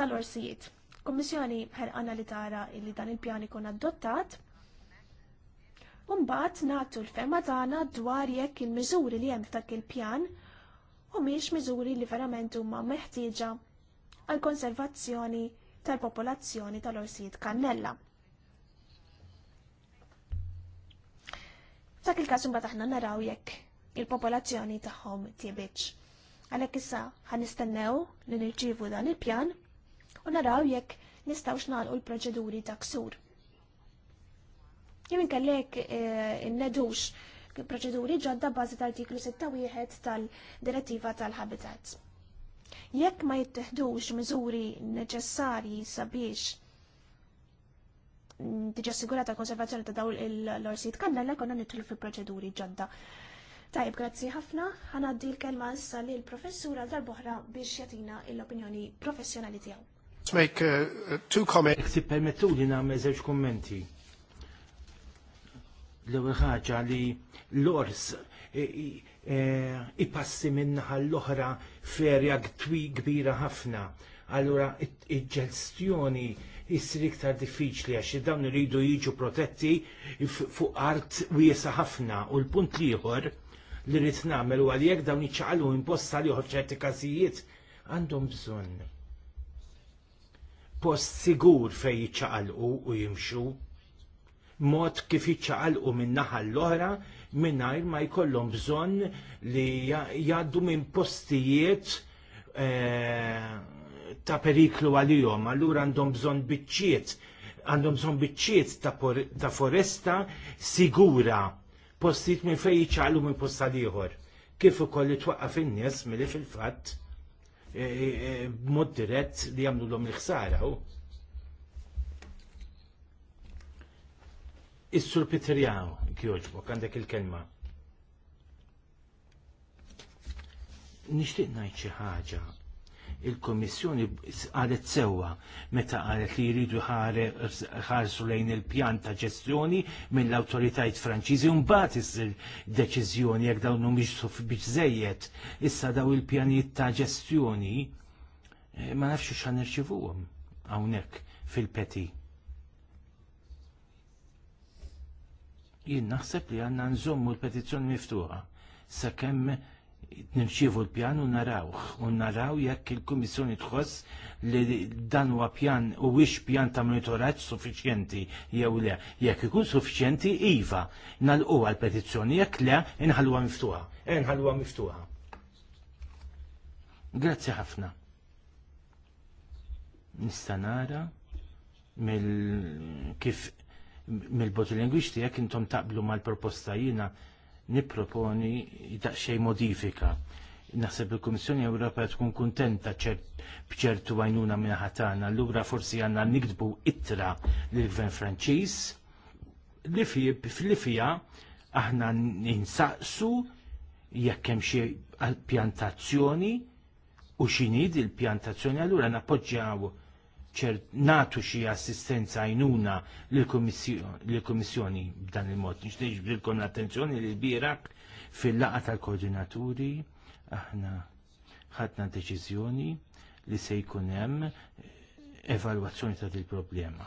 tal-orsijiet. Kommissjoni ħerqana li tara li dan il-pjan ikun adottat Umbat natu l-fema tagħna dwar jekk il-miżuri li hemm f'dak il-pjan u miex miżuri li verament huma meħtieġa għal konservazzjoni tal-popolazzjoni tal-orsijiet kannella. F'dak il-każ imbagħad aħna naraw jekk il-popolazzjoni tagħhom tiebiċ. Għalhekk issa ħanistennew li nirċievu dan il-pjan u naraw jekk nistgħux nagħlqu l-proċeduri ta' ksur. Jemin kellek eh, innedux proċeduri ġodda bażi tal-artiklu 61 tal-direttiva tal-Habitat. Jekk ma jitteħdux miżuri neċessarji sabiex mm, tiġi sigurata konservazzjoni ta' dawl l orsit kannella konna nitlu fi proċeduri ġodda. Tajib, grazzi ħafna. Ħanaddi l-kelma issa li l-professura dal-boħra biex jatina l-opinjoni professjonali tiegħu. Make uh, uh, two comments. Permettu li nagħmel żewġ kummenti l-ewwel ħaġa li l-ors e, e, ipassi minnaħa l-oħra ferja kbira ħafna. Allura il-ġestjoni jissir iktar diffiċli għax dawn iridu jiġu protetti fuq art wiesa ħafna u l-punt liħor li rrid nagħmel u għalijek dawn iċċaqalu imposta li ċerti każijiet għandhom bżonn post sigur fej jiċċaqalqu u jimxu mod kif jiċċaqalqu minn naħa l-oħra mingħajr ma jkollhom bżonn li jgħaddu minn postijiet e, ta' periklu għalihom, allura għandhom bżonn biċċiet, għandhom bżonn biċċiet ta, ta', foresta sigura, postijiet minn fejn jiċċaqalqu minn posta ieħor. Kif ukoll li twaqqaf in-nies milli fil-fatt eh, eh, b'mod dirett li jagħmlu l-ħsara. Is-sur Pitrijaw, kjoġbok, għandek il-kelma. Nishtiq najt xi ħaġa. Il-Komissjoni qalet sewwa meta qalet li jridu ħarsu lejn il-pjan ta' ġestjoni minn l-awtoritajiet Franċiżi u mbagħad deċizjoni deċiżjoni jekk dawn mhumiex Issa daw il-pjanijiet ta' ġestjoni eh, ma nafx xan nirċivuhom hawnhekk fil-peti Jien naħseb li għandna nżommu l-petizzjoni miftuħa sakemm nirċievu l-pjan u narawh u naraw jekk il-Kummissjoni tħoss li dan huwa pjan u wix pjan ta' monitoraġġ suffiċjenti jew le. Jekk ikun suffiċjenti iva nalquha l-petizzjoni jekk le inħalluha miftuħa. Inħalluha miftuħa. Grazzi ħafna. Nista' nara mill kif mill-bot lingwiċ tiegħek intom taqblu mal-proposta jiena nipproponi daqsxejn modifika. Naħseb il-Kummissjoni Ewropea tkun kuntenta bċertu għajnuna minna ħatana, allura forsi għandna nikdbu ittra lill ven Franċiż li fija aħna ninsaqsu jekk hemm xi pjantazzjoni u xinid il-pjantazzjoni allura nappoġġjaw Ċert natu xi assistenza għajnuna l-Komissjoni b'dan il-mod. Nixtiex bilkom l-attenzjoni li birak fil-laqa tal-koordinaturi aħna ħatna deċiżjoni li se jkun hemm eh, evalwazzjoni ta' il problema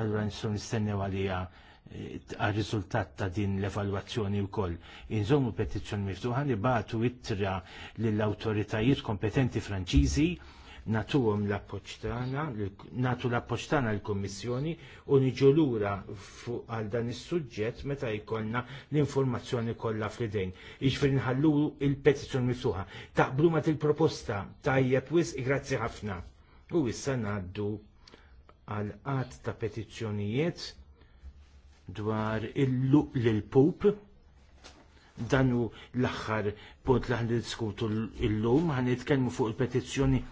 Allura nistgħu nistennew għalija eh, għal riżultat ta' din l-evalwazzjoni wkoll. Inżommu petizjoni miftuħa li batu ittra lill-awtoritajiet kompetenti Franċiżi natuhom l appoċtana natu l appoċtana l-Kummissjoni u niġu lura għal dan is-suġġett meta jkollna l-informazzjoni kollha fl-idejn. Jiġifieri nħallu il-petizzjoni misuħa. Taqblu ma' il-proposta tajjeb wisq grazzi ħafna. U issa ngħaddu għal qatt ta' petizzjonijiet dwar il-luq lil-pup dan hu l-aħħar punt li ħan diskutu l-lum ħan fuq il-petizzjoni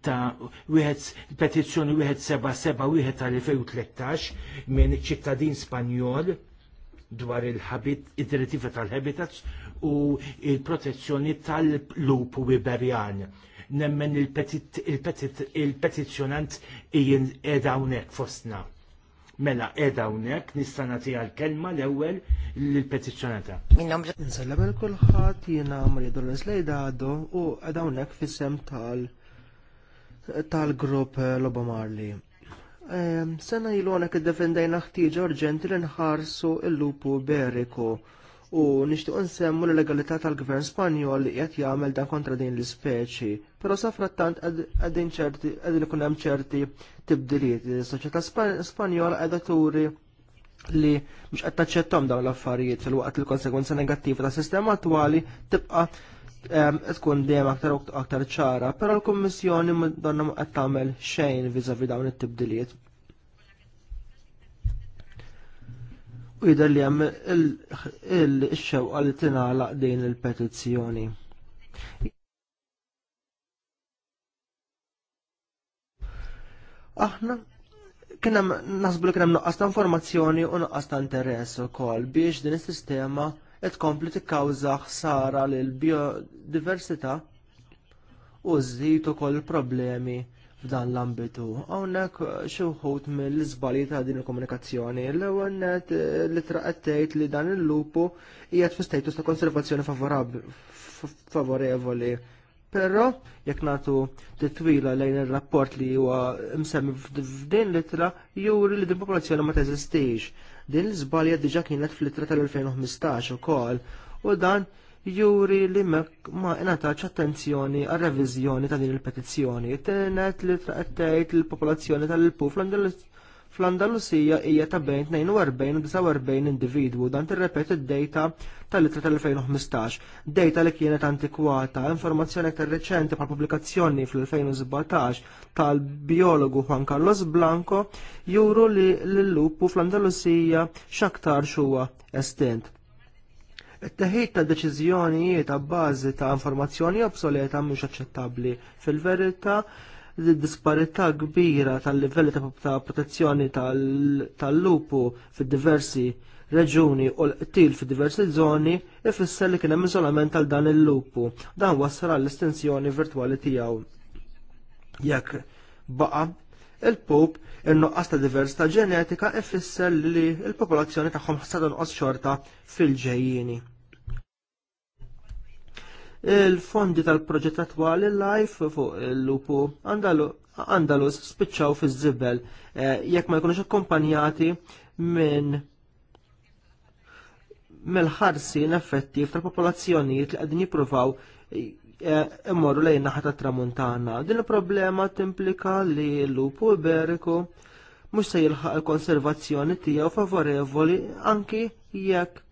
ta' wieħed petizzjoni wieħed seba' seba' wieħed tal-2013 minn ċittadin Spanjol dwar il id-direttiva tal-habitats u il-protezzjoni tal-lupu iberjan. Nemmen il-petizjonant ijen edha unek fostna. Mela, edha unek, nistanati għal-kelma l-ewel l-petizjonata. Minnom ġa. il-kulħat jena Maria Dolores Lejdado u edha unek fissem tal-petizjonata tal-grupp eh, Lobo Marley. Sena ilu għonek id-defendajna ħtiġa urġenti li nħarsu il-lupu beriku u nishtiq nsemmu l-legalità tal-gvern Spanjol li qed jagħmel dan kontra din l-ispeċi. Però sa frattant qegħdin ċerti qegħdin ikun hemm ċerti tibdiliet. Is-soċjetà Spanjol qiegħda turi li mhux qed taċċettom dawn l-affarijiet fil-waqt il-konsekwenza negattiva tas sistema attwali tibqa' tkun dejjem aktar aktar ċara, però l-Kummissjoni donna qed tagħmel xejn viżavi dawn it-tibdiliet. U jidher li hemm il-xewqa li tingħalaq din il-petizzjoni. Aħna kien hemm nasbu li kien hemm nuqqas ta' informazzjoni u nuqqas ta' interess ukoll biex din is-sistema qed tkompli tikkawża ħsara lil biodiversità u żżid ukoll problemi f'dan l-ambitu. Hawnhekk eh, xi wħud mill-iżbalji ta' din il-komunikazzjoni. L-ewwel net eh, li qed tgħid li dan il-lupu qiegħed fi status ta' konservazzjoni favorevoli. Però jekk nagħtu titwila lejn ir-rapport li huwa msemmi f'din litra juri li din popolazzjoni ma teżistix. Din l-żbalja diġa kienet fl-ittra tal-2015 ukoll u dan juri li mek ma inataċ attenzjoni għal reviżjoni ta' din il-petizzjoni. Tenet li traqtejt il-popolazzjoni tal l- fl-Andalusija hija ta' bejn 42 u 49 individwu dan tirrepet id-dejta tal-litra tal-2015. Dejta li kienet antikwata, informazzjoni aktar reċenti pa' pubblikazzjoni fl-2017 tal-biologu Juan Carlos Blanco juru li l-lupu fl-Andalusija xaktar xuwa estent. It-teħid ta' deċiżjonijiet ta' ta' informazzjoni obsoleta mhux aċċettabbli fil-verità disparità kbira tal-livelli ta' protezzjoni tal-lupu fil diversi reġuni u l-qtil fil diversi zoni ifisser li kien hemm iżolament tal dan il-lupu. Dan wassal għall istenzjoni virtwali tiegħu. Jekk baqa il-pup in-nuqqas ta' diversità ġenetika ifisser li l-popolazzjoni tagħhom ħassad inqos xorta fil ġejjini il-fondi tal-proġett attwali live fuq il-lupu Andalus spiċċaw fiż żibel eh, jekk ma jkunux akkompanjati minn mill ħarsi effettiv tal-popolazzjonijiet li qegħdin jippruvaw eh, immorru lejn naħa tat-tramuntana. Din il-problema timplika li l-lupu iberiku mhux se jilħaq il-konservazzjoni tiegħu favorevoli anki jekk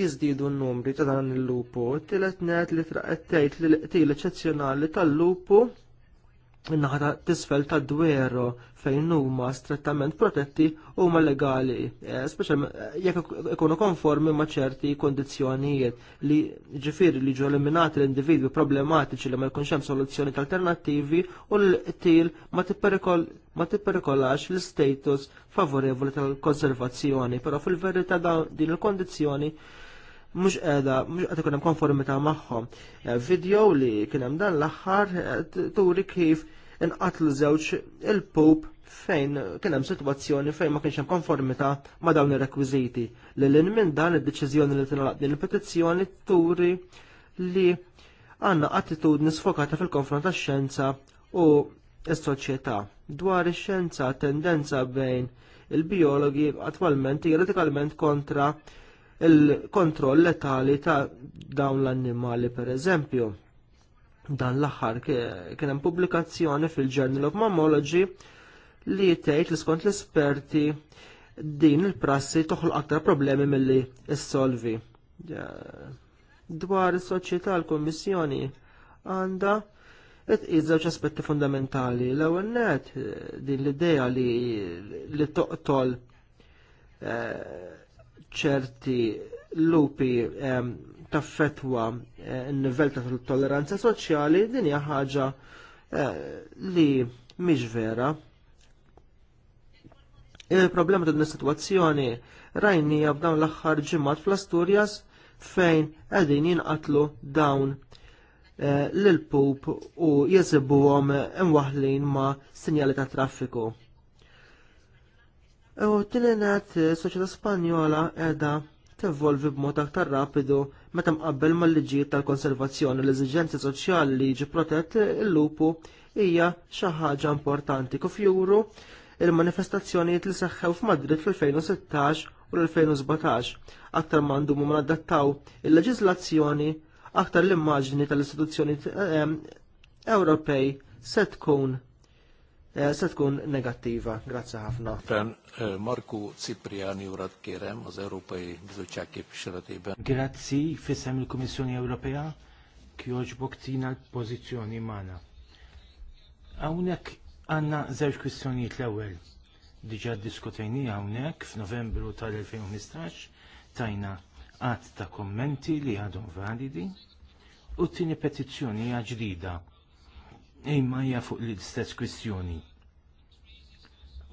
jizdidu n-numri ta' dan il-lupu. Tilet net li traqet tgħid li l-qtil eċezzjonali tal-lupu in-naħa tisfel ta' dwero fejn huma strettament protetti huma legali, eh, speċa eh, jekk ikunu konformi ma' ċerti kondizzjonijiet li ġifieri li ġew eliminati l-individwi problematiċi li ma jkunx hemm soluzzjoni alternattivi u l-qtil ma tipperikolax l-status favorevoli tal-konservazzjoni, però fil-verità din il-kondizzjoni mhux qiegħda mhux qed ikun hemm konformità magħhom. Eh, Video li kien hemm dan l-aħħar eh, turi kif inqatlu żewġ il-pup fejn kien hemm sitwazzjoni fejn ma kienx hemm konformità ma' dawn ir-rekwiżiti. Lil minn dan id-deċiżjoni li tingħalaq din il-petizzjoni turi li għandna attitudni sfokata fil-konfront tax-xjenza u s-soċjetà dwar ix-xjenza tendenza bejn il-biologi attwalment hija radikalment kontra il-kontroll letali ta' dawn l-annimali pereżempju. Dan l-aħħar kien hemm pubblikazzjoni fil-Journal of Mammology li tgħid li skont l-esperti din il-prassi toħloq aktar problemi milli issolvi. Dwar is-soċjetà l-Kummissjoni għandha qed żewġ aspetti fundamentali. L-ewwel net eh, din l-idea li li toqtol eh, ċerti lupi ta' fetwa eh, n-nivell ta' tolleranza soċjali din hija ħaġa eh, li mhix vera. Il-problema ta' din is-sitwazzjoni rajnija b'dawn l-aħħar ġimgħat fl-Asturjas fejn qegħdin jinqatlu dawn eh, lil pup u jeżibuhom imwaħlin ma' sinjali ta' traffiku. U t-tinenet soċieta Spanjola edha b b'mod aktar rapidu meta mqabbel mal-liġijiet tal-konservazzjoni l eżigenzi soċjali li ġi protett il-lupu hija xi ħaġa importanti kif juru il manifestazzjoni li seħħew f'Madrid fil-2016 u l-2017. Aktar mandu ma nadattaw il-leġizlazzjoni aktar l-immaġni tal-istituzzjoni eh, Ewropej se tkun Eh, se tkun negattiva. Grazzi ħafna. Fran eh, Marku Cipriani u Radkerem, għaz Ewropej Bżuċaki bxratiba. Grazzi, fissem il-Komissjoni Ewropea, kjoġbok tina l-pozizjoni mana. Għawnek għanna zewġ kwistjonijiet l-ewel. Diġa diskutejni għawnek f'Novembru tal-2015 tajna għat ta' kommenti li għadhom validi u t-tini petizjoni ġdida imma hija fuq l-istess kwistjoni.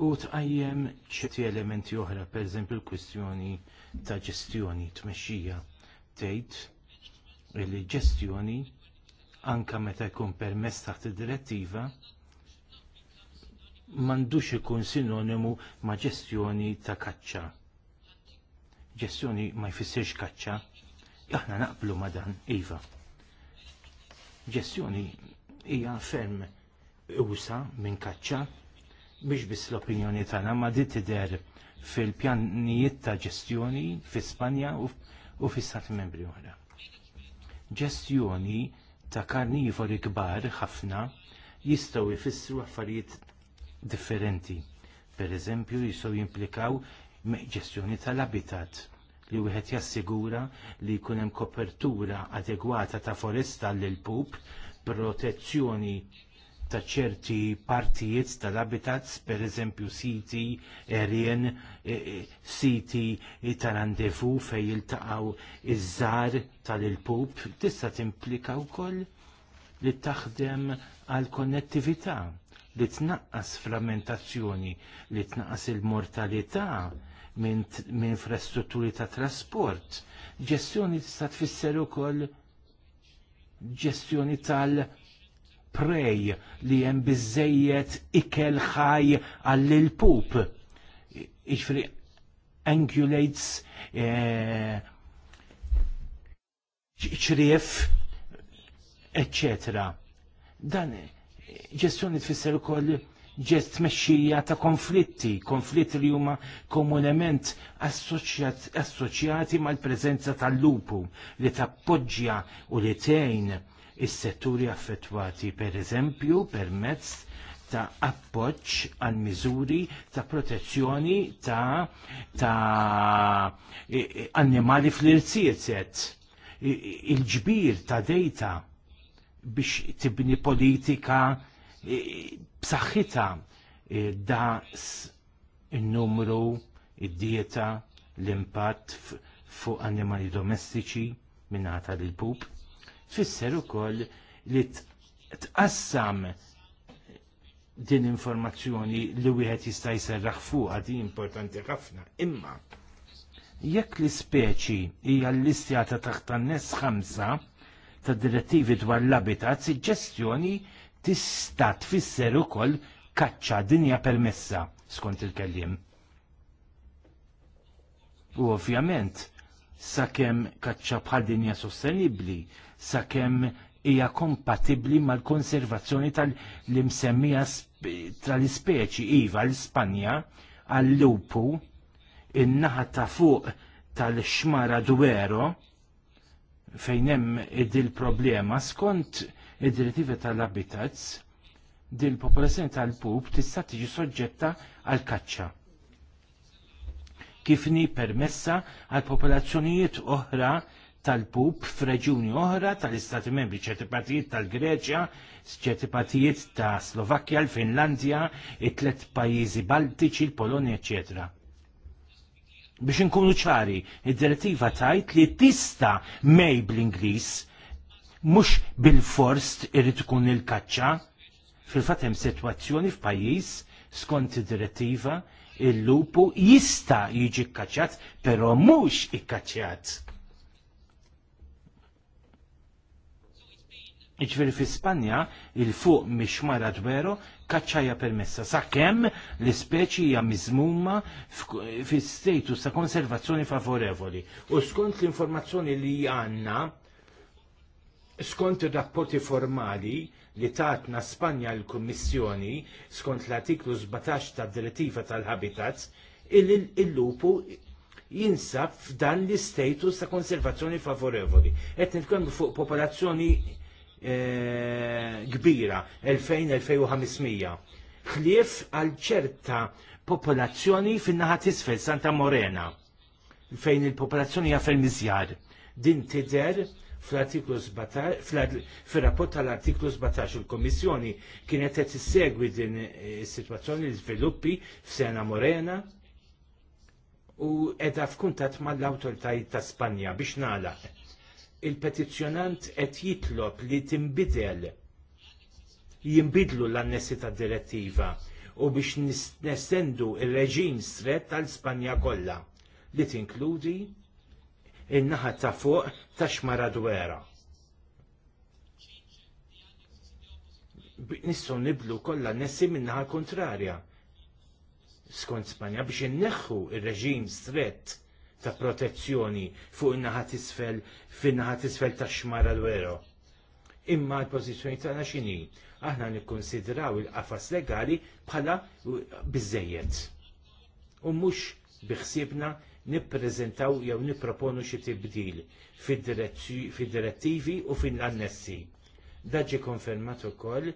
U tqajjem ċerti elementi oħra, per eżempju l-kwistjoni ta' ġestjoni, tmexxija, tgħid li ġestjoni anka meta jkun permess taħt id-direttiva m'għandux ikun sinonimu ma' ġestjoni ta' kaċċa. Ġestjoni ma jfissirx kaċċa, aħna naqblu ma' dan, iva. Ġestjoni hija ferm usa minn kaċċa biex biss l-opinjoni tagħna ma di tidher fil-pjanijiet ta' ġestjoni fi Spanja u fi Stati Membri oħra. Ġestjoni ta' karnivori kbar ħafna jistgħu jfissru affarijiet differenti. Per eżempju, jistgħu jimplikaw ġestjoni tal-abitat li wieħed jassigura li jkun hemm kopertura adegwata ta' foresta lil pup protezzjoni ta' ċerti partijiet tal-habitats, per eżempju siti erjen, e, e, siti ta' randevu fej jiltaqaw iż-żar tal-il-pup, tista' timplika wkoll li taħdem għal konnettività li tnaqqas frammentazzjoni, li tnaqqas il-mortalità minn infrastrutturi ta' trasport. Ġestjoni tista' tfisser ukoll ġestjoni tal-prej li hemm bizzejiet ikel ħaj għall-pup. Iġfri angulates eh, ċrief, eccetera. Dan ġestjoni tfisser ukoll ġest tmexxija ta' konflitti, konflitti li huma komunement assoċjati mal-preżenza tal-lupu li tappoġġja u li tejn is-setturi affettwati, per eżempju, permezz ta' appoġġ għal miżuri ta' protezzjoni ta', ta annimali fl-irsiet il-ġbir ta' dejta biex tibni politika b'saħħitha da n numru id-dieta, l-impatt fuq annimali domestiċi minnata l pup Fisser ukoll li tqassam din informazzjoni li wieħed jista' jserraħ fuqha di importanti ħafna. Imma jekk l-ispeċi hija l-istjata taħt tan-nes ħamsa ta' direttivi dwar l abitat suggestjoni tista' tfisser ukoll kaċċa dinja permessa skont il kelliem U ovvjament sakemm kaċċa bħal dinja sostenibbli, sakemm hija kompatibbli mal-konservazzjoni tal-imsemmija tal-ispeċi iva l-Ispanja għall-lupu in-naħa ta' fuq tal-xmara duero fejn hemm id-il problema skont id-direttiva tal-habitats din popolazzjoni tal-pub tista' tiġi soġġetta għal kaċċa. Kif ni permessa għal popolazzjonijiet oħra tal-pub f'reġuni oħra tal-Istati Membri, ċerti partijiet tal-Greċja, ċerti partijiet ta' Slovakkja, l-Finlandja, it-tlet pajjiżi Baltiċi, l-Polonja, ecc. Biex inkunu ċari, id-direttiva tajt li tista' mej bl-Ingliż mhux bil-forst irid ikun il kacċa fil fat hemm sitwazzjoni f'pajjiż skont id-direttiva il-lupu jista jiġi kkaċċat però mhux ikkaċċat. Iġveri fi Spanja il-fuq miex mara dwero kaċċaja permessa sakemm l-ispeċi hija miżmuma fi status ta' konservazzjoni favorevoli. U skont l-informazzjoni li għandna skont ir-rapporti formali li tatna Spanja l-Kummissjoni skont l-artiklu 17 tad-Direttiva tal-Habitats il-lupu jinsab f'dan l status ta' konservazzjoni favorevoli. Qed nitkellmu fuq popolazzjoni eh, kbira, 2000-2500. Ħlief għal ċerta popolazzjoni fin-naħa tisfel Santa Morena fejn il-popolazzjoni għafel miżjar. Din tider fl-artiklu 17, fil-rapport tal-artiklu 17 il-Komissjoni kienet qed issegwi din eh, is-sitwazzjoni l-iżviluppi f'Sena Morena u edha f'kuntat mal-awtoritajiet ta' Spanja biex nagħlaq. Il-petizzjonant qed jitlob li timbidel jinbidlu l-annessi ta' direttiva u biex nestendu il-reġim stret tal-Spanja kollha li tinkludi in-naħa ta' fuq ta' xmara dwera. Nissu niblu kollha nessi min-naħa kontrarja. Skont Spanja biex inneħħu il reġim strett ta' protezzjoni fuq in-naħa tisfel fin-naħa tisfel ta' xmara dwera. Imma l-pożizzjoni tagħna x'inhi? Aħna nikkonsidraw il-qafas legali bħala bizzejiet. U mhux biħsibna nippreżentaw jew nipproponu xi tibdil fid-direttivi u fil-annessi. Daġi konfermat ukoll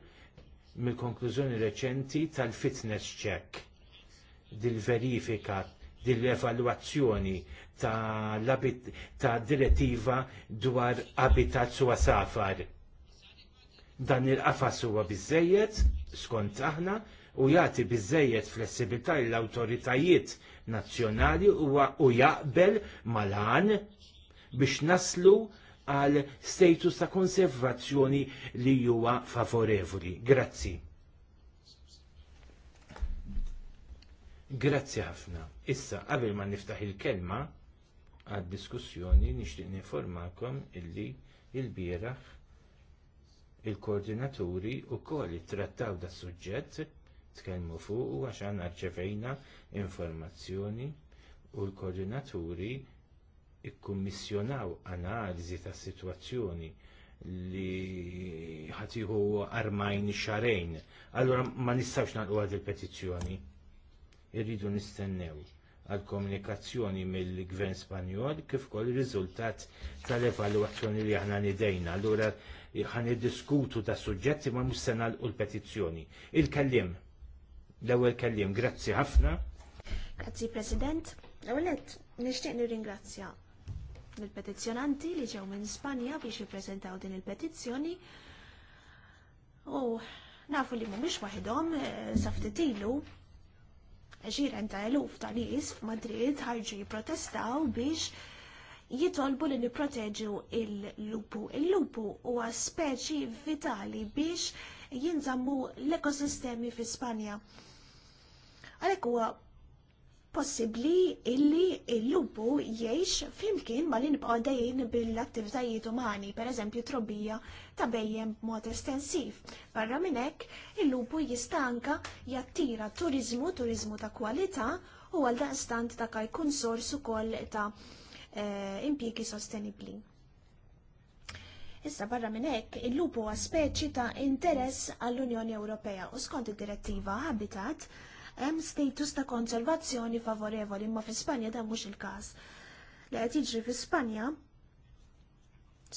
mill-konklużjoni reċenti tal-fitness check dil-verifika dil-evalwazzjoni ta', ta direttiva dwar abitat u safar. Dan il-qafas huwa biżejjed skont aħna u jagħti biżejjed flessibilità l awtoritajiet nazzjonali u jaqbel malan biex naslu għal status ta' konservazzjoni li huwa favorevoli. Grazzi. Grazzi ħafna. Issa, qabel ma niftaħ il-kelma għad diskussjoni nixtieq ninformakom illi il-bieraħ il-koordinaturi u koll trattaw da' suġġett tkellmu fuq u għax għandna rċevejna informazzjoni u l-koordinaturi ikkummissjonaw analiżi tas sitwazzjoni li ħatiħu armajn xarejn. Allora ma nistawx naqlu għad il-petizzjoni. Irridu nistennew għal komunikazzjoni mill-Gvern Spanjol kif kol riżultat tal-evaluazzjoni li aħna nidejna. Allura ħan diskutu ta' suġġetti ma mhux se nagħlqu l-petizzjoni. Il-kellim. L-ewwel kellim, grazzi ħafna. Grazzi President. L-ewwelet nixtieq nirringrazzja l petizzjonanti li ġew minn Spanja biex jippreżentaw din il-petizzjoni. U nafu li mhumiex waħedhom eh, saftit ilu ġiren ta' eluf ta' nies f'Madrid ħarġu jipprotestaw biex jitolbu li niproteġu il-lupu. Il-lupu huwa speċi vitali biex jinżammu l-ekosistemi fi Spanja. Għalhekk huwa possibbli illi l-lupu jgħix flimkien ma li nibqgħu dejjin bil-attivitajiet umani, pereżempju trobbija ta' bejjem mod estensiv. Barra minn hekk il-lupu jista' anke jattira turiżmu, turiżmu ta' kwalità u għal daqstant ta' jkun sors ukoll ta' eh, impjiegi sostenibbli. Issa barra minn hekk il-lupu huwa speċi ta' interess għall-Unjoni Ewropea u skont id-direttiva Habitat hemm status ta' konservazzjoni favorevoli, imma fi Spanja dan mhux il-każ. Li qed jiġri fi Spanja,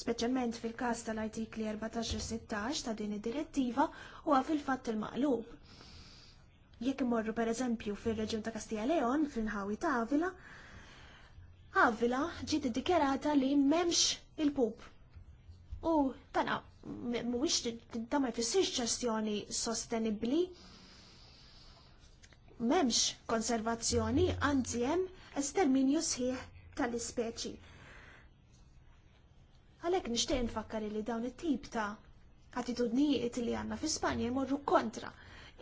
speċjalment fil-każ tal-artikli 14-16 ta' din id-direttiva, huwa fil-fatt il-maqlub. Jekk imorru pereżempju fir-reġjun ta' Kastija Leon fil-nħawi ta' Avila, Avila ġiet iddikjarata li m'hemmx il-pup. U tana mhuwiex ta' ma jfissirx ġestjoni sostenibbli memx konservazzjoni, anzi hemm esterminju sħiħ tal-ispeċi. Għalhekk nixtieq nfakkar li dawn it-tip ta' attitudnijiet li għandna fi Spanja jmorru kontra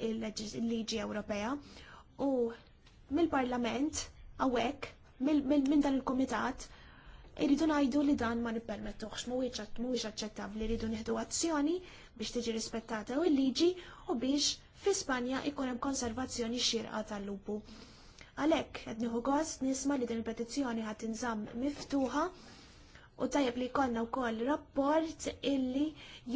il-liġi Ewropea u mill-Parlament hawnhekk minn dan il-Kumitat irridu ngħidu li dan ma nippermettuħx mhuwiex aċċettabbli rridu nieħdu azzjoni biex tiġi rispettata u l-liġi u biex fi Spanja ikun hemm konservazzjoni xirqa tal-lupu. Għalhekk qed nieħu gost nisma' li din il-petizzjoni ħadd inżamm miftuħa u tajjeb li jkollna wkoll rapport illi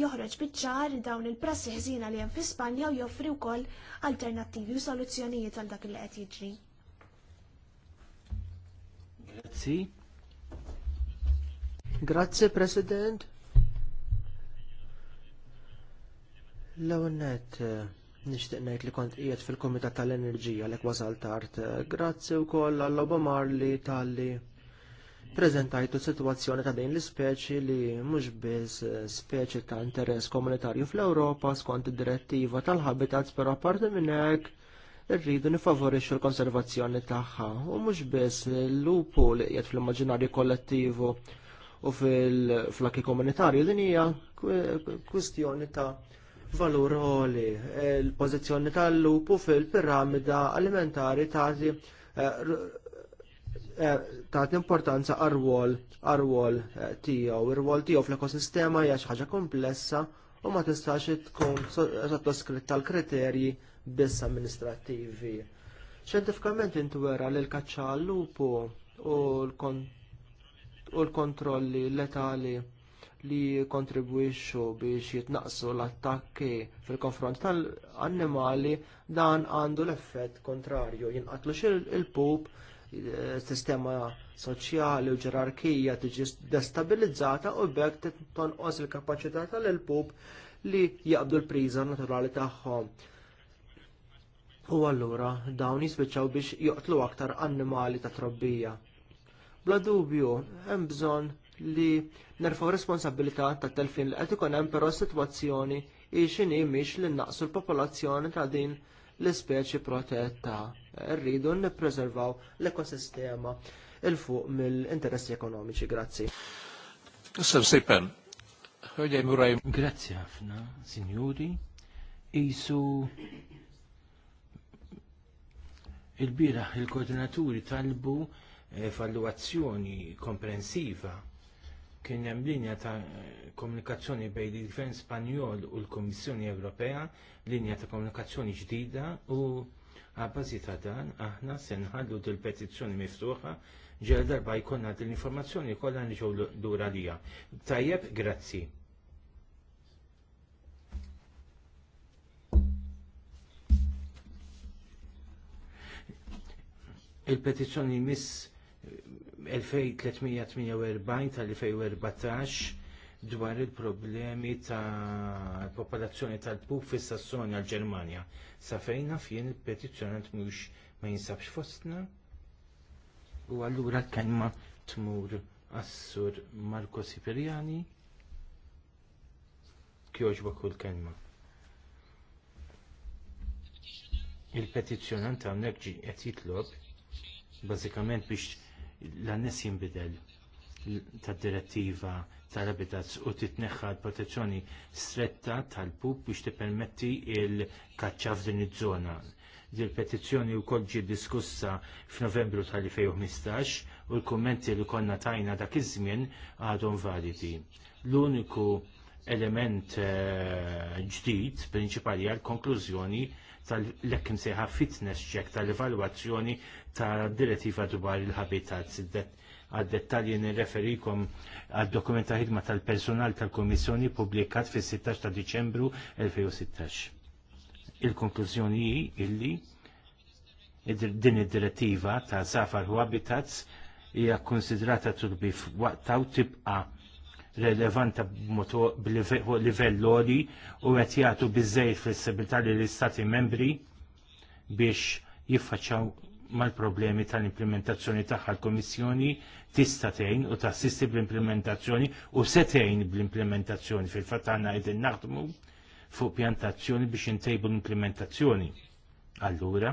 joħroġ biċ-ċar dawn il-prassi ħżina li hemm fi Spanja u joffri wkoll alternattivi u soluzzjonijiet għal dak li qed jiġri. Grazzi. Grazzi President. L-ewwel eh, Nixtieq ngħid li kont qiegħed fil-Kumitat tal-Enerġija l wasal tard. Grazzi wkoll għall Marli talli preżentajtu sitwazzjoni ta' din l-ispeċi li mhux biss speċi ta' interess komunitarju fl-Ewropa skont id-direttiva tal-habitats però apparti minn hekk irridu nifavorixxu l-konservazzjoni tagħha u mhux biss l-lupu li qiegħed fl-immaġinarju kollettivu u fil-flakki komunitarju din hija kwistjoni ta' valur għoli Il-pożizzjoni e, tal-lupu fil-piramida alimentari tagħti e, e, tagħti importanza ar-wol għar-rwol tiegħu. ir wol tiegħu fl-ekosistema hija xi ħaġa komplessa u ma tistax tkun sottoskritta tal kriterji biss amministrattivi. Xentifikament intwera li l-kaċċa għall-lupu u l-kontrolli letali li kontribwixxu biex jitnaqsu l-attakki fil-konfront tal-annimali dan għandu l-effett kontrarju jinqatlu il-pup eh, sistema soċjali u ġerarkija tiġi destabilizzata u bekk tonqos il-kapaċità tal-pup li jaqbdu l-priża naturali tagħhom. U allura dawn jispiċċaw biex joqtlu aktar annimali ta' trobbija. Bla dubju, hemm bżonn li nerfaw responsabilità ta' telfin li qed ikun hemm però sitwazzjoni hi mhix li naqsu l-popolazzjoni ta' din l-ispeċi protetta. Rridu nippreservaw l-ekosistema il-fuq mill-interessi ekonomiċi. Grazzi. Sir Sipen, muraj. Grazzi ħafna, sinjuri. Isu il-biraħ il-koordinaturi talbu evaluazzjoni eh, komprensiva kien hemm linja ta' komunikazzjoni bejn il-Gvern Spanjol u l-Kummissjoni Ewropea, linja ta' komunikazzjoni ġdida u għabbażi ta' dan aħna se nħallu dil petizzjoni miftuħa ġel darba jkollna din l-informazzjoni kollha nġew lura lija. Tajjeb, grazzi. Il-petizzjoni miss 2348 tal-2014 dwar il-problemi ta' popolazzjoni tal-pup fis sassonja għal ġermanja Sa fejna fien il-petizzjonant mux ma jinsabx fostna u allura l tmur assur Marco Siperiani kjoġba kull kelma. Il-petizzjonant hawnhekk qed jitlob bażikament biex l-annes jinbidel tad direttiva tal-habitats u titneħħa l-protezzjoni stretta tal-pub biex tippermetti l kaċċa f'din iż-żona. Dil petizzjoni wkoll ġie diskussa f'Novembru tal-2015 u l-kummenti li konna tajna dak iż-żmien għadhom validi. L-uniku element eh, ġdid prinċipali għall konklużjoni tal-lekkim seħa fitness check tal-evaluazzjoni tal direttiva dwar il-habitat. Għad-dettalji nirreferikom għad-dokumenta ħidma tal-personal tal-Komissjoni publikat fis-16 ta' Diċembru 2016. Il-konklużjoni illi din id-direttiva ta' safar u habitats hija konsidrata turbi waqtaw tibqa' relevanta b'livell loli u qed jagħtu bizzejt flessibilità l istati membri biex jiffaċċaw mal-problemi tal-implementazzjoni tagħha l-Komissjoni tista' tgħin u tassisti bl-implementazzjoni u setejn bl-implementazzjoni fil fatana għandna qegħdin naħdmu fuq pjantazzjoni biex intejbu l-implementazzjoni. Allura,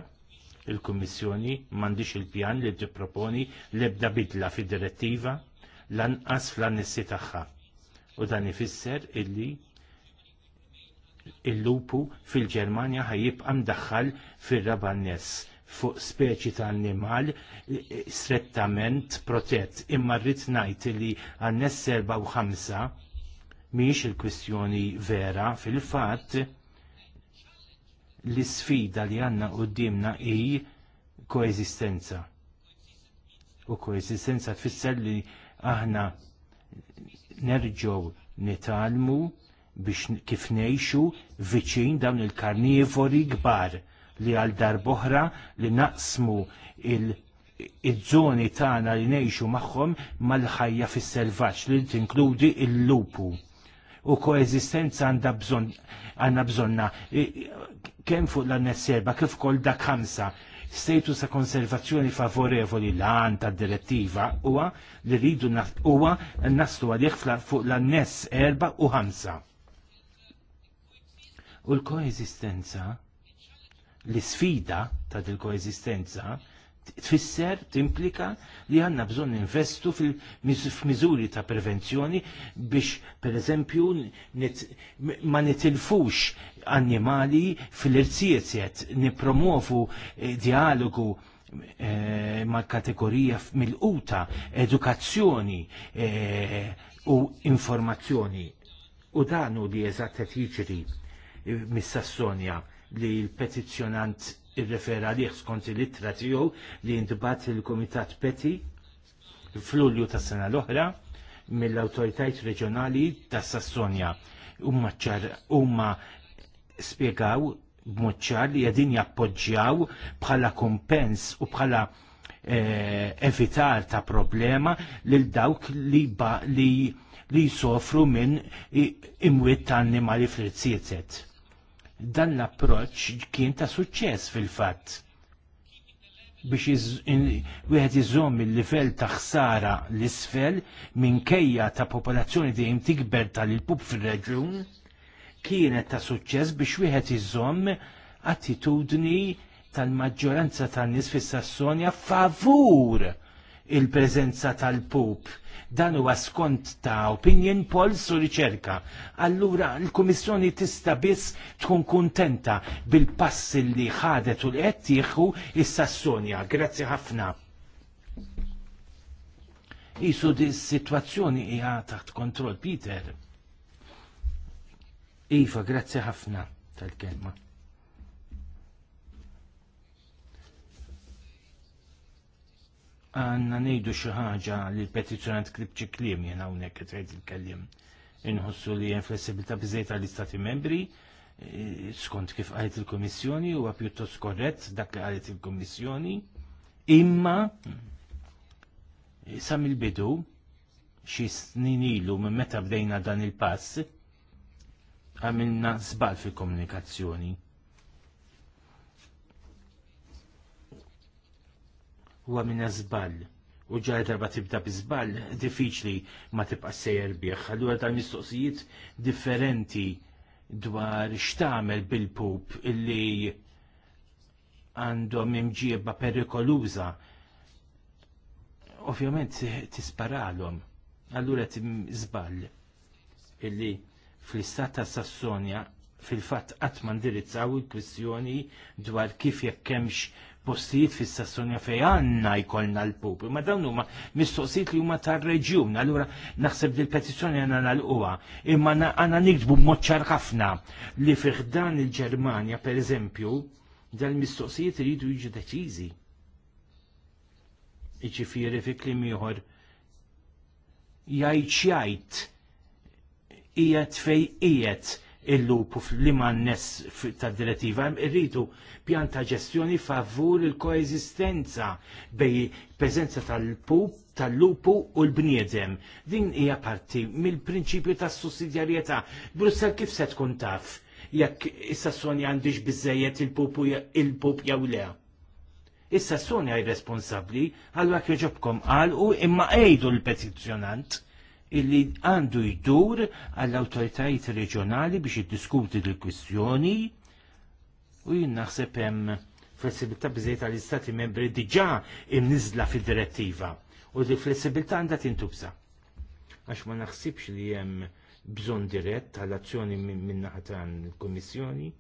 il-Kummissjoni m'għandix il-pjan li tipproponi l-ebda bidla fid-direttiva lanqas fl-annissi tagħha. U dan ifisser illi il-lupu fil-Ġermanja ħajjibqa' mdaħħal fir-rabannes fuq speċi ta' annimal eh, eh, strettament protett. Imma rrid ngħid li għannes serba u ħamsa miex il-kwistjoni vera fil-fatt l isfida li għandna qudiemna hi koeżistenza. U koeżistenza tfisser li aħna nerġgħu nitalmu biex kif nejxu viċin dawn il-karnivori kbar li għal darboħra li naqsmu il-żoni tagħna li nejxu magħhom mal-ħajja fis-selvaġġ li tinkludi il-lupu. U koeżistenza għandha għandna bżonna kemm fuq l-annes serba kif kol dak ħamsa status ta' konservazzjoni favorevoli l-għan ta' direttiva huwa li rridu huwa naslu għalih fuq l anness erba' u ħamsa. U l-koeżistenza l-sfida ta' dil-koeżistenza tfisser, timplika li għanna bżon investu fil-mizuri ta' prevenzjoni biex, per eżempju, ma nitilfux annimali fil-irzijiet set, nipromovu eh, dialogu eh, ma' kategorija mil quta edukazzjoni eh, u informazzjoni. U danu li eżatt jiġri mis-Sassonja li l-petizjonant irrefera liħ skont il ittra tiegħu li ntibgħat il-Kumitat Peti fl-Ulju tas-sena l-oħra mill-awtoritajiet reġjonali tas-Sassonja. Umma ċar umma spjegaw b'mod li qegħdin jappoġġjaw bħala kumpens u bħala eh, evitar ta' problema lil dawk li ba, li li sofru minn imwiet ta' annimali fl-irsiet Dan l-approċ kien ta' suċċess fil-fatt biex wieħed iżomm il-livell ta' ħsara l-isfel minkejja ta' popolazzjoni dejjem tikber tal-il-pub fir-reġun kienet ta' suċċess biex wieħed iżomm attitudni tal-maġġoranza tan-nies fis-Sassonja favur il prezenza tal-pup. Dan huwa skont ta' opinion polls u riċerka. Allura l-Kummissjoni tista' biss tkun kuntenta bil-pass li ħadet u l-qed jieħu is Sonja. Grazzi ħafna. Isu di situazzjoni hija taħt kontroll Peter. Iva, grazzi ħafna tal-kelma. għanna nejdu xaħġa li l-petizjonant kribċi klim jena unek tgħid il-kellim. Inħossu li jen flessibilta bizzejta li istati membri, eh, skont kif għalet il-komissjoni, u pjuttost korrett dak li għalet il-komissjoni, imma eh, sam il-bidu xi snin ilu minn meta bdejna dan il-pass għamilna sbal fil-komunikazzjoni huwa minn żball. U ġara darba tibda żball, diffiċli ma tibqa' sejjer bih. Allura dan mistoqsijiet differenti dwar x'tagħmel bil-pup illi għandhom imġieba perikoluża. Ovvjament tisparalhom. Allura żball illi fl-istat ta' Sassonja fil-fatt qatt ma ndirizzaw il-kwistjoni dwar kif jekk hemmx postijiet fis sassonja fej għanna jkollna l-pub. Ma dawn huma mistoqsijiet li huma tar-reġjun. Allura naħseb li l-petizzjoni nal-uwa, Imma għandna nikdbu b'moċċar ħafna li fih dan il-Ġermanja pereżempju dal-mistoqsijiet iridu jiġu deċiżi. Iġifieri fi klim ieħor jgħid xjajt qiegħed fej qiegħed il-lupu li mannes ta' direttiva, irridu pjan ta' ġestjoni favur il-koeżistenza bej preżenza tal-pup tal-lupu u l-bniedem. Din hija parti mill-prinċipju ta' sussidjarjetà. Brussel kif se tkun taf jekk issa Sonja għandix biżejjed il-pupu il-pup jew le. Issa Sonja responsabbli għal jogħġobkom qal u imma għejdu l-petizzjonant illi għandu jdur għall awtoritajiet reġjonali biex jiddiskuti l-kwistjoni u jien naħseb hemm flessibilità bżejt għall istati membri diġà imnizla fid-direttiva u li flessibilità għandha tintubsa. Għax ma naħsibx li hemm bżonn dirett għall azzjoni minn naħa tal-Kummissjoni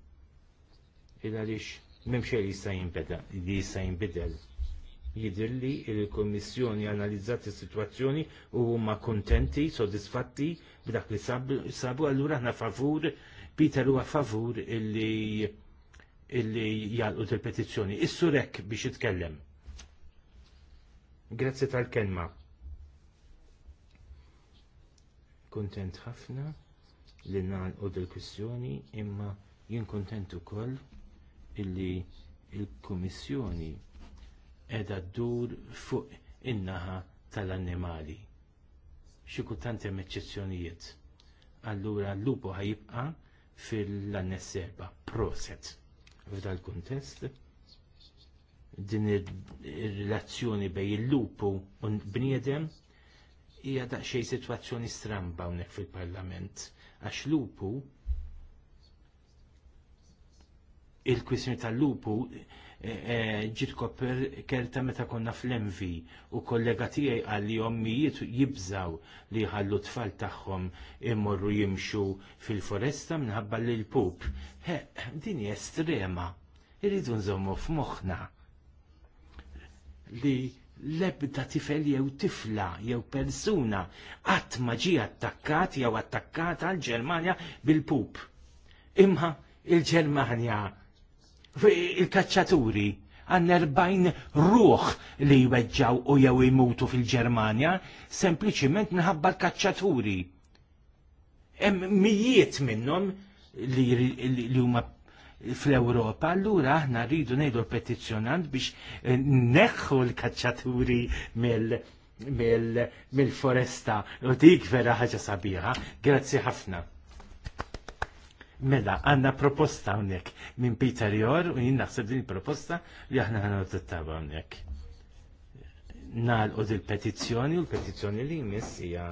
il għaliex m'hemm xejn li jista' jinbidel jidilli il-Kommissjoni analizzat is-sitwazzjoni u huma kuntenti, sodisfatti b'dak li sabu, allura ħna favur, Peter huwa favur illi illi jgħalqu il-petizzjoni. Is-surek biex jitkellem. Grazzi tal-kelma. Kuntent ħafna li nagħlqu il kwistjoni imma jien kontent ukoll illi il-Kummissjoni edha ddur fuq in-naħa tal-annimali. Xi kultant hemm eċċezzjonijiet. Allura l-lupu ħajibqa fil-annes serba proset. F'dal kuntest din ir-relazzjoni bejn il-lupu u bniedem hija daqsxejn sitwazzjoni stramba hawnhekk fil-Parlament għax lupu il-kwissjoni tal-lupu eh, eh, ġit koper kelta meta konna fl-envi u kollega tiegħi għal li ommijiet jibżaw li ħallu tfal tagħhom imorru jimxu fil-foresta minħabba li l-pup. Din hija estrema. Irridu nżommu f'moħħna li l-ebda tifel jew tifla jew persuna qatt ma ġie attakkat jew attakkat għall ġermanja bil-pup. Imma il-Ġermanja il-kacċaturi għan 40 ruħ li jweġġaw u jew imutu fil-Ġermanja sempliċiment minħabba l-kacċaturi. Hemm mijiet minnhom li huma fl-Europa, allura aħna rridu ngħidu l-petizzjonant biex eh, neħħu l-kacċaturi mill-foresta. U dik vera ħaġa sabiħa. Grazzi ħafna. Mela, għanna proposta għonek minn Peter Jor u jien naħseb din proposta li aħna għanna t tabba għonek. Nal u petizzjoni petizjoni u l-petizjoni li jmiss hija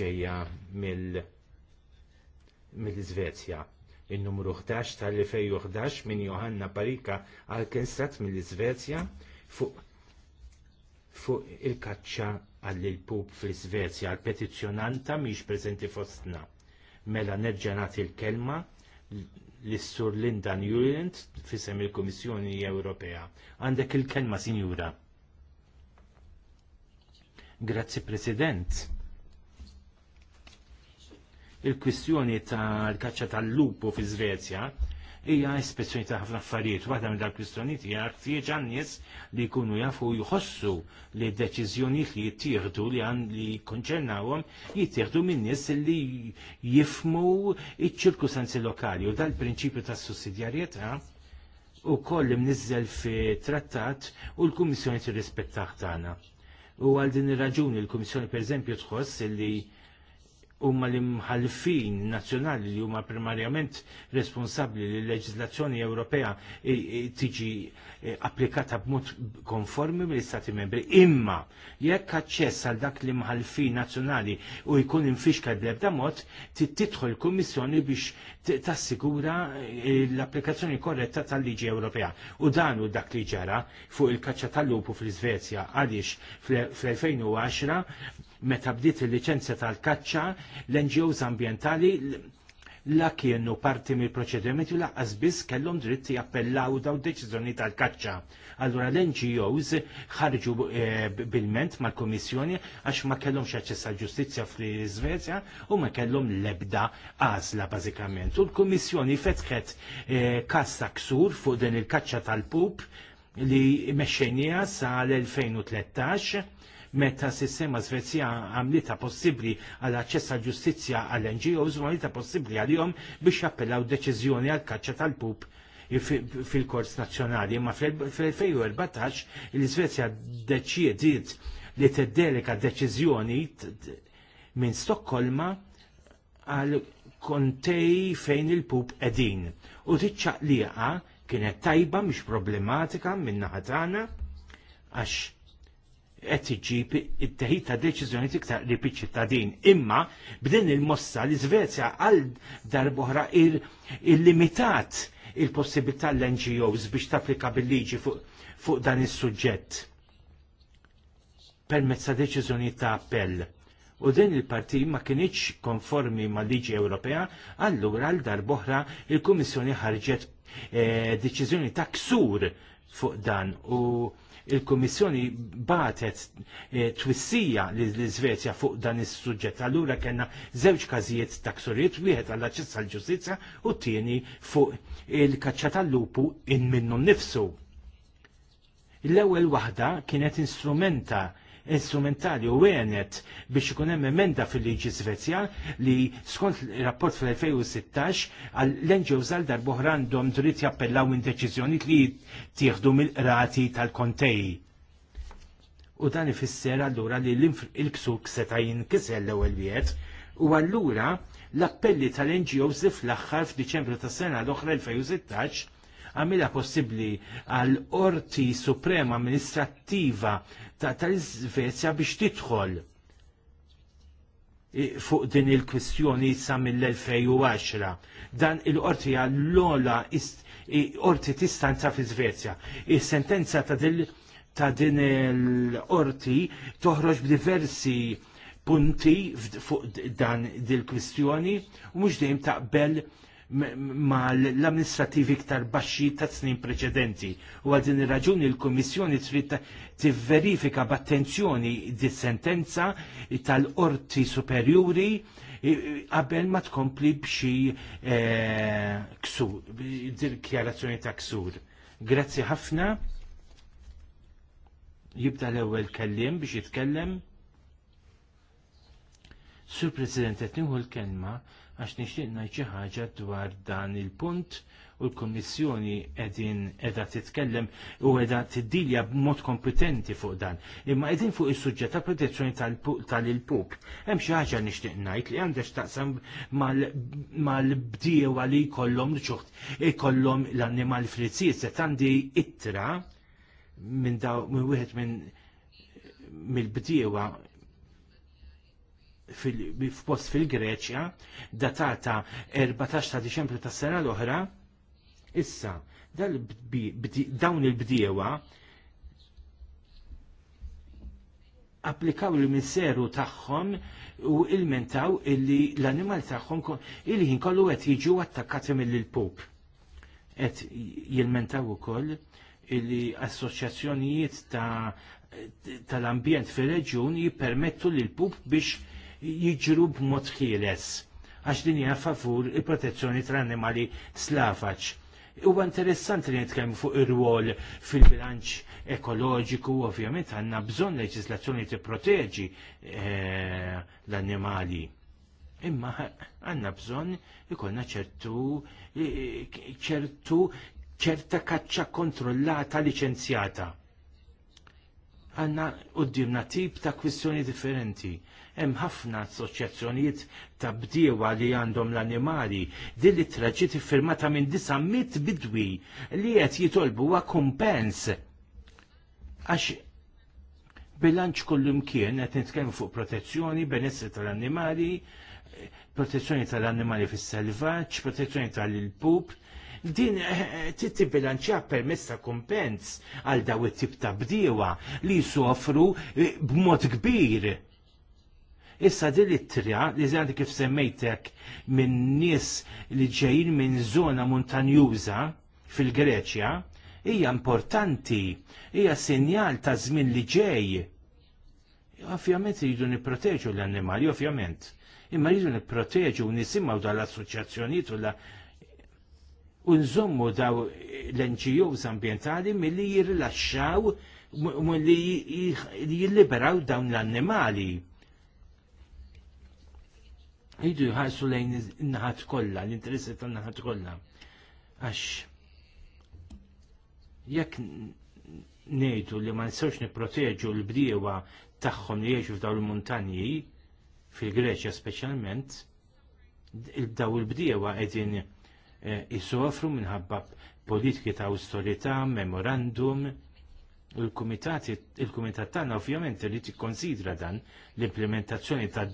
ġeja mill-Svezja. Il-numru 11 tal-2011 minn Johanna Parika għal-Kensat mill-Svezja fuq fu il-kaċċa għall-il-pub fl-Svezja, għal-petizjonanta miex prezenti fostna. Mela nerġa' nagħti l-kelma l-Sur Linda Newland fissem il-Kummissjoni Ewropea. Għandek il-kelma, Sinjura. Grazzi, President. Il-kwistjoni tal-kaċċa tal-lupu fi Svezja hija ispezzjoni ta' ħafna affarijiet. Waħda minn dal-kwistjonijiet hija ħtieġ għan-nies li jkunu jafu jħossu li d-deċiżjonijiet li jittieħdu li għan li konċernawhom jittieħdu minn nies li jifmu iċ-ċirkustanzi lokali u dal-prinċipju ta' sussidjarjetà u koll imnizzel fi trattat u l-Kummissjoni tirrispettaħ tagħna. U għal din ir-raġuni l-Kummissjoni pereżempju tħoss li huma l-imħalfin nazzjonali li huma primarjament responsabbli li l-leġislazzjoni Ewropea tiġi applikata b'mod konformi mill-Istati membri. Imma jekk aċċess għal dak l-imħalfin nazzjonali u jkun infixka b'lebda ebda mod, titħol kummissjoni biex tassigura l-applikazzjoni korretta tal-liġi Ewropea. U dan u dak li ġara fuq il-kaċċa tal-lupu fl-Iżvezja għaliex fl-2010 meta bdiet il-liċenzja tal-kaċċa l-NGOs ambientali la kienu parti mill proċedimenti u laqqas biss kellhom dritt jappellaw daw deċiżjoni tal-kaċċa. Allura l-NGOs ħarġu eh, bil-ment mal kummissjoni għax ma kellhomx aċċess għall-ġustizzja fl-Iżvezja u ma kellhom lebda għażla bażikament. U l-Kummissjoni fetħet eh, kassa ksur fuq din il-kaċċa tal-pup li mexxejnija sa l-2013 meta sistema Svezja għamlita possibbli għal aċċess għal ġustizzja għal NGOs u għamlita possibbli għalihom biex jappellaw deċiżjoni għal kaċċa tal-pup fil-Kors Nazzjonali. Ma fl-2014 il-Svezja deċiediet li teddelika deċiżjoni minn Stokkolma għal kontej fejn il-pup edin. U t-ċaqliqa kienet tajba mhix problematika minn naħatana għax qed iġib it-teħid ta' deċiżjoni iktar li ta' din. Imma b'din il-mossa li Svezja għal darbohra il-limitat il-possibilità l-NGOs biex tapplika bil-liġi fuq dan is-suġġett permezz ta' deċiżjoni ta' appell. U din il-parti ma kienieċ konformi ma' liġi Ewropea, allura għal darbohra il-Kummissjoni ħarġet eh, deċiżjoni ta' ksur fuq dan u il-Kummissjoni batet eh, twissija l-Svezja fuq dan is-suġġett. Allura kellna żewġ każijiet ta' ksurijiet wieħed għall ċessa għall ġustizzja u t-tieni fuq il-kaċċa tal-lupu in minnu nnifsu. L-ewwel waħda kienet instrumenta instrumentali u għenet biex ikun hemm emenda fil-liġi Svezja li skont rapport fl-2016 għall l-NGOs għal darbohra għandhom dritt jappellaw minn deċiżjonijiet li tieħdu mill-qrati tal-kontej. U dan ifisser allura li l-ksuk seta' jinkisel l-ewwel wieħed u allura l-appelli tal-NGOs li fl-aħħar f'Diċembru tas-sena l-oħra 2016 għamilha possibbli għal Orti Suprema Amministrattiva ta' tal-Svezja biex tidħol fuq din il-kwistjoni sa mill-2010. Dan il-qorti għall-ola qorti tistanza fi Svezja. Is-sentenza ta' din ta' din il-qorti toħroġ b'diversi punti fuq dan dil-kwistjoni u mhux dejjem taqbel ma l-amministrativi iktar baxxi ta' snin preċedenti. U għal din ir-raġuni l-Kummissjoni trid tivverifika b'attenzjoni dis-sentenza tal-Qorti Superjuri qabel ma tkompli b'xi eh, ksur, dikjarazzjoni ta' ksur. Grazzi ħafna. Jibda l-ewwel kellim biex jitkellem. Sur President, qed l-kelma għax nixtieq ngħid xi ħaġa dwar dan il-punt u l-Kummissjoni qegħdin qiegħda titkellem u qiegħda tiddilja b'mod kompetenti fuq dan. Imma qegħdin fuq is-suġġett ta' protezzjoni tal pub pup Hemm xi ħaġa nixtieq ngħid li għandek x'taqsam mal-bdiewa li jkollhom ċuħt ikollhom l-annimal frizziet se għandi ittra minn daw minn wieħed minn mill-bdiewa f'post fil-Greċja datata 14 ta' Diċembru tas sena l-oħra, issa dawn il-bdiewa applikaw il-miseru tagħhom u ilmentaw illi l-animal tagħhom illi kollu qed jiġu attakkati mill-pup. Qed jilmentaw ukoll illi assoċjazzjonijiet ta' tal-ambjent fir-reġjun jippermettu lil pup biex jiġru b'mod ħieles għax din hija favur il-protezzjoni tal-annimali slavaċ. Huwa interessanti li nitkellmu fuq ir-rwol fil-bilanċ ekoloġiku, ovvjament għandna bżonn leġislazzjoni tipproteġi eh, l-annimali. Imma għandna bżonn ikollna ċertu eh, ċertu ċerta kaċċa kontrollata liċenzjata. Għanna qudiemna tip ta' kwistjoni differenti Hemm ħafna assoċjazzjonijiet ta' bdiewa li għandhom l-animali din li traġiet iffirmata minn 900 bidwi li qed jitolbu huwa kumpens. Għax bilanċ kollu mkien qed nitkellmu fuq protezzjoni, benessri tal-annimali, protezzjoni tal-annimali fis-selvaġġ, protezzjoni tal-pup, din titti bilanċja permessa ta' kumpens għal daw it-tip ta' bdiewa li soffru b'mod kbir Issa din it-trja li żgħandi kif semmejtek minn nies li ġejjin minn żona montanjuża fil-Greċja hija importanti, hija sinjal ta' żmien li ġej. Ovvjament jridu nipproteġu l-annimali, ovvjament. Imma jridu nipproteġu u nisimgħu dal-assoċjazzjonijiet u unżommu daw l-NGOs ambientali mill-li jirrilaxxaw mill-li jilliberaw dawn l-annimali jidu jħarsu lejn naħat kollha, l-interessi tan-naħat kollha. Għax jekk ngħidu li ma nistgħux nipproteġu l-bdiewa tagħhom li jgħixu f'daw il-muntanji fil-Greċja speċjalment, daw il-bdiewa qegħdin jisofru eh, minħabba politiki ta' awtorità, memorandum, il-kumitat tagħna ovvjament li konsidra dan l-implementazzjoni ta'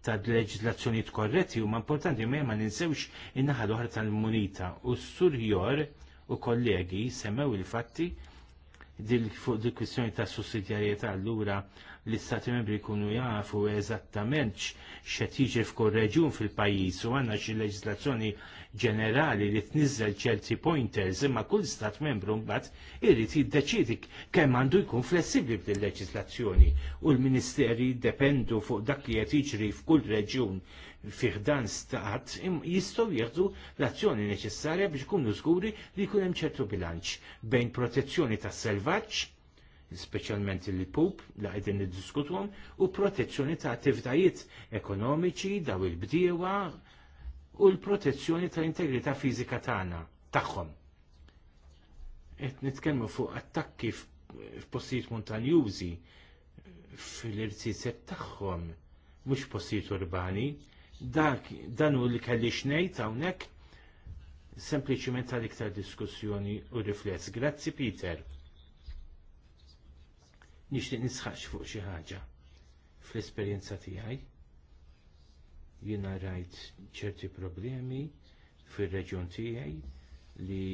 ta' leġislazzjonijiet korretti huma importanti ma ma ninsewx in-naħa l tal-munita u s surjor u kollegi semmew il-fatti fuq di kwistjoni ta' sussidjarjetà allura l-istati membri jkunu jafu eżattament x'qed jiġi f'kull reġjun fil-pajjiż u għandna xi leġislazzjoni ġenerali li tniżel ċerti pointers imma kull stat membru mbagħad irid jiddeċidi kemm għandu jkun flessibbli b'din leġislazzjoni u l-Ministeri jiddependu fuq dak li qed jiġri f'kull reġjun fih dan stat jistgħu jieħdu l-azzjoni neċessarja biex ikunu żguri li jkun hemm ċertu bilanċ bejn protezzjoni tas-selvaġġ specialment il-pub la għedin niddiskutuhom u protezzjoni ta' attivitajiet ekonomiċi daw il-bdiewa u l-protezzjoni tal-integrità fiżika tagħna tagħhom. Qed nitkellmu fuq attakki f'postijiet montanjużi fil-irtiset tagħhom mhux postijiet urbani, dak dan u li kellix ngħid hawnhekk sempliċiment għal iktar diskussjoni u rifless. Grazzi Peter. Nixtieq nisħax fuq xi ħaġa fl-esperjenza tiegħi Jiena rajt ċerti problemi fir-reġjun tiegħi li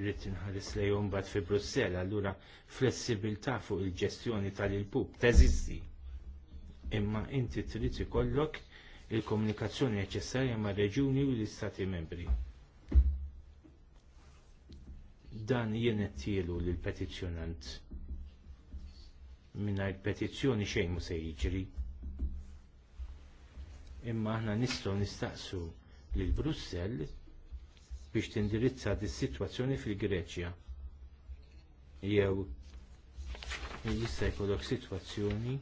rrid inħares lejhom bad fi Brussell, allura flessibilta fuq il-ġestjoni tal-il-pub teżisti. Imma inti trid ikollok il-komunikazzjoni neċessarja mar reġuni u l-istati membri. Dan jien qed lill petizzjonant mingħajr petizzjoni xejn mu se jiġri imma aħna nistgħu nistaqsu lil Brussell biex tindirizza di sitwazzjoni fil-Greċja. Jew jista' jkollok sitwazzjoni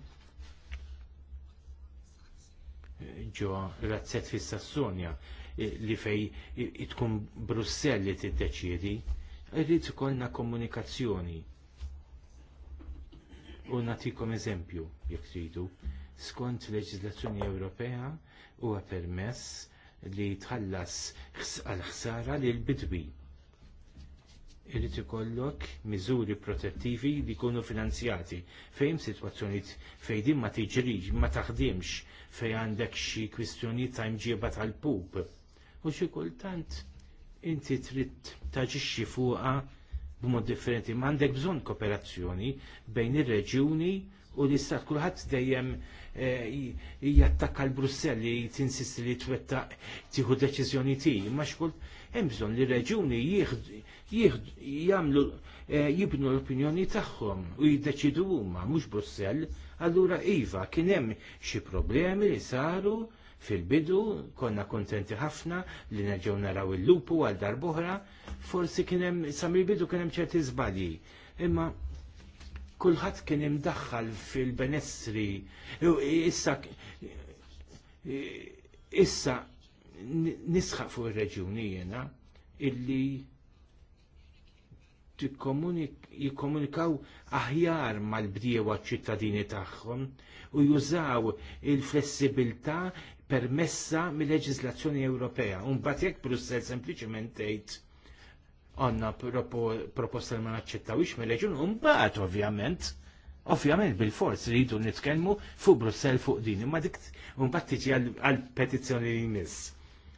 ġo razzett fis sassonja eh, li fej tkun Brussell li tiddeċiedi, irrid ikollna komunikazzjoni. U natikom eżempju, jekk tridu, skont leġislazzjoni Ewropea huwa permess li tħallas għal ħsara l bidwi. Irid ikollok miżuri protettivi li jkunu finanzjati fejn situazzjoni fejn ma tiġrix, ma taħdimx fejn għandek xi kwistjonijiet ta' imġieba tal-pub. U xi kultant inti trid taġixxi fuqha b'mod differenti, ma għandek bżonn kooperazzjoni bejn ir-reġjuni u li issa kulħadd dejjem eh, jattakka l-Brusselli tinsisti li twettaq tieħu deċiżjoni tiegħi, ma xkult hemm bżonn li reġuni jagħmlu eh, jibnu l-opinjoni tagħhom u jiddeċidu huma mhux Brussell, allura iva kien hemm xi problemi li saru fil-bidu konna kontenti ħafna li nerġgħu naraw il-lupu għal darbohra, forsi kien hemm sa mill-bidu kien hemm ċerti żbalji. Imma kulħadd kien imdaħħal fil-benessri. Issa issa nisħaq fuq ir-reġjuni jiena illi jikkomunikaw aħjar mal-bdiewa ċittadini tagħhom u jużaw il-flessibilità permessa mill-leġiżlazzjoni Ewropea. Un jekk Brussel sempliċement tgħid għanna proposta li ma naċċettawix mill-leġun, un-baħt ovvjament, ovvjament bil-fors jidu nitkelmu fuq Brussel fuq din, imma dik un tiġi għal-petizjoni li nis.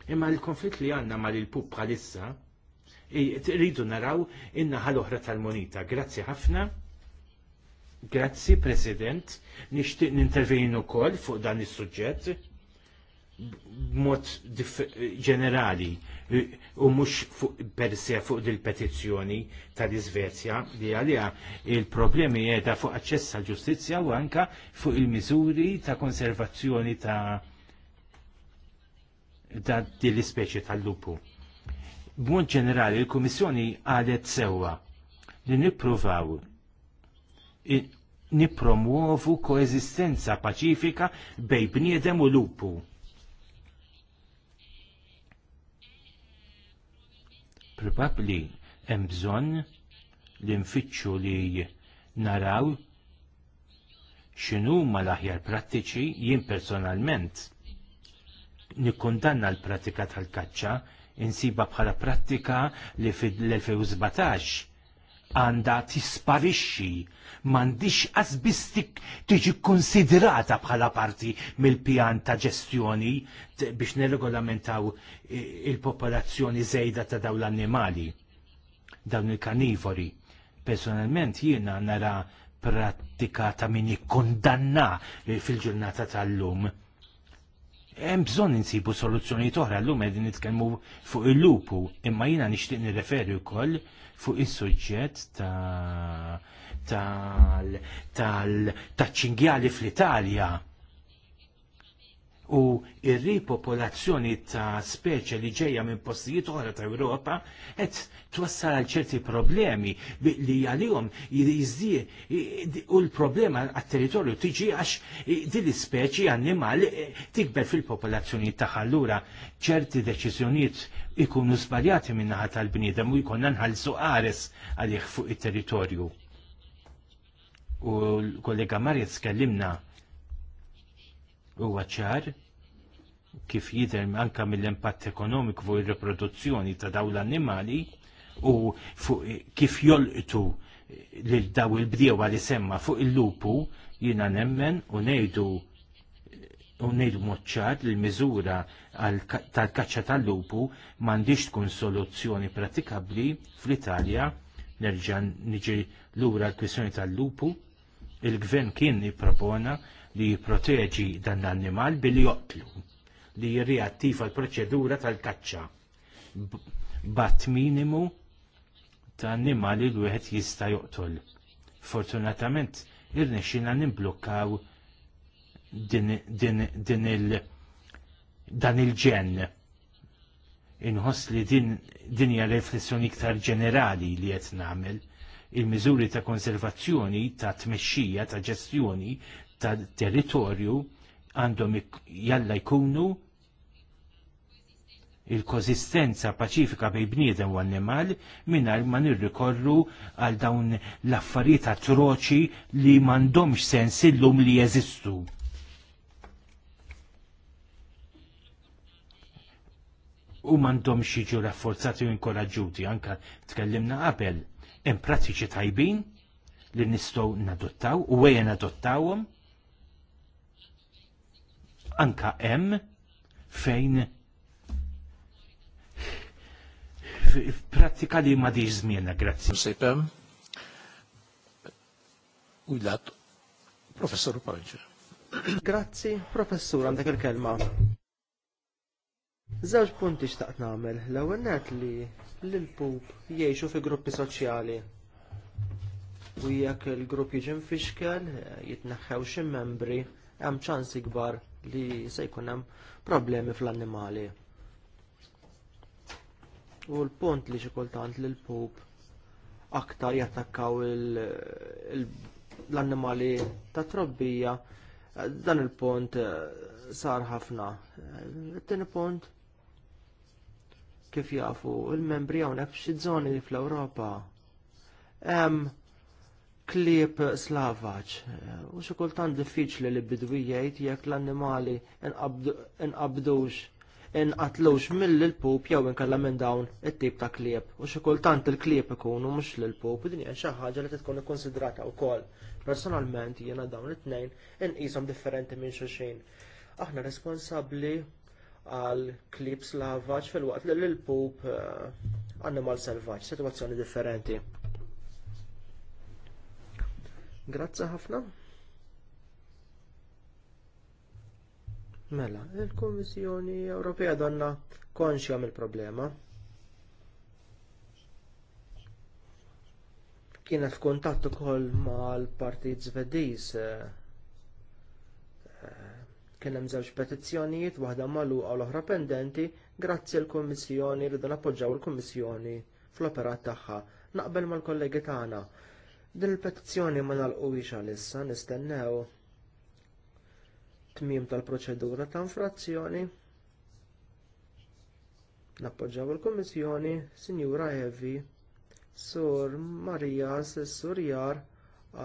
Imma l-konflitt li għanna ma l pup bħalissa, rridu naraw inna ħal-oħra tal-monita. Grazzi ħafna. Grazzi, President. Nishtiq nintervejnu kol fuq dan is-suġġett b'mod ġenerali u mux per se fuq dil-petizzjoni tal-Izvezja li għalija il-problemi jeda fuq aċċess għal ġustizja u anka fuq il-miżuri ta' konservazzjoni ta' da' dil-ispeċi tal-lupu. B'mod ġenerali, il-Kummissjoni għalet sewa li nippruvaw nipromuovu koeżistenza paċifika bej bniedem u lupu probabbli hemm bżonn li nfittxu li naraw x'inhu ma l-aħjar prattiċi jien personalment nikkundanna l-pratika tal-kaċċa insiba bħala prattika li fil-2017 għanda tisparixxi m'għandix qasbistik tiġi konsiderata bħala parti mill-pjan ta' ġestjoni biex nirregolamentaw e, il-popolazzjoni żejda ta' dawn l-annimali, dawn il-kanivori. Personalment jiena nara prattika ta' min jikkondanna e, fil-ġurnata tal-lum hemm bżonn insibu soluzzjonijiet oħra llum qegħdin nitkellmu fuq il-lupu, imma jiena nixtieq nirreferi wkoll fuq is-suġġett ta' tal-ċingjali fl-Italja u ir-ripopolazzjoni ta' speċe li ġejja minn postijiet oħra ta' Ewropa qed twassal għal ċerti problemi li għalihom jiżdie u l-problema għat-territorju tiġi għax din l-ispeċi annimal eh, tikber fil-popolazzjoni tagħha allura ċerti deċiżjonijiet ikunu żbaljati min-naħa tal-bniedem u jkollna nħallsu qares għalih fuq it-territorju. U l-kollega Marja tkellimna huwa ċar kif jidher anka mill-impatt ekonomiku fuq ir-riproduzzjoni ta' dawn l-annimali u kif jolqtu lil daw il-bdiewa li semma fuq il-lupu jina nemmen u nejdu u nejdu moċċar li l-mizura tal-kaċċa tal-lupu mandiġ tkun soluzzjoni pratikabli fl-Italja nerġan niġi l-ura l-kwissjoni tal-lupu il-gvern kien jippropona li jipproteġi dan l-annimal billi joqtlu li jirriattiva l-proċedura tal-kaċċa bat minimu ta' annimali li wieħed jista' joqtol. Fortunatament irnexxina nimblukkaw din, din, din il dan il-ġen. Inħoss li din dinja riflessjoni iktar ġenerali li qed nagħmel il-miżuri ta' konservazzjoni, ta' tmexxija, ta' ġestjoni ta' territorju għandhom jalla jkunu il-kozistenza paċifika bej bniedem u annimal minar ma nirrikorru għal dawn l-affarijiet atroċi li mandomx sens illum li jeżistu. U mandomx jiġu rafforzati u inkoraġuti, anka tkellimna qabel hemm pratiċi tajbin li nistgħu nadottaw u wejja nadottawhom anka hemm fejn pratika li ma diġ zmienna, grazzi. Sejpem, ujlat, professor Paġġa. Grazzi, professur, għandek il-kelma. Zawġ punti xtaqt namel, l net li l-pup jiexu fi gruppi soċjali. U jekk il-grupp jiġi mfixkel, jitneħħew xi membri, hemm ċansi kbar li se jkun hemm problemi fl-annimali. U l-punt li xi kultant li l-pup aktar jattakkaw l-annimali ta' trobbija dan il-punt eh, sar ħafna. It-tieni eh, punt kif jafu il-membri hawnhekk f'xi żoni fl-Ewropa hemm klip slavaċ. U xi kultant diffiċli li bidwi jgħid jekk l-annimali nqabdux inqatlux mill l-pup jew inkella minn dawn it-tip ta' klieb. U xi kultant il-klieb ikunu mhux l-pup, u dinja xi ħaġa li tkun ikkonsidrata wkoll. Personalment jiena dawn it-tnejn inqishom differenti minn xulxin. Aħna responsabbli għal klieb slavaċ fil-waqt li l-pup eh, animal selvaġġ, sitwazzjoni differenti. Grazzi ħafna. Mela, il-Kommissjoni Ewropea donna konxja mill-problema. Kienet f'kuntatt ukoll mal-Partit Svediż eh, eh, kien hemm żewġ petizzjonijiet waħda magħluqa u l-oħra pendenti grazzi l-Kummissjoni li dan appoġġaw il-Kummissjoni fl-operat tagħha naqbel mal-kollegi tagħna Din il-petizzjoni ma nalqu għalissa nistennew tmiem tal-proċedura ta' infrazzjoni. Nappoġġaw il-Kummissjoni, Sinjura Evi, Sur Marija, Sur Jar,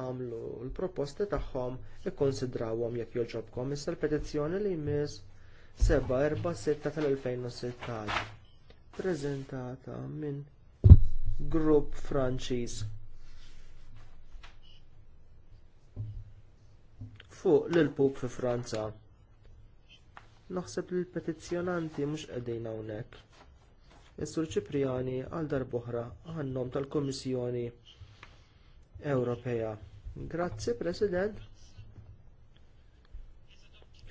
għamlu l-proposti tagħhom ikkonsidrawhom jekk jogħġobkom issa l-petizzjoni li jmiss 746 tal-2016 preżentata minn grupp Franċiż fuq l-pup fi Franza. Naħseb li l-petizzjonanti mhux qegħdin hawnhekk. Is-Sur Ċipriani għal darb'oħra għannom tal-Kummissjoni Ewropea. Grazzi, President.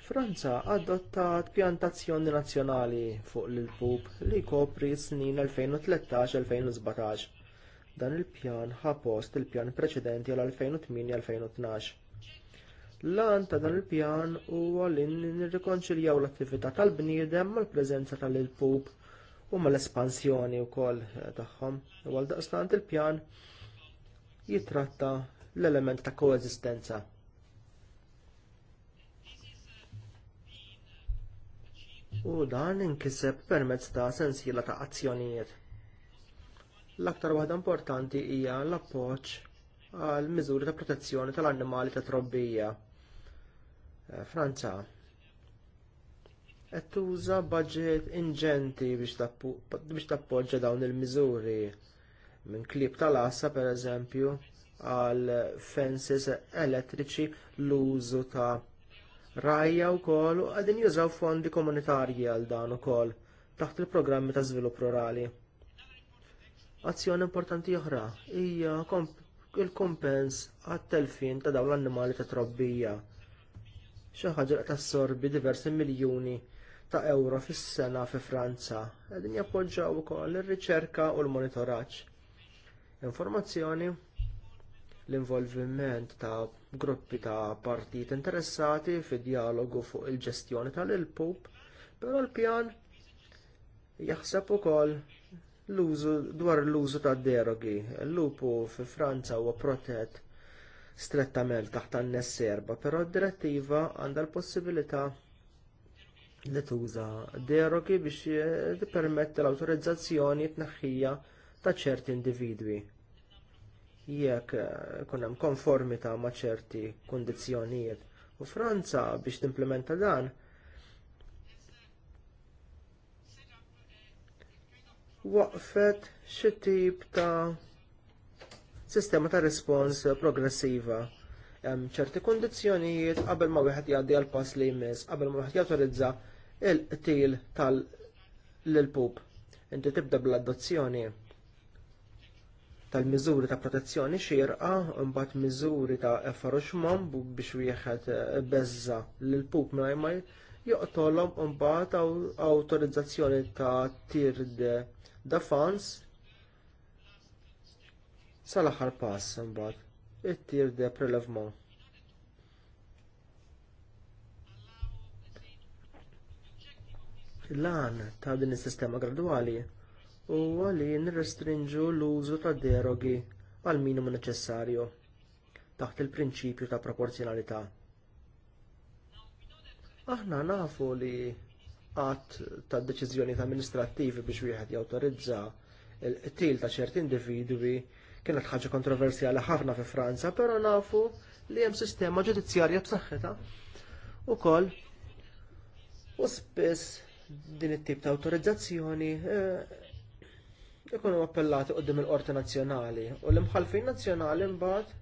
Franza adottat pjantazzjoni nazzjonali fuq l-pup li jkopri s-snin 2013-2017 dan il-pjan ħa post il-pjan preċedenti għal 2008-2012. L-għan ta' dan il-pjan huwa li nirrikonċiljaw l-attività tal-bniedem mal-preżenza il u mal-espansjoni wkoll eh, tagħhom. U għal daqstant il-pjan jitratta l-element ta' koeżistenza. U dan inkiseb permezz ta' sensiela ta' azzjonijiet. L-aktar waħda importanti hija l-appoġġ għal miżuri ta' protezzjoni tal-annimali ta' trobbija Eh, Franza qed tuża budget inġenti biex tappoġġa dawn il-miżuri minn klib tal-assa pereżempju għal fences elettriċi l-użu ta' rajja wkoll u għadin jużaw fondi komunitarji għal dan ukoll taħt il-programmi ta' żvilupp rurali. Azzjoni importanti oħra hija il-kumpens għat-telfin ta' dawn l-annimali ta' trobbija xi ħaġa li tassorbi diversi miljuni ta' euro fis-sena fi Franza. Qegħdin jappoġġjaw ukoll ir-riċerka u l-monitoraġġ. Informazzjoni l-involviment ta' gruppi ta' partit interessati fid dialogu fuq il-ġestjoni tal ilpup però l-pjan jaħseb ukoll l-użu dwar l-użu tad derogi. L-lupu fi Franza huwa protett strettament taħt għannes serba, però d-direttiva għandha l-possibilità li tuża derogi biex tippermetti l awtorizzazzjoni t-tneħħija ta' ċerti individwi. Jekk ikun eh, hemm konformità ma' ċerti kundizzjonijiet. U Franza biex timplementa dan waqfet xi tip ta' sistema ta' respons progressiva. Hemm ċerti kundizzjonijiet qabel ma wieħed jgħaddi għal pass li jmiss, qabel ma wieħed jawtorizza il-qtil tal pup Inti tibda bl-adozzjoni tal-miżuri ta' protezzjoni xirqa, mbagħad miżuri ta' effaruxmom biex wieħed eh, beżza lil pup ma joqtolhom mbagħad awtorizzazzjoni ta' tird da' fans Sal-aħħar pass imbagħad, it-tir de prelevement. L-għan ta' din is-sistema gradwali huwa li nirrestrinġu l-użu ta' derogi għal minimu neċessarju taħt il-prinċipju ta' proporzjonalità. Aħna nafu li għat ta' deċizjoni ta' amministrattivi biex wieħed jawtorizza il-qtil ta' ċerti individwi Kienet ħaġa kontroversjali ħafna fi Franza, però nafu li hemm sistema ġudizzjarja b'saħħitha. Ukoll u spiss din it-tip ta' awtorizzazzjoni eh, ikunu appellati qudiem il-Qorti Nazzjonali u l-imħalfin nazzjonali mbagħad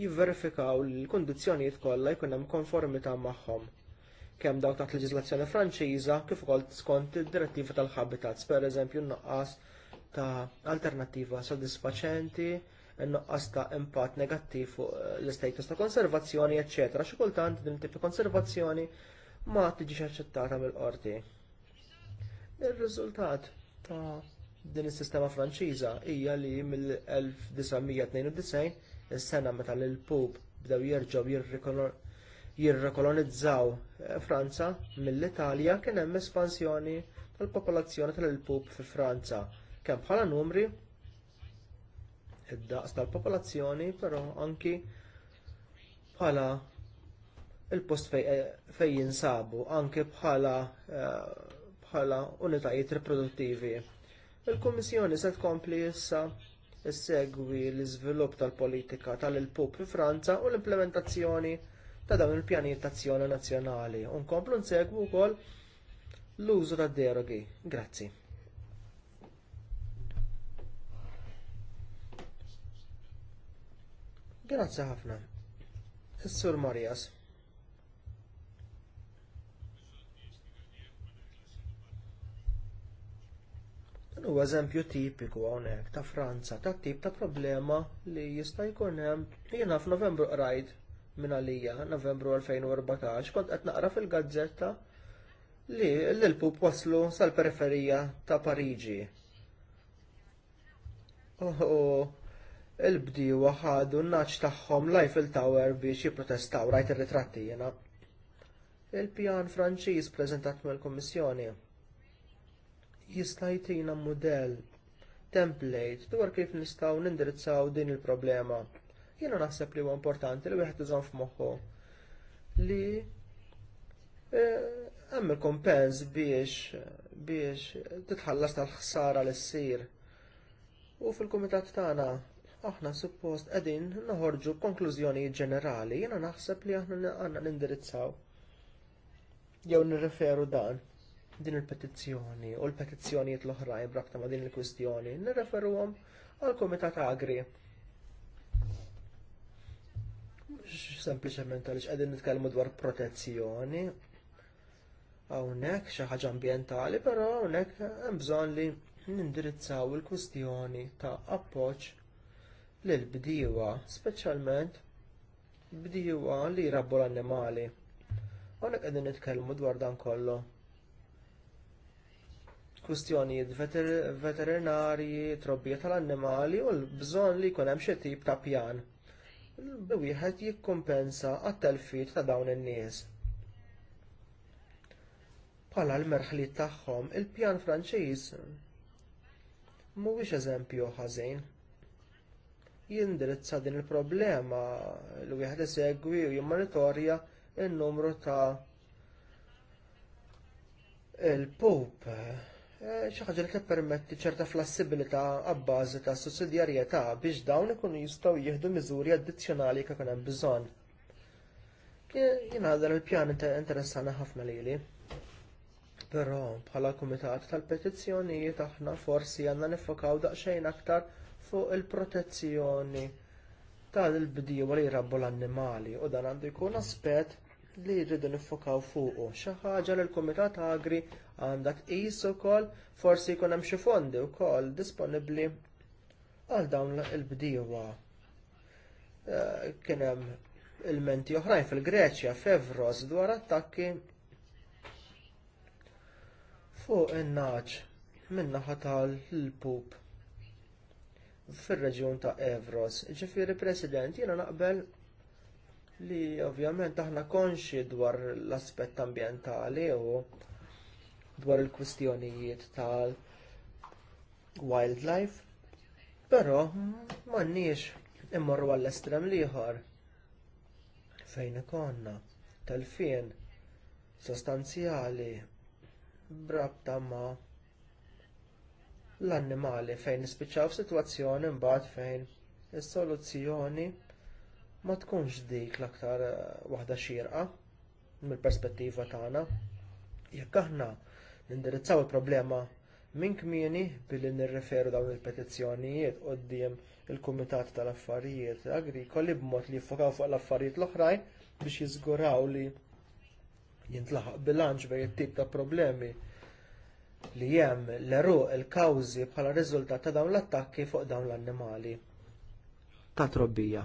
jivverifikaw l-kundizzjonijiet kollha jkun hemm konformità magħhom kemm dawk taħt leġiżlazzjoni Franċiża kif ukoll skont id-direttiva tal-habitats, pereżempju n-naqqas ta' alternattiva sodisfaċenti, n-noqqas ta' impatt negattiv fuq eh, l-istatus ta' konservazzjoni, eccetera. Xi kultant din tip ta' konservazzjoni ma tiġix aċċettata mill-qorti. Ir-riżultat ta' din is-sistema Franċiża hija li mill-1992 is-sena meta l pub bdew jerġgħu jirrikolonizzaw eh, Franza mill-Italja kien hemm espansjoni tal-popolazzjoni tal-pub fi Franza kemm bħala numri id-daqs tal-popolazzjoni, però anki bħala il-post fejn eh, jinsabu, anke bħala eh, bħala unitajiet riproduttivi. Il-Kummissjoni se tkompli issa ssegwi l-iżvilupp tal-politika tal-il-pup fi Franza u l-implementazzjoni ta' dawn il-pjanijiet tazzjoni nazzjonali. Unkomplu nsegwu wkoll l-użu tad derogi. Grazzi. Grazzi ħafna. Is-Sur Marias. Dan huwa eżempju tipiku hawnhekk ta' Franza ta' tip ta' problema li jista' jkun hemm jiena f'Novembru qrajt minn għalija Novembru 2014 kont qed naqra fil-gazzetta li l pup waslu sal-periferija ta' Pariġi. Oh, il-bdiewa ħadu n-naċ tagħhom lajf il Tower biex jipprotestaw rajt ir-ritratti jena. Il-pjan Franċiż prezentat mill-Kummissjoni jista' jtina mudell template dwar kif nistgħu nindirizzaw din il-problema. Jiena naħseb li huwa importanti li wieħed iżomm f'moħħu li eh, hemm il-kompens biex biex titħallas tal-ħsara li ssir. U fil-kumitat tagħna aħna suppost qegħdin noħorġu konklużjoni ġenerali, jiena naħseb li aħna għandna nindirizzaw. Jew nirreferu dan din il-petizzjoni u l-petizzjonijiet l-oħrajn brakta ma' din il-kwistjoni, nirreferuhom għal Kumitat Agri. sempliċement għaliex qegħdin nitkellmu dwar protezzjoni hawnhekk xi ħaġa ambjentali, però hawnhekk hemm bżonn li nindirizzaw il-kwistjoni ta' appoġġ l-bdiewa, speċjalment bdiewa li jrabbu l-annimali. Għonek qegħdin nitkellmu dwar dan kollu. Kwistjonijiet veterinarji, trobbija tal-annimali u l-bżonn li jkun hemm xi tip ta' pjan. Wieħed jikkumpensa għat-telfit ta' dawn in-nies. Pala l-merħliet tagħhom, il-pjan Franċiż mhuwiex eżempju ħażin jindirizza din il-problema li wieħed isegwi u jimmonitorja n numru ta' il pop e, Xi ħaġa li tippermetti ċerta flassibilità għabbażi ta' sussidjarjetà biex dawn ikunu jistgħu jieħdu miżuri addizzjonali kif hemm bżonn. Jien dan il-pjan interessana ħafna lili. Però bħala kumitat tal-petizzjonijiet aħna forsi għandna nifokaw daqsxejn aktar fuq il-protezzjoni tal-bdiewa li jrabbu l-annimali u dan għandu jkun aspett li jridu nifokaw fuqu. Xi ħaġa li l-Kumitat Agri għandha tqis ukoll forsi jkun hemm xi fondi wkoll disponibbli għal dawn il-bdiewa. Eh, kien hemm ilmenti oħrajn fil-Greċja f'Evros dwar attakki fuq in-naġ min-naħa tal-pup fir-reġjun ta' Evros. Ġifieri President, jiena naqbel li ovvjament aħna konxi dwar l-aspett ambjentali u dwar il-kwistjonijiet tal-wildlife, però m'għandniex immorru għall-estrem liħor fejn ikonna tal-fien sostanzjali brabta ma' l-annimali fejn nispiċċaw sitwazzjoni mbagħad fejn is-soluzzjoni ma tkunx dik l-aktar eh, waħda xierqa mill-perspettiva tagħna. Jekk aħna nindirizzaw il-problema minn kmieni billi nirreferu dawn il-petizzjonijiet quddiem il-Kumitat tal-Affarijiet Agrikoli b'mod li jiffokaw fuq l-affarijiet l-oħrajn biex jiżguraw li jintlaħaq bilanċ bejn it-tip ta' problemi li hemm l-eruq il-kawżi bħala riżultat ta' dawn l-attakki fuq dawn l-annimali. Ta' trobbija.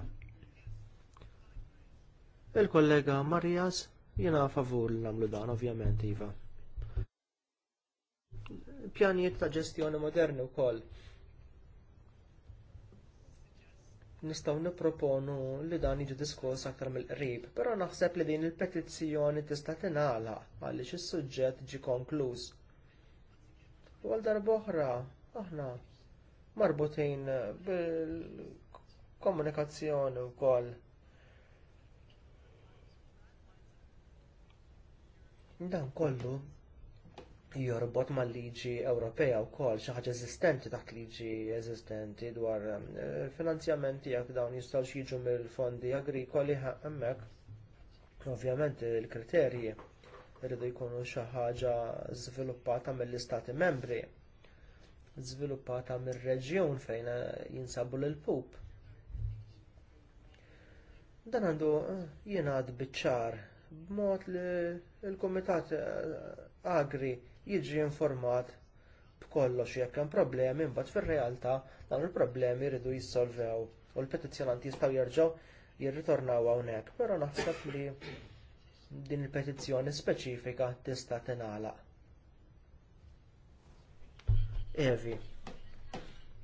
Il-kollega Marjas jiena favur li nagħmlu dan ovvjament iva. Pjanijiet ta' ġestjoni moderni wkoll. Nistgħu nipproponu li dan jiġi diskors aktar mill-qrib, però naħseb li din il-petizzjoni tista' tingħalaq għaliex is-suġġett ġie konkluż U għal darboħra, aħna marbutin bil-komunikazzjoni wkoll. Dan kollu jorbot mal liġi Ewropea wkoll xi ħaġa eżistenti taħt liġi eżistenti dwar ehm, finanzjamenti jekk dawn jistgħu jiġu mill-fondi agrikoli hemmhekk. Ovvjament il-kriterji iridu jkunu xi ħaġa żviluppata mill-istati membri, żviluppata mir-reġjun fejn jinsabu lil pup Dan għandu eh, jingħad biċ-ċar b'mod li l-Kumitat eh, Agri jiġi informat b'kollox jekk hemm problemi imbagħad fir-realtà dawn il-problemi jridu jissolvew u l-petizzjonanti jistgħu jerġgħu jirritornaw hawnhekk, però naħseb li din il-petizzjoni speċifika tista' tingħalaq. Evi,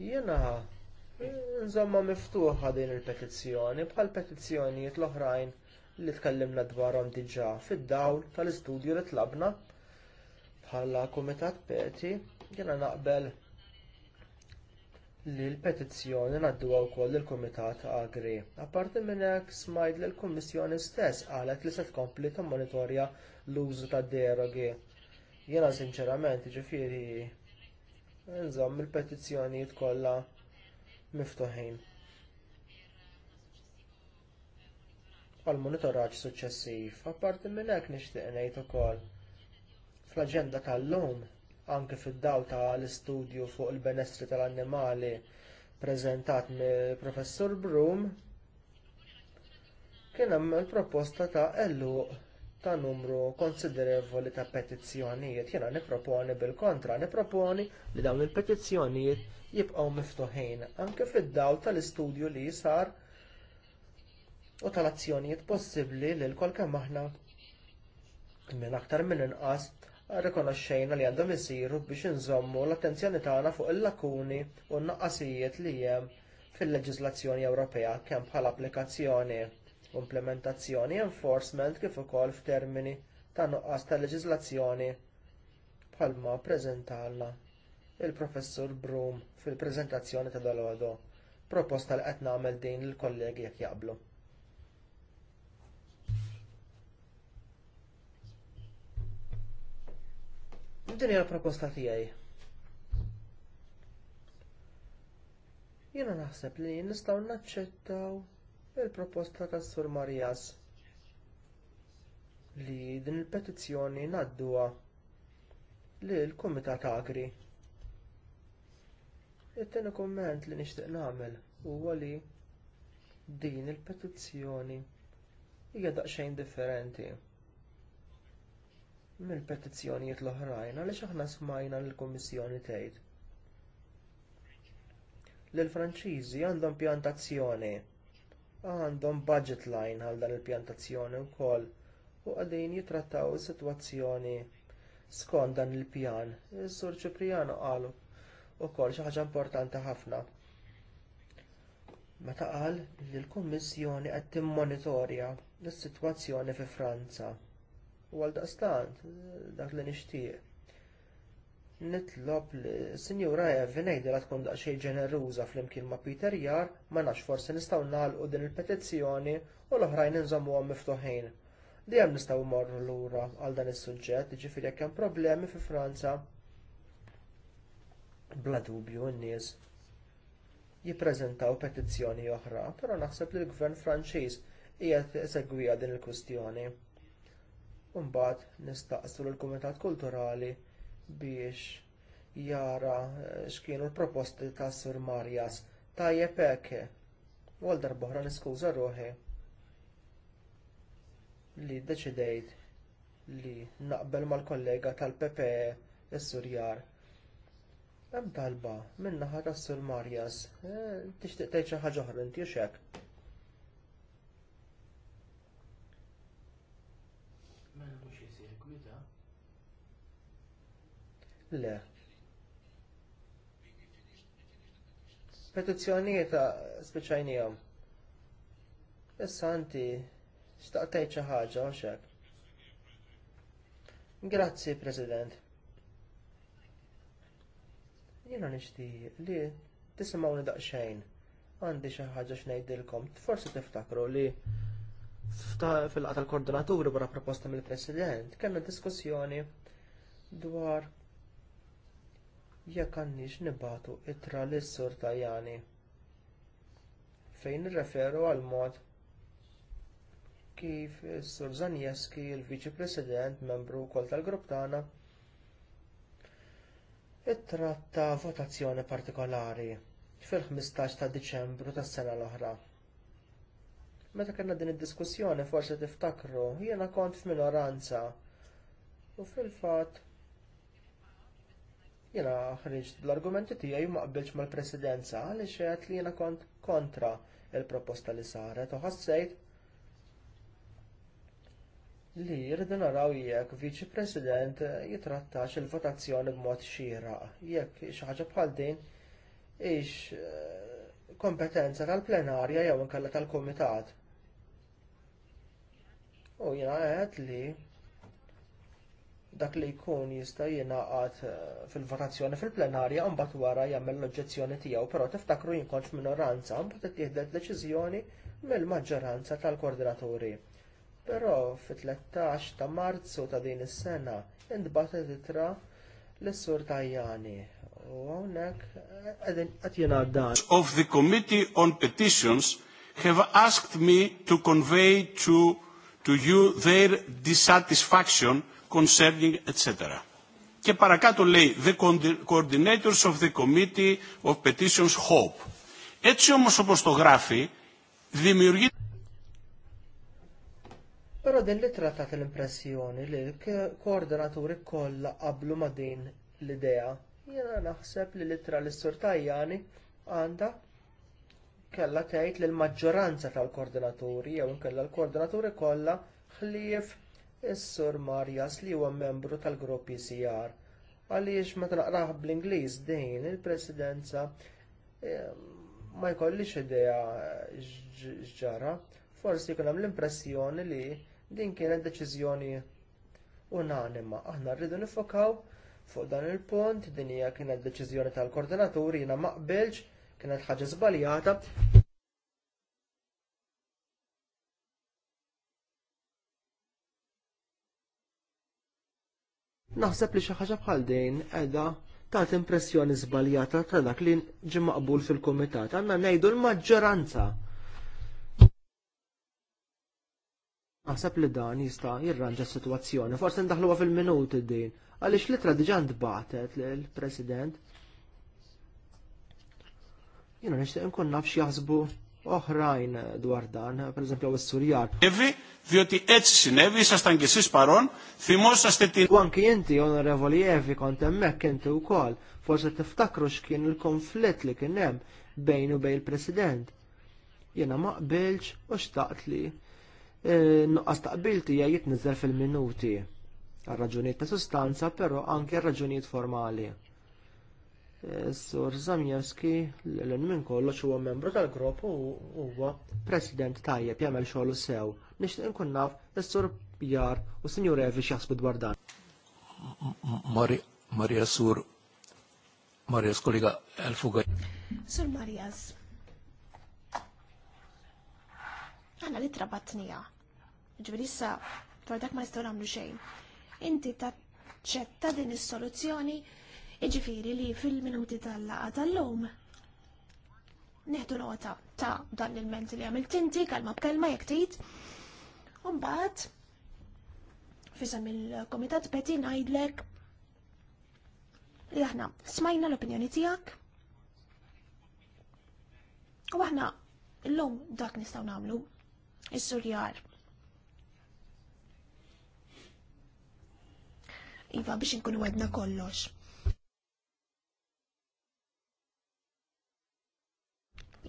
jiena insomma miftuħa din il-petizzjoni bħal petizzjonijiet l-oħrajn li tkellimna dwarhom diġà fid-dawl tal-istudju li tlabna bħala kumitat peti jiena naqbel li l-petizzjoni ngħadduha wkoll il kumitat Agri. Apparti minn hekk smajt li l-Kummissjoni stess qalet li se tkompli timmonitorja l-użu tad derogi. Jiena sinċerament ġifieri nżomm il-petizzjonijiet kollha miftuħin. Għal monitoraġġ suċċessiv, apparti minn hekk nixtieq ngħid ukoll fl-aġenda tal-lum anke fid-daw ta' l-istudju fuq il-benessri tal-annimali preżentat mill professur Brum, kien hemm il-proposta ta' elluq ta' numru konsiderevoli ta' petizzjonijiet. Jiena nipproponi bil-kontra, nipproponi li dawn il-petizzjonijiet jibqgħu miftuħin anke fid-daw tal-istudju li sar u tal-azzjonijiet possibbli li l-kol aħna minn aktar minn inqas rikonoxxejna li għandhom isiru biex inżommu l-attenzjoni tagħna fuq il-lakuni u n-naqqasijiet li hemm fil-leġiżlazzjoni Ewropea kemm bħala applikazzjoni u implementazzjoni enforcement kif ukoll f'termini ta' nuqqas ta' leġiżlazzjoni bħalma ppreżentalna il-professur Brum fil-preżentazzjoni ta' dalgħodu proposta li qed nagħmel din lill kollegi jekk jaqblu. Din hija proposta tiegħi. Jiena naħseb li nistgħu naċċettaw il-proposta tas Sur Marijas li din il-petizzjoni ngħadduha lill kumitat Agri. It-tieni kumment li nixtieq nagħmel huwa li din il-petizzjoni hija daqsxejn differenti mill-petizzjonijiet l-oħrajn għaliex aħna smajna lill-Kummissjoni tgħid li l-Franċiżi għandhom pjantazzjoni għandhom budget line għal dan il-pjantazzjoni wkoll u għadin jitrattaw is-sitwazzjoni skont dan il-pjan. Is-Sur Ċipriano qal ukoll xi ħaġa importanti ħafna. Meta qal li l-Kummissjoni qed timmonitorja s-sitwazzjoni fi Franza u għal daqstant dak li nixtieq. Nitlob li Sinjura Evi ngħidilha tkun daqsxejn ġeneruża flimkien ma' Peter Jar ma nafx forsi nistgħu nagħlqu din il-petizzjoni u l-oħrajn inżommuhom miftuħin. hemm nistgħu morru lura għal dan is-suġġett, jiġifieri jekk hemm problemi fi Franza. Bla dubju n-nies jippreżentaw petizzjoni oħra, però naħseb li l-Gvern Franċiż qiegħed isegwiha din il-kwistjoni. Imbagħad nistaqsu lill kumitat Kulturali biex jara eh, x'kienu l-proposti ta' Sur Marjas tajjeb hekk. U għal darbohra niskuża ruħi li ddeċidejt li naqbel mal-kollega tal-PPE s surjar Hemm talba min-naħa tas-Sur Marjas, eh, tixtieq tgħid xi ħaġa oħra inti Le. Petizzjonijiet ta' speċajnijom. Issa anti ċaħġa, xi ħaġa Grazzi, President. Jiena nishti li tisimgħuni xejn. Għandi xi ħaġa forse Forsi tiftakru li fil-qata tal koordinaturi wara proposta mill-President kellna diskussjoni dwar jekk għandniex nibatu ittra lis sur Tajani fejn nirreferu għal mod kif is-Sur Zanieski, il-Viċi President, membru wkoll tal-grupp tagħna, ittratta votazzjoni partikolari fil-15 ta' Diċembru tas-sena l-oħra. Meta kellna din id-diskussjoni forsi tiftakru, jiena kont f'minoranza u fil-fatt Jena ħriġt l-argumenti tiegħi ma qbilx mal-presidenza għaliex għedt li jiena kont kontra l proposta li saret u ħassejt li jirridu naraw jekk viċi president jitrattax il-votazzjoni b'mod xieraq jekk xi ħaġa bħal din ix eh, kompetenza tal-plenarja jew inkella tal-kumitat. U jiena għedt li dak li jkun jista' jingħaqad eh, fil-votazzjoni fil-plenarja u mbagħad wara jagħmel l-oġġezzjoni tiegħu, però tiftakru jien minoranza u mbagħad deċiżjoni mill-maġġoranza tal-koordinaturi. Però fit-13 ta' Marzu ta' din is-sena intbagħtet itra lis-Sur Tajjani u hawnhekk eh, qed jingħaddan. Of the Committee on Petitions have asked me to convey to to you their dissatisfaction concerning etc. Και παρακάτω λέει the coordinators of the committee of petitions hope. Έτσι όμως όπως το γράφει δημιουργεί Però delle trattate ittra tat l-impressjoni li l-koordinaturi kollha qablu ma' din l-idea. Jiena naħseb li l-ittra l-istur Tajjani kellha tgħid li l-maġġoranza tal-koordinaturi jew inkella l-koordinaturi kollha ħlief is-sur Marjas li huwa membru tal-grupp ICR. E Għaliex meta naqrah bl-Ingliż din il-Presidenza ma jkollix idea ġara, forsi jkun hemm l-impressjoni li din kienet deċiżjoni unanima. Aħna rridu nifokaw fuq dan il-punt, din hija kienet deċiżjoni tal-koordinaturi jiena ma qbilx kienet ħaġa żbaljata. Naħseb li xi ħaġa bħal din qiegħda tat impressjoni żbaljata ta' dak li ġi maqbul fil-kumitat. Għandna ngħidu l-maġġoranza. Naħseb li dan jista' jirranġa s-sitwazzjoni, forsi ndaħluha fil-minuti din, għaliex litra diġà ntbagħtet lill-President Jena nishtiq nkun nafx jaħsbu oħrajn dwar dan, pereżempju s-Surjan. Evi, διότι eċi sinevi, sastan κι paron, παρόν, sastetin. την... U anki inti, onorevoli Evi, kont emmek inti u kol, forse tiftakru x'kien il-konflitt li kien hemm bejn u bejn il-President. Jena ma qbilx u xtaqt li e, nuqqas taqbilti hija jitniżel fil-minuti. Għal raġunijiet ta' sustanza, però anke raġunijiet formali. Sur Zamjewski l-len minn kollox huwa membru tal-grupp u huwa president tajjeb jagħmel xogħol sew. Nixtieq inkun naf is-sur Jar u Sinjur Evi x'jaħsbu dwar dan. Marja Sur Marjas kollega Elfuga. Sur Marjas. Għanna li trabatnija. Ġveri issa, dwar dak ma nistgħu nagħmlu xejn. Inti taċċetta din is-soluzzjoni Iġifiri li fil-minuti tal-laqa tal-lum neħdu nota ta' dan il-ment li għamil tinti, kalma b'kelma jek tit, Umbat, fisam il-komitat peti najdlek li aħna smajna l-opinjoni tijak. U aħna l-lum dak nistaw namlu, il-surjar. Iva biex nkunu għedna kollox.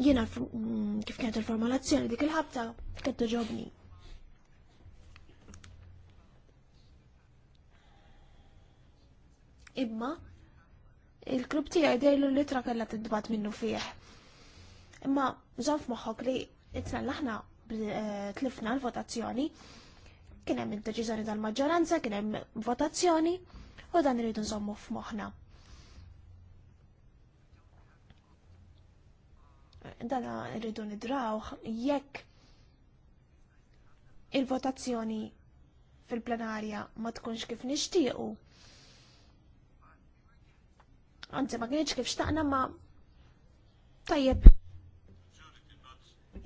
Jiena mm, kif kienet il-formulazzjoni dik il-ħabta kienet ġobni. Imma il-klub tiegħi dejlu litra kellha tidbat minnu fih. Imma zanf moħok li l aħna eh, tlifna l-votazzjoni kien hemm id-deċiżjoni tal-maġġoranza, kien hemm votazzjoni u dan irridu nżommu f-moħna. dana rridu nidrawħ jekk il-votazzjoni fil-plenarja ma tkunx kif nixtiequ. Anzi, ma kienx kif xtaqna ma tajjeb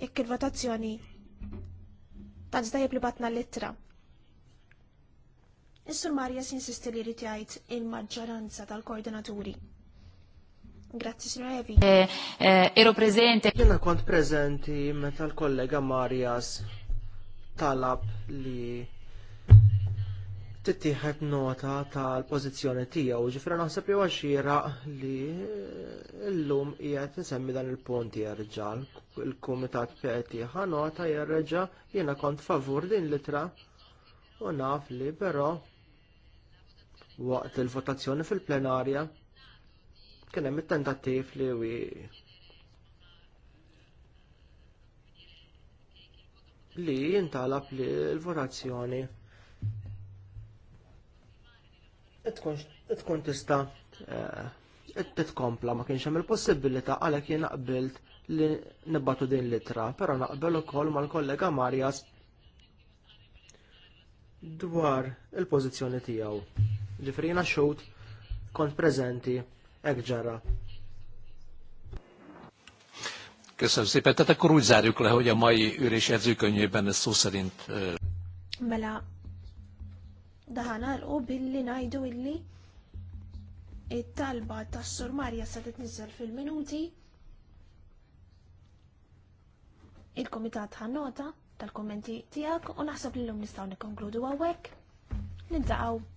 jekk il-votazzjoni ta' tajjeb li batna l-ittra. Is-sur Marja sinsisti li jrid jgħid il-maġġoranza tal-koordinaturi. Grazie, signora Evi. Eh, eh, ero presente. Jena kont prezenti meta l-kollega Marjas talab li tittieħed nota tal-pożizzjoni tiegħu, ġifra naħseb jew għaxira li llum qiegħed insemmi dan il-punt jerġal. Il-kumitat peti ħa nota reġa' jiena kont favur din litra u naf li però waqt il-votazzjoni fil-plenarja Kien hemm it-tentattiv li li jintalab li l-votazzjoni tkun tista' eh, titkompla ma kienx hemm il-possibilità għalhekk jien naqbilt li nibbatu din l-ittra, però naqbel ukoll mal-kollega Marjas dwar il-pożizzjoni tiegħu. Ġifrina xut kont preżenti ekġara. Köszönöm szépen. Tehát akkor úgy zárjuk le, hogy a mai ürés edzőkönyvében ez szó szerint... Mela, daħana l-qu billi najdu illi it-talba tas sur Marja sa titniżel fil-minuti il-komitat ħannota tal-kommenti tijak u naħseb li l-lum nistaw nikonkludu għawek nintaqaw